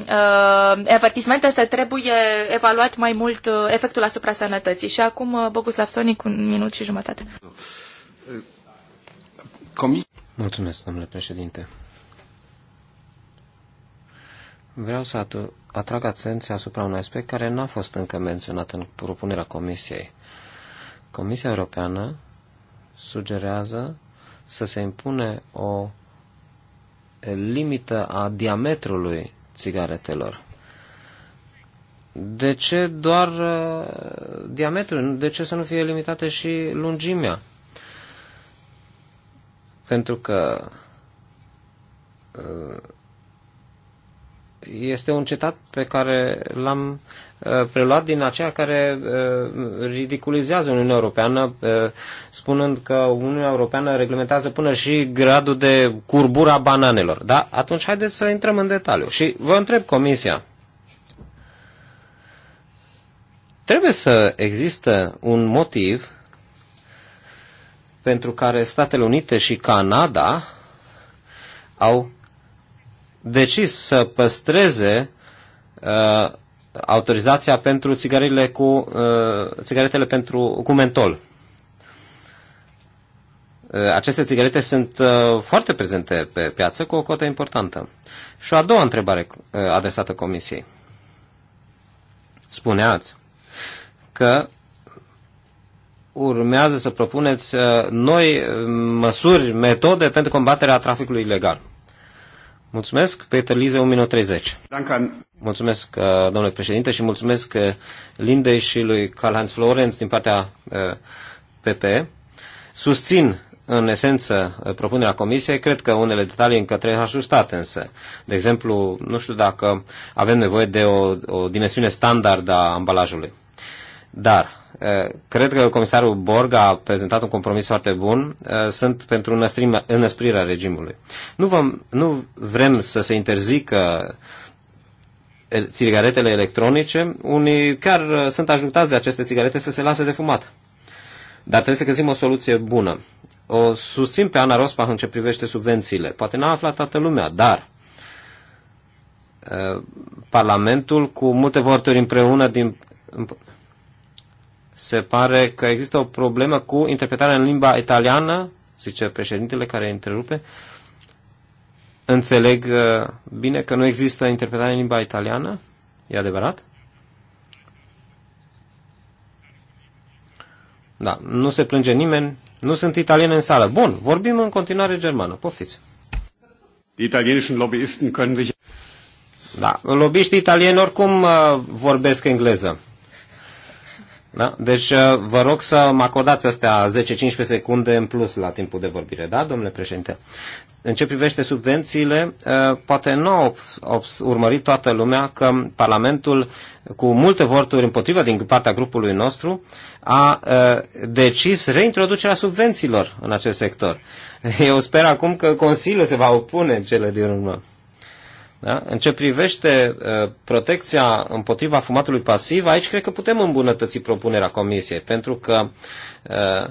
uh, avertismente, să trebuie evaluat mai mult uh, efectul asupra sănătății. Și acum uh, Boguslav Sonic, un minut și jumătate. Mulțumesc, domnule președinte. Vreau să atrag atenția asupra unui aspect care n-a fost încă menționat în propunerea Comisiei. Comisia Europeană sugerează să se impune o limită a diametrului țigaretelor. De ce doar uh, diametrul? De ce să nu fie limitate și lungimea? Pentru că uh, este un cetat pe care l-am uh, preluat din aceea care uh, ridiculizează Uniunea Europeană, uh, spunând că Uniunea Europeană reglementează până și gradul de curbura bananelor. Da? Atunci haideți să intrăm în detaliu. Și vă întreb Comisia, trebuie să există un motiv pentru care Statele Unite și Canada au decis să păstreze uh, autorizația pentru țigările cu, uh, țigaretele pentru, cu mentol. Uh, aceste țigarete sunt uh, foarte prezente pe piață cu o cotă importantă. Și o a doua întrebare uh, adresată Comisiei. Spuneați că urmează să propuneți uh, noi uh, măsuri, metode pentru combaterea traficului ilegal. Mulțumesc, Peter Lize, 1 minut 30. Mulțumesc, uh, domnule președinte, și mulțumesc uh, Lindei și lui Karl-Heinz Florenz din partea PP. Uh, Susțin în esență propunerea comisiei, cred că unele detalii încă trebuie ajustate însă. De exemplu, nu știu dacă avem nevoie de o, o dimensiune standard a ambalajului. Dar Eh, cred că comisarul Borg a prezentat un compromis foarte bun. Eh, sunt pentru înăsprirea regimului. Nu, vom, nu vrem să se interzică țigaretele electronice. Unii chiar eh, sunt ajutați de aceste țigarete să se lase de fumat. Dar trebuie să găsim o soluție bună. O susțin pe Ana Rospa în ce privește subvențiile. Poate n-a aflat toată lumea, dar Parlamentul cu multe voturi împreună din se pare că există o problemă cu interpretarea în limba italiană, zice președintele care întrerupe. Înțeleg uh, bine că nu există interpretare în limba italiană? E adevărat? Da, nu se plânge nimeni, nu sunt italieni în sală. Bun, vorbim în continuare germană, poftiți. Da, lobiștii italieni oricum uh, vorbesc engleză. Da? Deci uh, vă rog să mă acordați astea 10-15 secunde în plus la timpul de vorbire, da, domnule președinte? În ce privește subvențiile, uh, poate nu au urmărit toată lumea că Parlamentul, cu multe voturi împotrivă din partea grupului nostru, a uh, decis reintroducerea subvențiilor în acest sector. Eu sper acum că Consiliul se va opune cele din urmă. Da? În ce privește uh, protecția împotriva fumatului pasiv, aici cred că putem îmbunătăți propunerea comisiei, pentru că uh,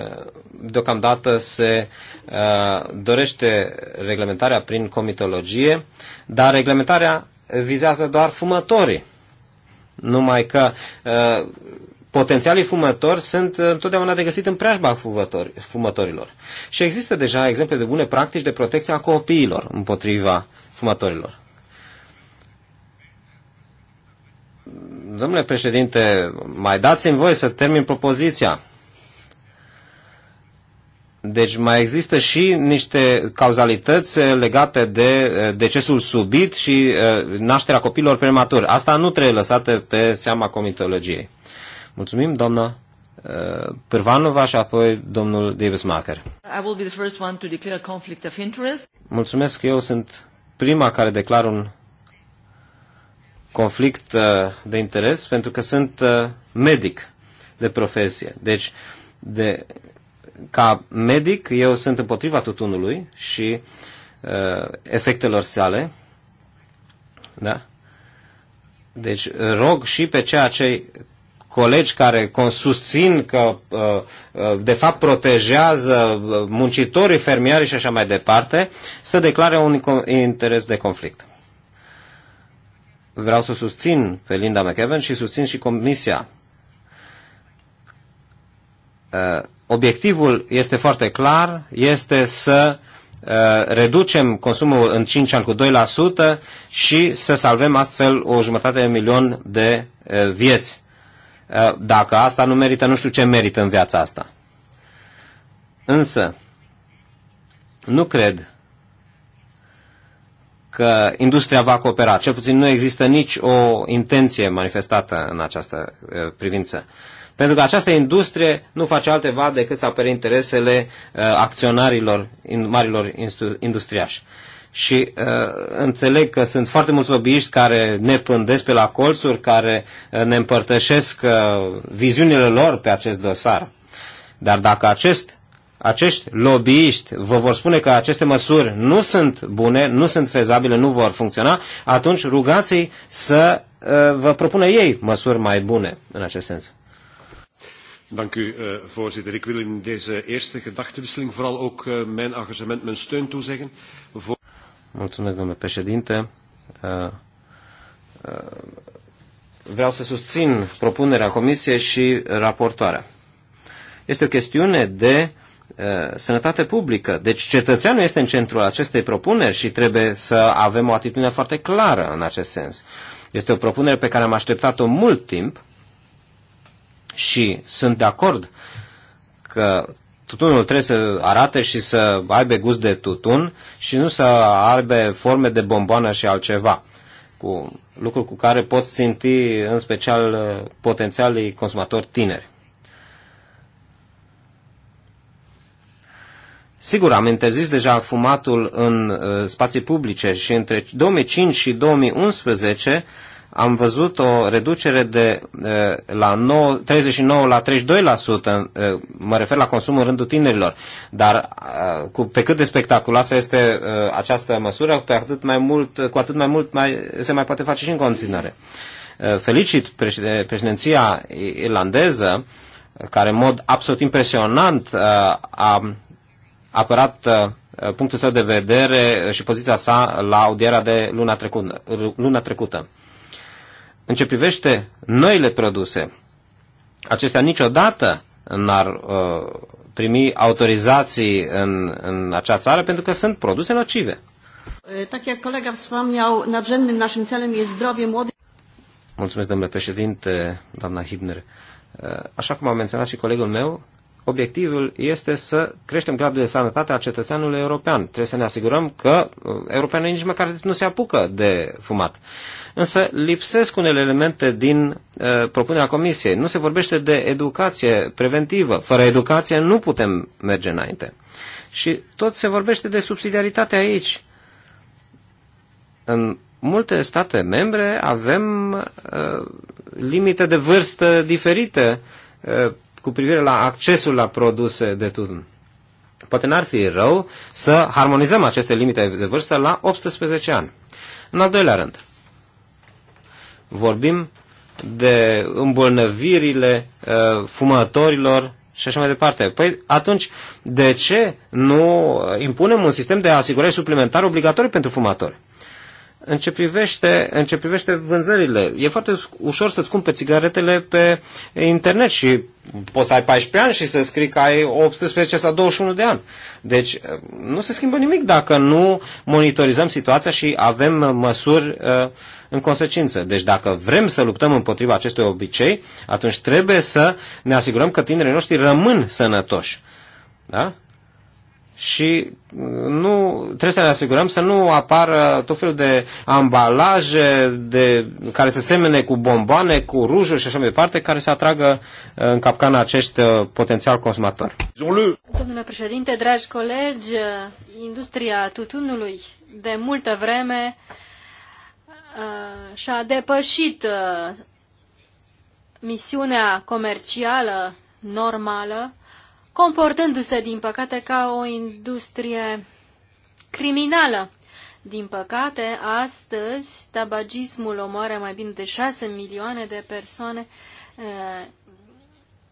uh, deocamdată se dorește reglementarea prin comitologie, dar reglementarea vizează doar fumătorii. Numai că potențialii fumători sunt uh, întotdeauna de găsit în preajba fumătorilor. Și există deja exemple de bune practici de protecție a copiilor împotriva fumătorilor. Domnule președinte, mai dați-mi voie să termin propoziția. Deci mai există și niște cauzalități uh, legate de uh, decesul subit și nașterea copilor prematur. Asta nu trebuie lăsată pe seama comitologiei. Mulțumim, doamna uh, Pârvanova și apoi domnul Davis Macker. Mulțumesc, eu sunt prima care declar un conflict uh, de interes pentru că sunt uh, medic de profesie. Deci, de, ca medic, eu sunt împotriva tutunului și uh, efectelor sale. Da? Deci, rog și pe ceea ce colegi care susțin că uh, uh, de fapt protejează uh, muncitorii, fermiarii și așa mai departe, să declare un interes de conflict. Vreau să susțin pe Linda McEwen și susțin și Comisia. Obiectivul este foarte clar, este să reducem consumul în 5 ani cu 2% și să salvem astfel o jumătate de milion de vieți. Eh, dacă asta nu merită, nu știu ce merită în viața asta. Însă, nu cred că industria va coopera. Cel puțin nu există nici o intenție manifestată în această eh, privință. Pentru că această industrie nu face altceva decât să apere interesele eh, acționarilor, marilor industriași și uh, înțeleg că sunt foarte mulți lobbyiști care ne pândesc pe la colțuri, care uh, ne împărtășesc uh, viziunile lor pe acest dosar. Dar dacă acest, acești lobbyiști vă vor spune că aceste măsuri nu sunt bune, nu sunt fezabile, nu vor funcționa, atunci rugați-i să uh, vă propună ei măsuri mai bune în acest sens. Dank u, uh, voorzitter. Ik wil in deze eerste gedachtenwisseling vooral ook uh, mijn engagement, mijn steun toezeggen. Voor Mulțumesc, domnule președinte. Uh, uh, vreau să susțin propunerea comisiei și raportoarea. Este o chestiune de uh, sănătate publică. Deci cetățeanul este în centrul acestei propuneri și trebuie să avem o atitudine foarte clară în acest sens. Este o propunere pe care am așteptat-o mult timp și sunt de acord că tutunul trebuie să arate și să aibă gust de tutun și nu să aibă forme de bomboană și altceva. Cu lucruri cu care pot simți în special uh, potențialii consumatori tineri. Sigur, am interzis deja fumatul în uh, spații publice și între 2005 și 2011 am văzut o reducere de la 9, 39 la 32%, mă refer la consumul în rândul tinerilor, dar cu, pe cât de spectaculoasă este această măsură, pe atât mai mult, cu atât mai mult mai, se mai poate face și în continuare. Felicit președinția irlandeză, care în mod absolut impresionant a apărat punctul său de vedere și poziția sa la audierea de luna trecută. Luna trecută în ce privește noile produse, acestea niciodată n-ar uh, primi autorizații în, în acea țară pentru că sunt produse nocive. Tak jak kolega wspomniał, nadrzędnym naszym celem jest zdrowie młodych. Mulțumesc, domnule președinte, doamna Hibner. Așa cum a menționat și colegul meu, obiectivul este să creștem gradul de sănătate a cetățeanului european. Trebuie să ne asigurăm că uh, europenii nici măcar nu se apucă de fumat. Însă lipsesc unele elemente din uh, propunerea comisiei. Nu se vorbește de educație preventivă. Fără educație nu putem merge înainte. Și tot se vorbește de subsidiaritate aici. În multe state membre avem uh, limite de vârstă diferite uh, cu privire la accesul la produse de tutun. Poate n-ar fi rău să harmonizăm aceste limite de vârstă la 18 ani. În al doilea rând, vorbim de îmbolnăvirile uh, fumătorilor și așa mai departe. Păi atunci, de ce nu uh, impunem un sistem de asigurări suplimentar obligatoriu pentru fumători? Uh, în ce privește, în ce privește vânzările. E foarte ușor să-ți cumperi țigaretele pe internet și poți să ai 14 ani și să scrii că ai 18 sau 21 de ani. Deci nu se schimbă nimic dacă nu monitorizăm situația și avem măsuri uh, în consecință. Deci dacă vrem să luptăm împotriva acestui obicei, atunci trebuie să ne asigurăm că tinerii noștri rămân sănătoși. Da? și nu, trebuie să ne asigurăm să nu apară tot felul de ambalaje de, care se semene cu bomboane, cu rujuri și așa mai departe, care să atragă uh, în capcana acești uh, potențial consumatori. Domnule președinte, dragi colegi, uh, industria tutunului de multă vreme uh, și-a depășit uh, misiunea comercială normală comportându-se, din păcate, ca o industrie criminală. Din păcate, astăzi, tabagismul omoară mai bine de 6 milioane de persoane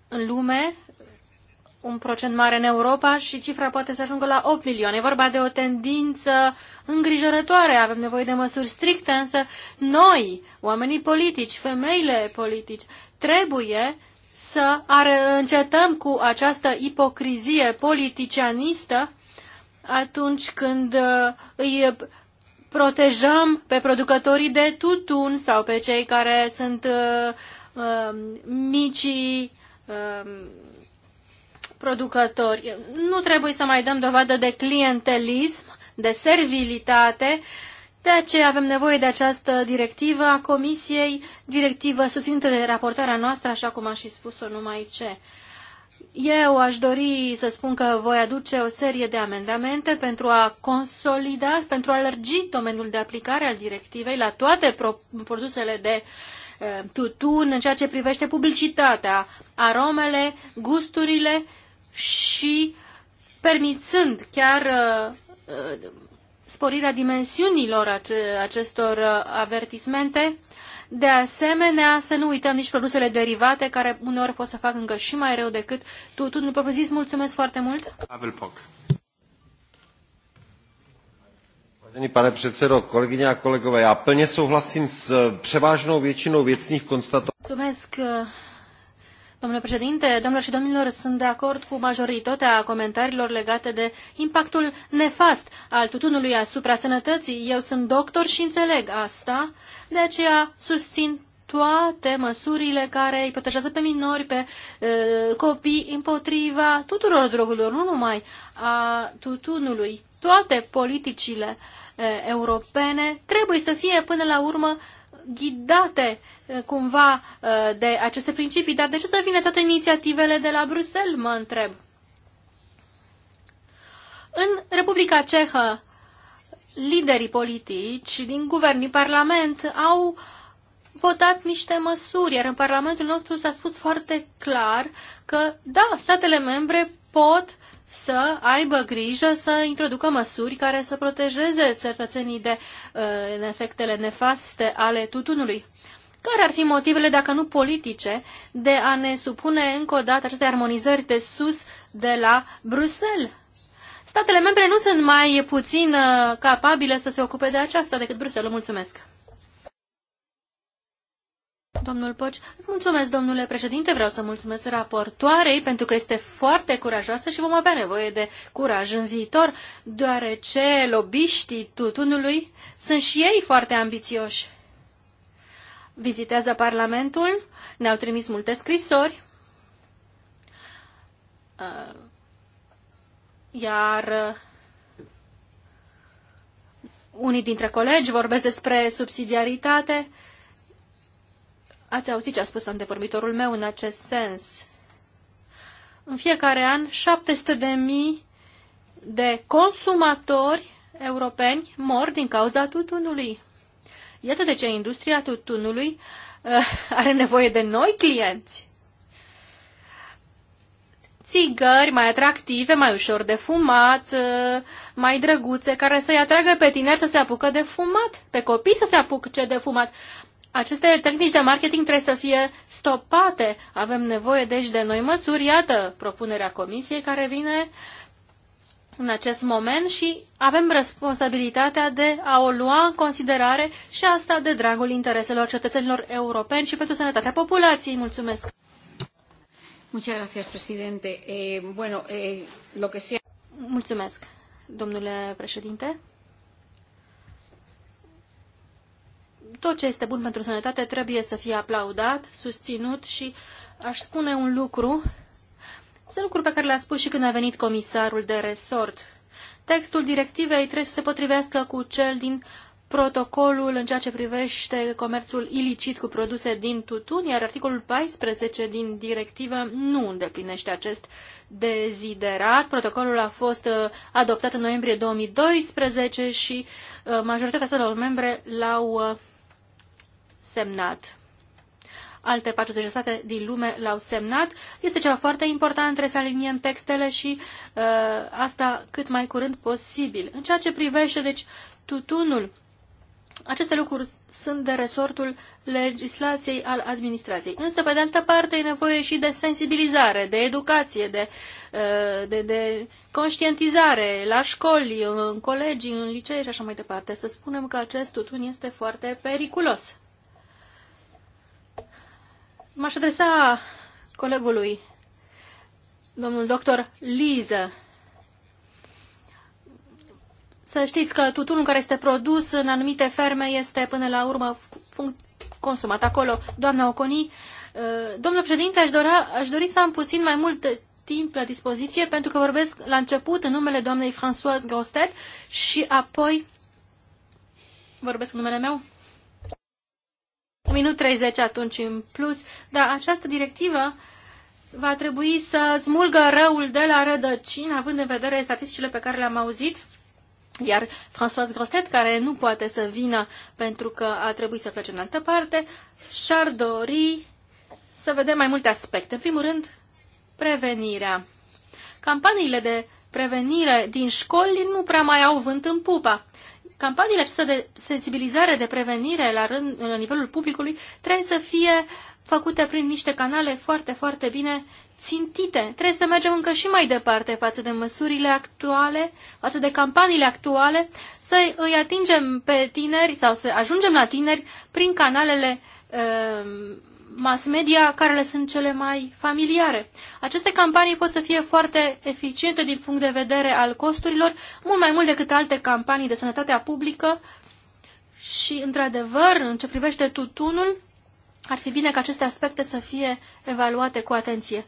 în lume, un procent mare în Europa și cifra poate să ajungă la 8 milioane. E vorba de o tendință îngrijorătoare. Avem nevoie de măsuri stricte, însă noi, oamenii politici, femeile politici, trebuie să încetăm cu această ipocrizie politicianistă atunci când uh, îi protejăm pe producătorii de tutun sau pe cei care sunt uh, um, micii uh, producători. Nu trebuie să mai dăm dovadă de clientelism, de servilitate de aceea avem nevoie de această directivă a Comisiei, directivă susținută de raportarea noastră, așa cum a și spus-o numai ce. Eu aș dori să spun că voi aduce o serie de amendamente pentru a consolida, pentru a lărgi domeniul de aplicare al directivei la toate produsele de tutun în ceea ce privește publicitatea, aromele, gusturile și permițând chiar sporirea dimensiunilor acestor uh, avertismente. De asemenea, să nu uităm nici produsele derivate, care uneori pot să facă încă și mai rău decât tutunul propriu-zis. Mulțumesc foarte mult! Pavel Poc. Vážený pane předsedo, kolegyně a kolegové, já plně souhlasím s převážnou většinou věcných konstatování. Domnule președinte, domnilor și domnilor, sunt de acord cu majoritatea comentariilor legate de impactul nefast al tutunului asupra sănătății. Eu sunt doctor și înțeleg asta, de aceea susțin toate măsurile care îi protejează pe minori, pe copii, împotriva tuturor drogurilor, nu numai a tutunului. Toate politicile europene trebuie să fie până la urmă ghidate cumva uh, de aceste principii, dar de ce să vină toate inițiativele de la Bruxelles, mă întreb. În Republica Cehă, liderii politici din guvern, din parlament, au votat niște măsuri, iar în Parlamentul nostru s-a spus foarte clar că, da, statele membre pot să aibă grijă să introducă măsuri care să protejeze cetățenii de uh, efectele nefaste ale tutunului. Care ar fi motivele, dacă nu politice, de a ne supune încă o dată aceste armonizări de sus de la Bruxelles? Statele membre nu sunt mai puțin uh, capabile să se ocupe de aceasta decât Bruxelles. Mulțumesc! Domnul Poci, mulțumesc, domnule președinte, vreau să mulțumesc raportoarei pentru că este foarte curajoasă și vom avea nevoie de curaj în viitor, deoarece lobiștii tutunului sunt și ei foarte ambițioși vizitează Parlamentul, ne-au trimis multe scrisori, uh, iar uh, unii dintre colegi vorbesc despre subsidiaritate. Ați auzit ce a spus antevorbitorul meu în acest sens. În fiecare an, 700.000 de mii de consumatori europeni mor din cauza tutunului. Iată de ce industria tutunului eh, are nevoie de noi clienți. Țigări mai atractive, mai ușor de fumat, eh, mai drăguțe, care să-i atragă pe tineri să se apucă de fumat, pe copii să se apuce de fumat. Aceste tehnici de marketing trebuie să fie stopate. Avem nevoie, deci, de noi măsuri. Iată propunerea comisiei care vine uh, în acest moment și avem responsabilitatea de a o lua în considerare și asta de dragul intereselor cetățenilor europeni și pentru sănătatea populației. Mulțumesc! Muchas gracias, presidente. Eh, bueno, eh, lo que sea... Mulțumesc, domnule președinte. Tot ce este bun pentru sănătate trebuie să fie aplaudat, susținut și aș spune un lucru sunt lucruri pe care le-a spus și când a venit comisarul de resort. Textul directivei trebuie să se potrivească cu cel din protocolul în ceea ce privește comerțul ilicit cu produse din tutun, iar articolul 14 din directivă nu îndeplinește acest deziderat. Protocolul a fost uh, adoptat în noiembrie 2012 și uh, majoritatea statelor membre l-au uh, semnat alte 40 de state din lume l-au semnat. Este ceva foarte important, trebuie să aliniem textele și uh, asta cât mai curând posibil. În ceea ce privește, deci, tutunul, aceste lucruri sunt de resortul legislației al administrației. Însă, pe de altă parte, e nevoie și de sensibilizare, de educație, de, uh, de, de conștientizare la școli, în colegii, în licee și așa mai departe. Să spunem că acest tutun este foarte periculos. M-aș adresa colegului, domnul doctor Liză. Să știți că tutunul care este produs în anumite ferme este până la urmă consumat acolo. Doamna Oconi, ă, domnul președinte, aș, dora, aș dori să am puțin mai mult timp la dispoziție pentru că vorbesc la început în numele doamnei Françoise Grostet și apoi vorbesc în numele meu. Un minut 30 atunci în plus. Dar această directivă va trebui să smulgă răul de la rădăcină, având în vedere statisticile pe care le-am auzit. Iar François Grosset, care nu poate să vină pentru că a trebuit să plece în altă parte, și-ar dori să vedem mai multe aspecte. În primul rând, prevenirea. Campaniile de prevenire din școli nu prea mai au vânt în pupa. Campaniile acestea de sensibilizare, de prevenire la, rând, la nivelul publicului trebuie să fie făcute prin niște canale foarte, foarte bine țintite. Trebuie să mergem încă și mai departe față de măsurile actuale, față de campaniile actuale, să îi atingem pe tineri sau să ajungem la tineri prin canalele uh, mass media, care le sunt cele mai familiare. Aceste campanii pot să fie foarte eficiente din punct de vedere al costurilor, mult mai mult decât alte campanii de sănătatea publică și, într-adevăr, în ce privește tutunul, ar fi bine ca aceste aspecte să fie evaluate cu atenție.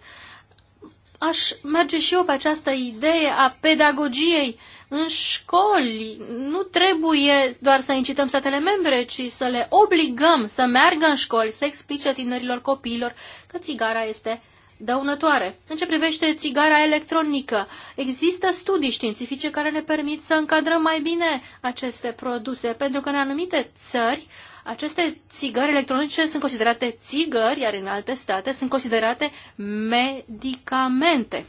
Aș merge și eu pe această idee a pedagogiei în școli. Nu trebuie doar să incităm statele membre, ci să le obligăm să meargă în școli, să explice tinerilor copiilor că țigara este dăunătoare. În ce privește țigara electronică, există studii științifice care ne permit să încadrăm mai bine aceste produse, pentru că în anumite țări aceste țigări electronice sunt considerate țigări, iar în alte state sunt considerate medicamente.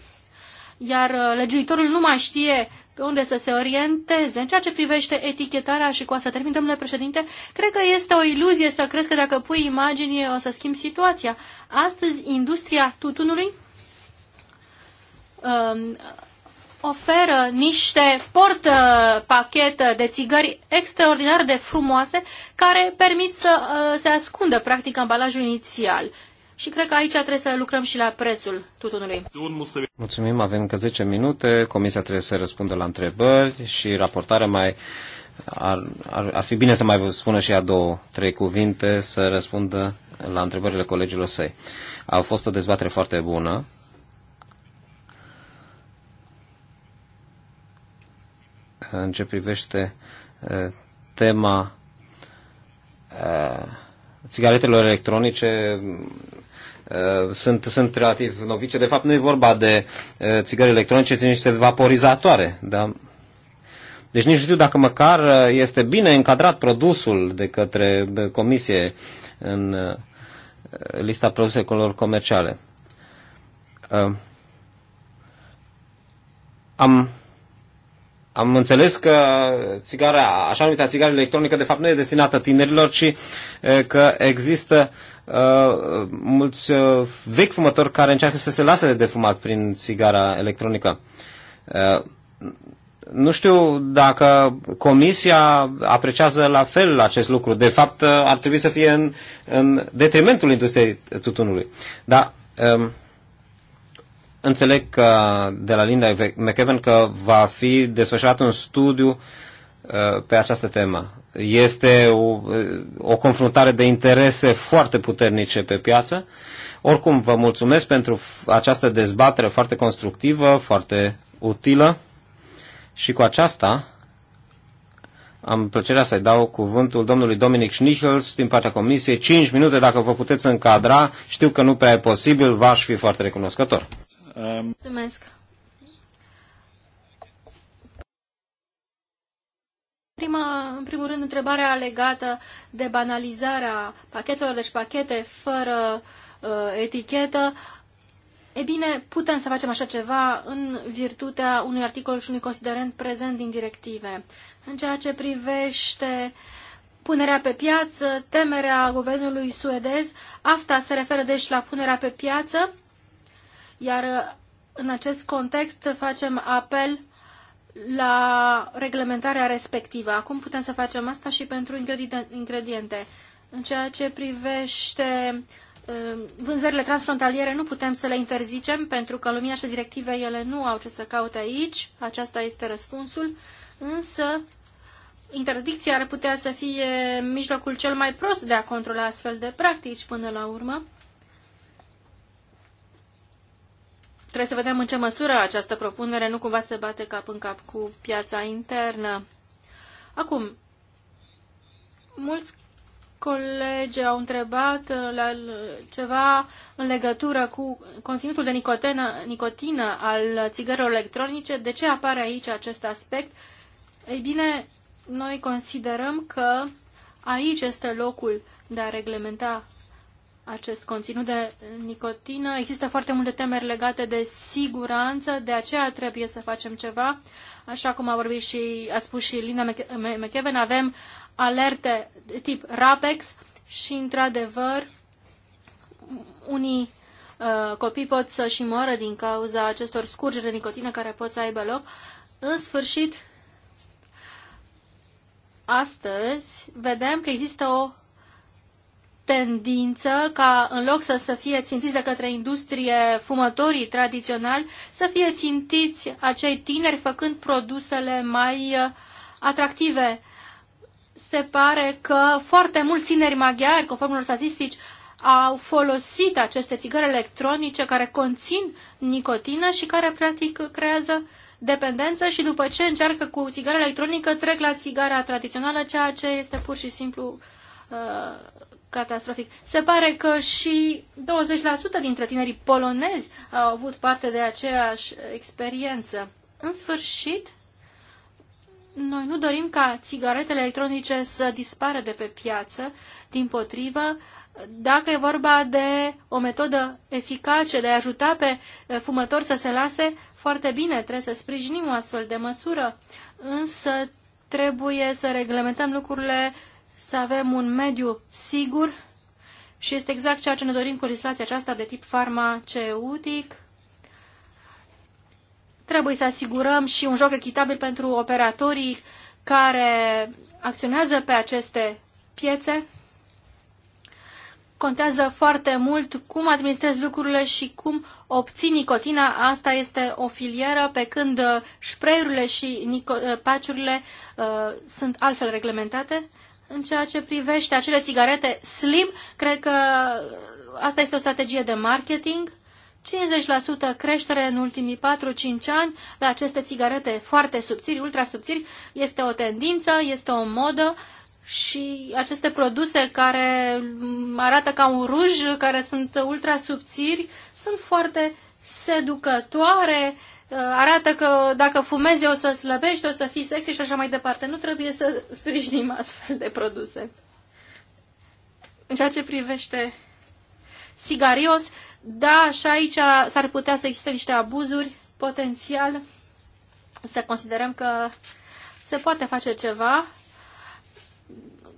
Iar uh, legiuitorul nu mai știe pe unde să se orienteze. În ceea ce privește etichetarea și cu asta termin, domnule președinte, cred că este o iluzie să crezi că dacă pui imagini o să schimbi situația. Astăzi, industria tutunului um, oferă niște port pachet de țigări extraordinar de frumoase care permit să uh, se ascundă practic ambalajul inițial și cred că aici trebuie să lucrăm și la prețul tutunului. Mulțumim, avem încă 10 minute, comisia trebuie să răspundă la întrebări și raportarea mai ar, ar, ar fi bine să mai spună și a două, trei cuvinte să răspundă la întrebările colegilor săi. A fost o dezbatere foarte bună. În ce privește tema țigaretelor electronice, Uh, sunt, sunt relativ novice. De fapt, nu e vorba de uh, țigări electronice, ci niște vaporizatoare. Da? Deci nici nu știu dacă măcar uh, este bine încadrat produsul de către comisie în lista produselor comerciale. Am, am înțeles că țigara, așa numită țigară electronică, de fapt nu e destinată tinerilor, ci că există uh, Uh, mulți uh, vechi fumători care încearcă să se lase de defumat prin țigara electronică. Uh, nu știu dacă comisia apreciază la fel acest lucru. De fapt, uh, ar trebui să fie în, în detrimentul industriei tutunului. Dar um, înțeleg că de la Linda McEwen că va fi desfășurat un studiu uh, pe această temă. Este o, o confruntare de interese foarte puternice pe piață. Oricum, vă mulțumesc pentru această dezbatere foarte constructivă, foarte utilă și cu aceasta am plăcerea să-i dau cuvântul domnului Dominic Schnichels din partea comisiei. 5 minute, dacă vă puteți încadra, știu că nu prea e posibil, v-aș fi foarte recunoscător. Um. Mulțumesc. Prima, în primul rând, întrebarea legată de banalizarea pachetelor, deci pachete fără uh, etichetă. E bine, putem să facem așa ceva în virtutea unui articol și unui considerent prezent din directive. În ceea ce privește punerea pe piață, temerea guvernului suedez, asta se referă deci la punerea pe piață, iar uh, în acest context facem apel la reglementarea respectivă. Acum putem să facem asta și pentru ingrediente. În ceea ce privește um, vânzările transfrontaliere, nu putem să le interzicem pentru că în lumina și directive ele nu au ce să caute aici. Aceasta este răspunsul. Însă interdicția ar putea să fie mijlocul cel mai prost de a controla astfel de practici până la urmă. Trebuie să vedem în ce măsură această propunere nu cumva se bate cap în cap cu piața internă. Acum, mulți colegi au întrebat uh, la uh, ceva în legătură cu conținutul de nicotină, nicotină al țigărilor electronice. De ce apare aici acest aspect? Ei bine, noi considerăm că aici este locul de a reglementa acest conținut de nicotină. Există foarte multe temeri legate de siguranță, de aceea trebuie să facem ceva. Așa cum a vorbit și a spus și Lina McKeven, avem alerte de tip RAPEX și, într-adevăr, unii uh, copii pot să și moară din cauza acestor scurgeri de nicotină care pot să aibă loc. În sfârșit, astăzi vedem că există o tendință ca în loc să, să fie țintiți de către industrie fumătorii tradiționali, să fie țintiți acei tineri făcând produsele mai uh, atractive. Se pare că foarte mulți tineri maghiari, conform unor statistici, au folosit aceste țigări electronice care conțin nicotină și care practic creează dependență și după ce încearcă cu țigara electronică trec la țigara tradițională, ceea ce este pur și simplu uh, catastrofic. Se pare că și 20% dintre tinerii polonezi au avut parte de aceeași experiență. În sfârșit, noi nu dorim ca țigaretele electronice să dispară de pe piață, din potrivă, dacă e vorba de o metodă eficace de a ajuta pe fumători să se lase, foarte bine, trebuie să sprijinim o astfel de măsură, însă trebuie să reglementăm lucrurile să avem un mediu sigur și este exact ceea ce ne dorim cu legislația aceasta de tip farmaceutic. Trebuie să asigurăm și un joc echitabil pentru operatorii care acționează pe aceste piețe. Contează foarte mult cum administrezi lucrurile și cum obții nicotina. Asta este o filieră, pe când spray și paciurile uh, sunt altfel reglementate. În ceea ce privește acele țigarete slim, cred că asta este o strategie de marketing. 50% creștere în ultimii 4-5 ani la aceste țigarete foarte subțiri, ultra subțiri, este o tendință, este o modă și aceste produse care arată ca un ruj, care sunt ultra subțiri, sunt foarte seducătoare arată că dacă fumezi o să slăbești, o să fii sexy și așa mai departe. Nu trebuie să sprijinim astfel de produse. În ceea ce privește sigarios, da, și aici s-ar putea să existe niște abuzuri, potențial să considerăm că se poate face ceva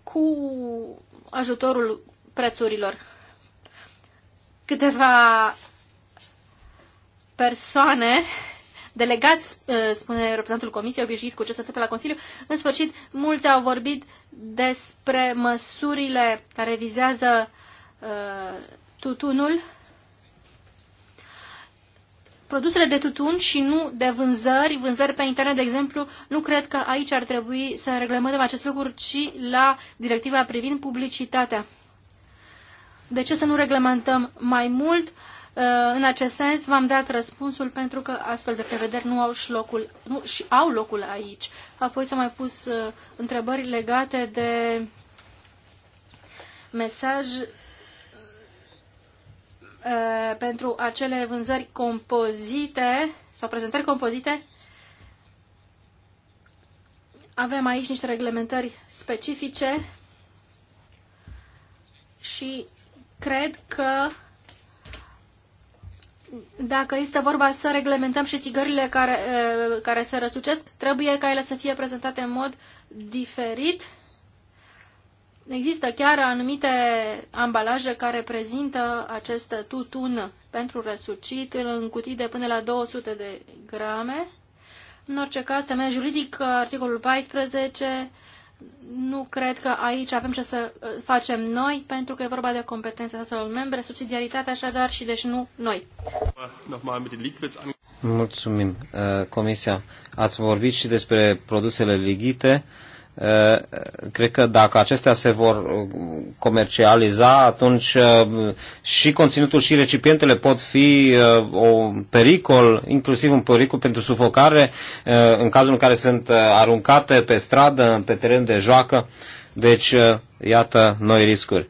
cu ajutorul prețurilor. Câteva persoane delegați, uh, spune reprezentantul Comisiei, obișnuit cu ce se întâmplă la Consiliu. În sfârșit, mulți au vorbit despre măsurile care vizează uh, tutunul, produsele de tutun și nu de vânzări, vânzări pe internet, de exemplu, nu cred că aici ar trebui să reglementăm acest lucru, ci la directiva privind publicitatea. De ce să nu reglementăm mai mult? Uh, în acest sens v-am dat răspunsul pentru că astfel de prevederi nu au, și locul, nu, și au locul aici. Apoi s-au mai pus uh, întrebări legate de mesaj uh, pentru acele vânzări compozite sau prezentări compozite. Avem aici niște reglementări specifice și cred că dacă este vorba să reglementăm și țigările care, care se răsucesc, trebuie ca ele să fie prezentate în mod diferit. Există chiar anumite ambalaje care prezintă acest tutun pentru răsucit în cutii de până la 200 de grame. În orice caz, temei juridic, articolul 14 nu cred că aici avem ce să uh, facem noi, pentru că e vorba de competența statelor membre, subsidiaritatea așadar și deci nu noi. Mulțumim, uh, Comisia. Ați vorbit și despre produsele lighite cred că dacă acestea se vor comercializa, atunci uh, și conținutul și recipientele pot fi un uh, pericol, inclusiv un pericol pentru sufocare, uh, în cazul în care sunt aruncate pe stradă, pe teren de joacă. Deci, iată, noi riscuri.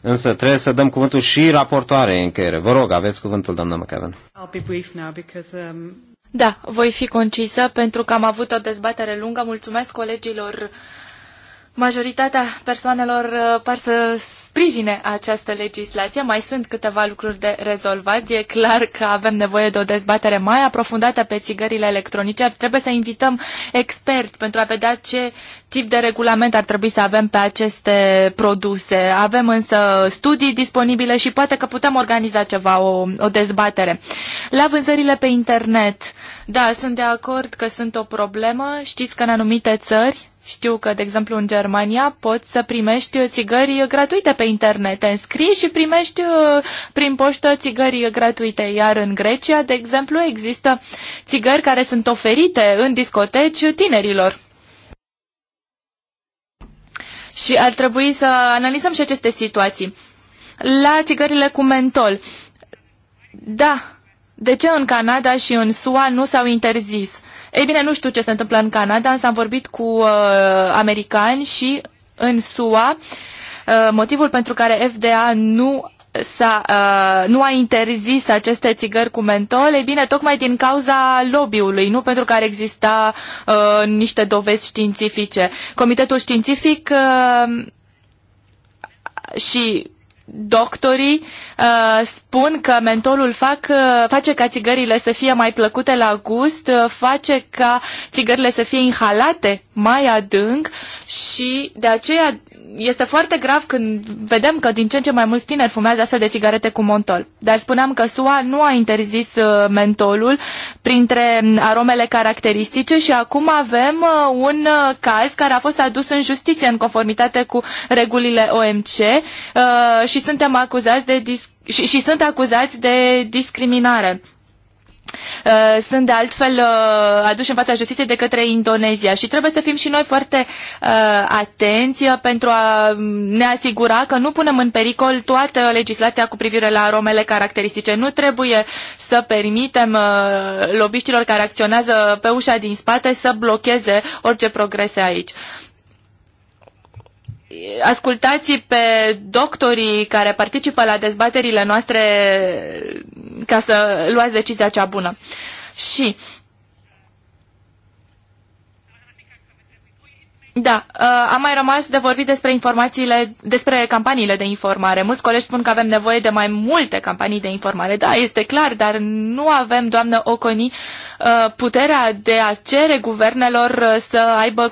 Însă trebuie să dăm cuvântul și raportoare în încheiere. Vă rog, aveți cuvântul, doamna McAvan. I'll be brief now because um, da, voi fi concisă pentru că am avut o dezbatere lungă. Mulțumesc colegilor Majoritatea persoanelor uh, par să sprijine această legislație. Mai sunt câteva lucruri de rezolvat. E clar că avem nevoie de o dezbatere mai aprofundată pe țigările electronice. Trebuie să invităm experți pentru a vedea ce tip de regulament ar trebui să avem pe aceste produse. Avem însă studii disponibile și poate că putem organiza ceva, o, o dezbatere. La vânzările pe internet, da, sunt de acord că sunt o problemă. Știți că în anumite țări știu că, de exemplu, în Germania poți să primești țigări gratuite pe internet. Te înscrii și primești uh, prin poștă țigări gratuite. Iar în Grecia, de exemplu, există țigări care sunt oferite în discoteci tinerilor. Și ar trebui să analizăm și aceste situații. La țigările cu mentol. Da, de ce în Canada și în SUA nu s-au interzis? Ei bine, nu știu ce se întâmplă în Canada, însă am vorbit cu uh, americani și în SUA. Uh, motivul pentru care FDA nu S-a, uh, nu a interzis aceste țigări cu mentol, e bine, tocmai din cauza lobby-ului, nu pentru că ar exista uh, niște dovezi științifice. Comitetul științific uh, și doctorii uh, spun că mentolul fac, uh, face ca țigările să fie mai plăcute la gust, uh, face ca țigările să fie inhalate mai adânc și de aceea este foarte grav când vedem că din ce în ce mai mulți tineri fumează astfel de țigarete cu mentol. Dar spuneam că SUA nu a interzis uh, mentolul printre mm, aromele caracteristice și acum avem uh, un uh, caz care a fost adus în justiție în conformitate cu regulile OMC și suntem acuzați de și, și sunt acuzați de discriminare. Uh, sunt de altfel uh, aduși în fața justiției de către Indonezia și trebuie să fim și noi foarte uh, atenți pentru a um, ne asigura că nu punem în pericol toată legislația cu privire la aromele caracteristice. Nu trebuie să permitem lobiștilor care acționează pe ușa din spate să blocheze orice progrese aici ascultați pe doctorii care participă la dezbaterile noastre ca să luați decizia cea bună. Și uh, Da, uh, am mai rămas de vorbit despre informațiile, despre campaniile de informare. Mulți colegi spun că avem nevoie de mai multe campanii de informare. Da, este clar, dar nu avem, doamnă Oconi, uh, puterea de a cere guvernelor uh, să aibă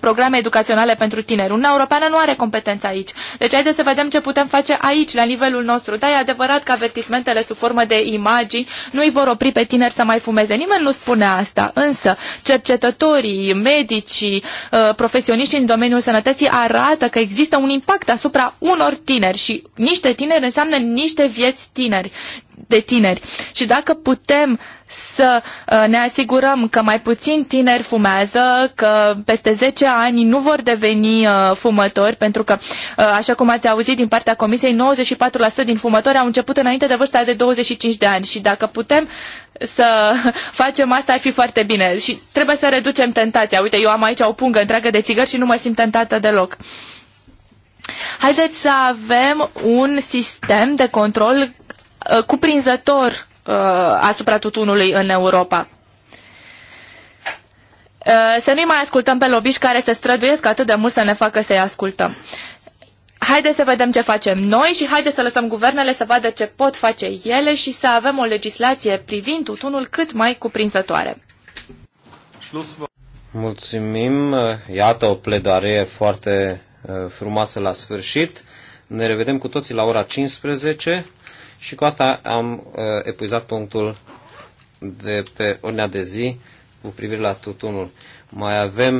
programe educaționale pentru tineri. Uniunea Europeană nu are competența aici. Deci haideți să vedem ce putem face aici, la nivelul nostru. Da, e adevărat că avertismentele sub formă de imagini nu îi vor opri pe tineri să mai fumeze. Nimeni nu spune asta, însă cercetătorii, medicii, Uh, profesioniștii în domeniul sănătății arată că există un impact asupra unor tineri și niște tineri înseamnă niște vieți tineri de tineri. Și dacă putem să uh, ne asigurăm că mai puțin tineri fumează, că peste 10 ani nu vor deveni uh, fumători, pentru că, așa cum ați auzit din partea Comisiei, 94% din fumători au început înainte de vârsta de 25 de ani și dacă putem să facem asta ar fi foarte bine și trebuie să reducem tentația. Uite, eu am aici o pungă întreagă de țigări și nu mă simt tentată deloc. Haideți să avem un sistem de control uh, cuprinzător uh, asupra tutunului în Europa. Uh, să nu mai ascultăm pe lobiști care se străduiesc atât de mult să ne facă să-i ascultăm. Uh, Haide să vedem ce facem noi și haide să lăsăm guvernele să vadă ce pot face ele și să avem o legislație privind tutunul cât mai cuprinsătoare. Mulțumim, iată o pledare foarte uh, frumoasă la sfârșit. Ne revedem cu toții la ora 15 și cu asta am uh, epuizat punctul de pe ordinea de zi cu privire la tutunul. Mai avem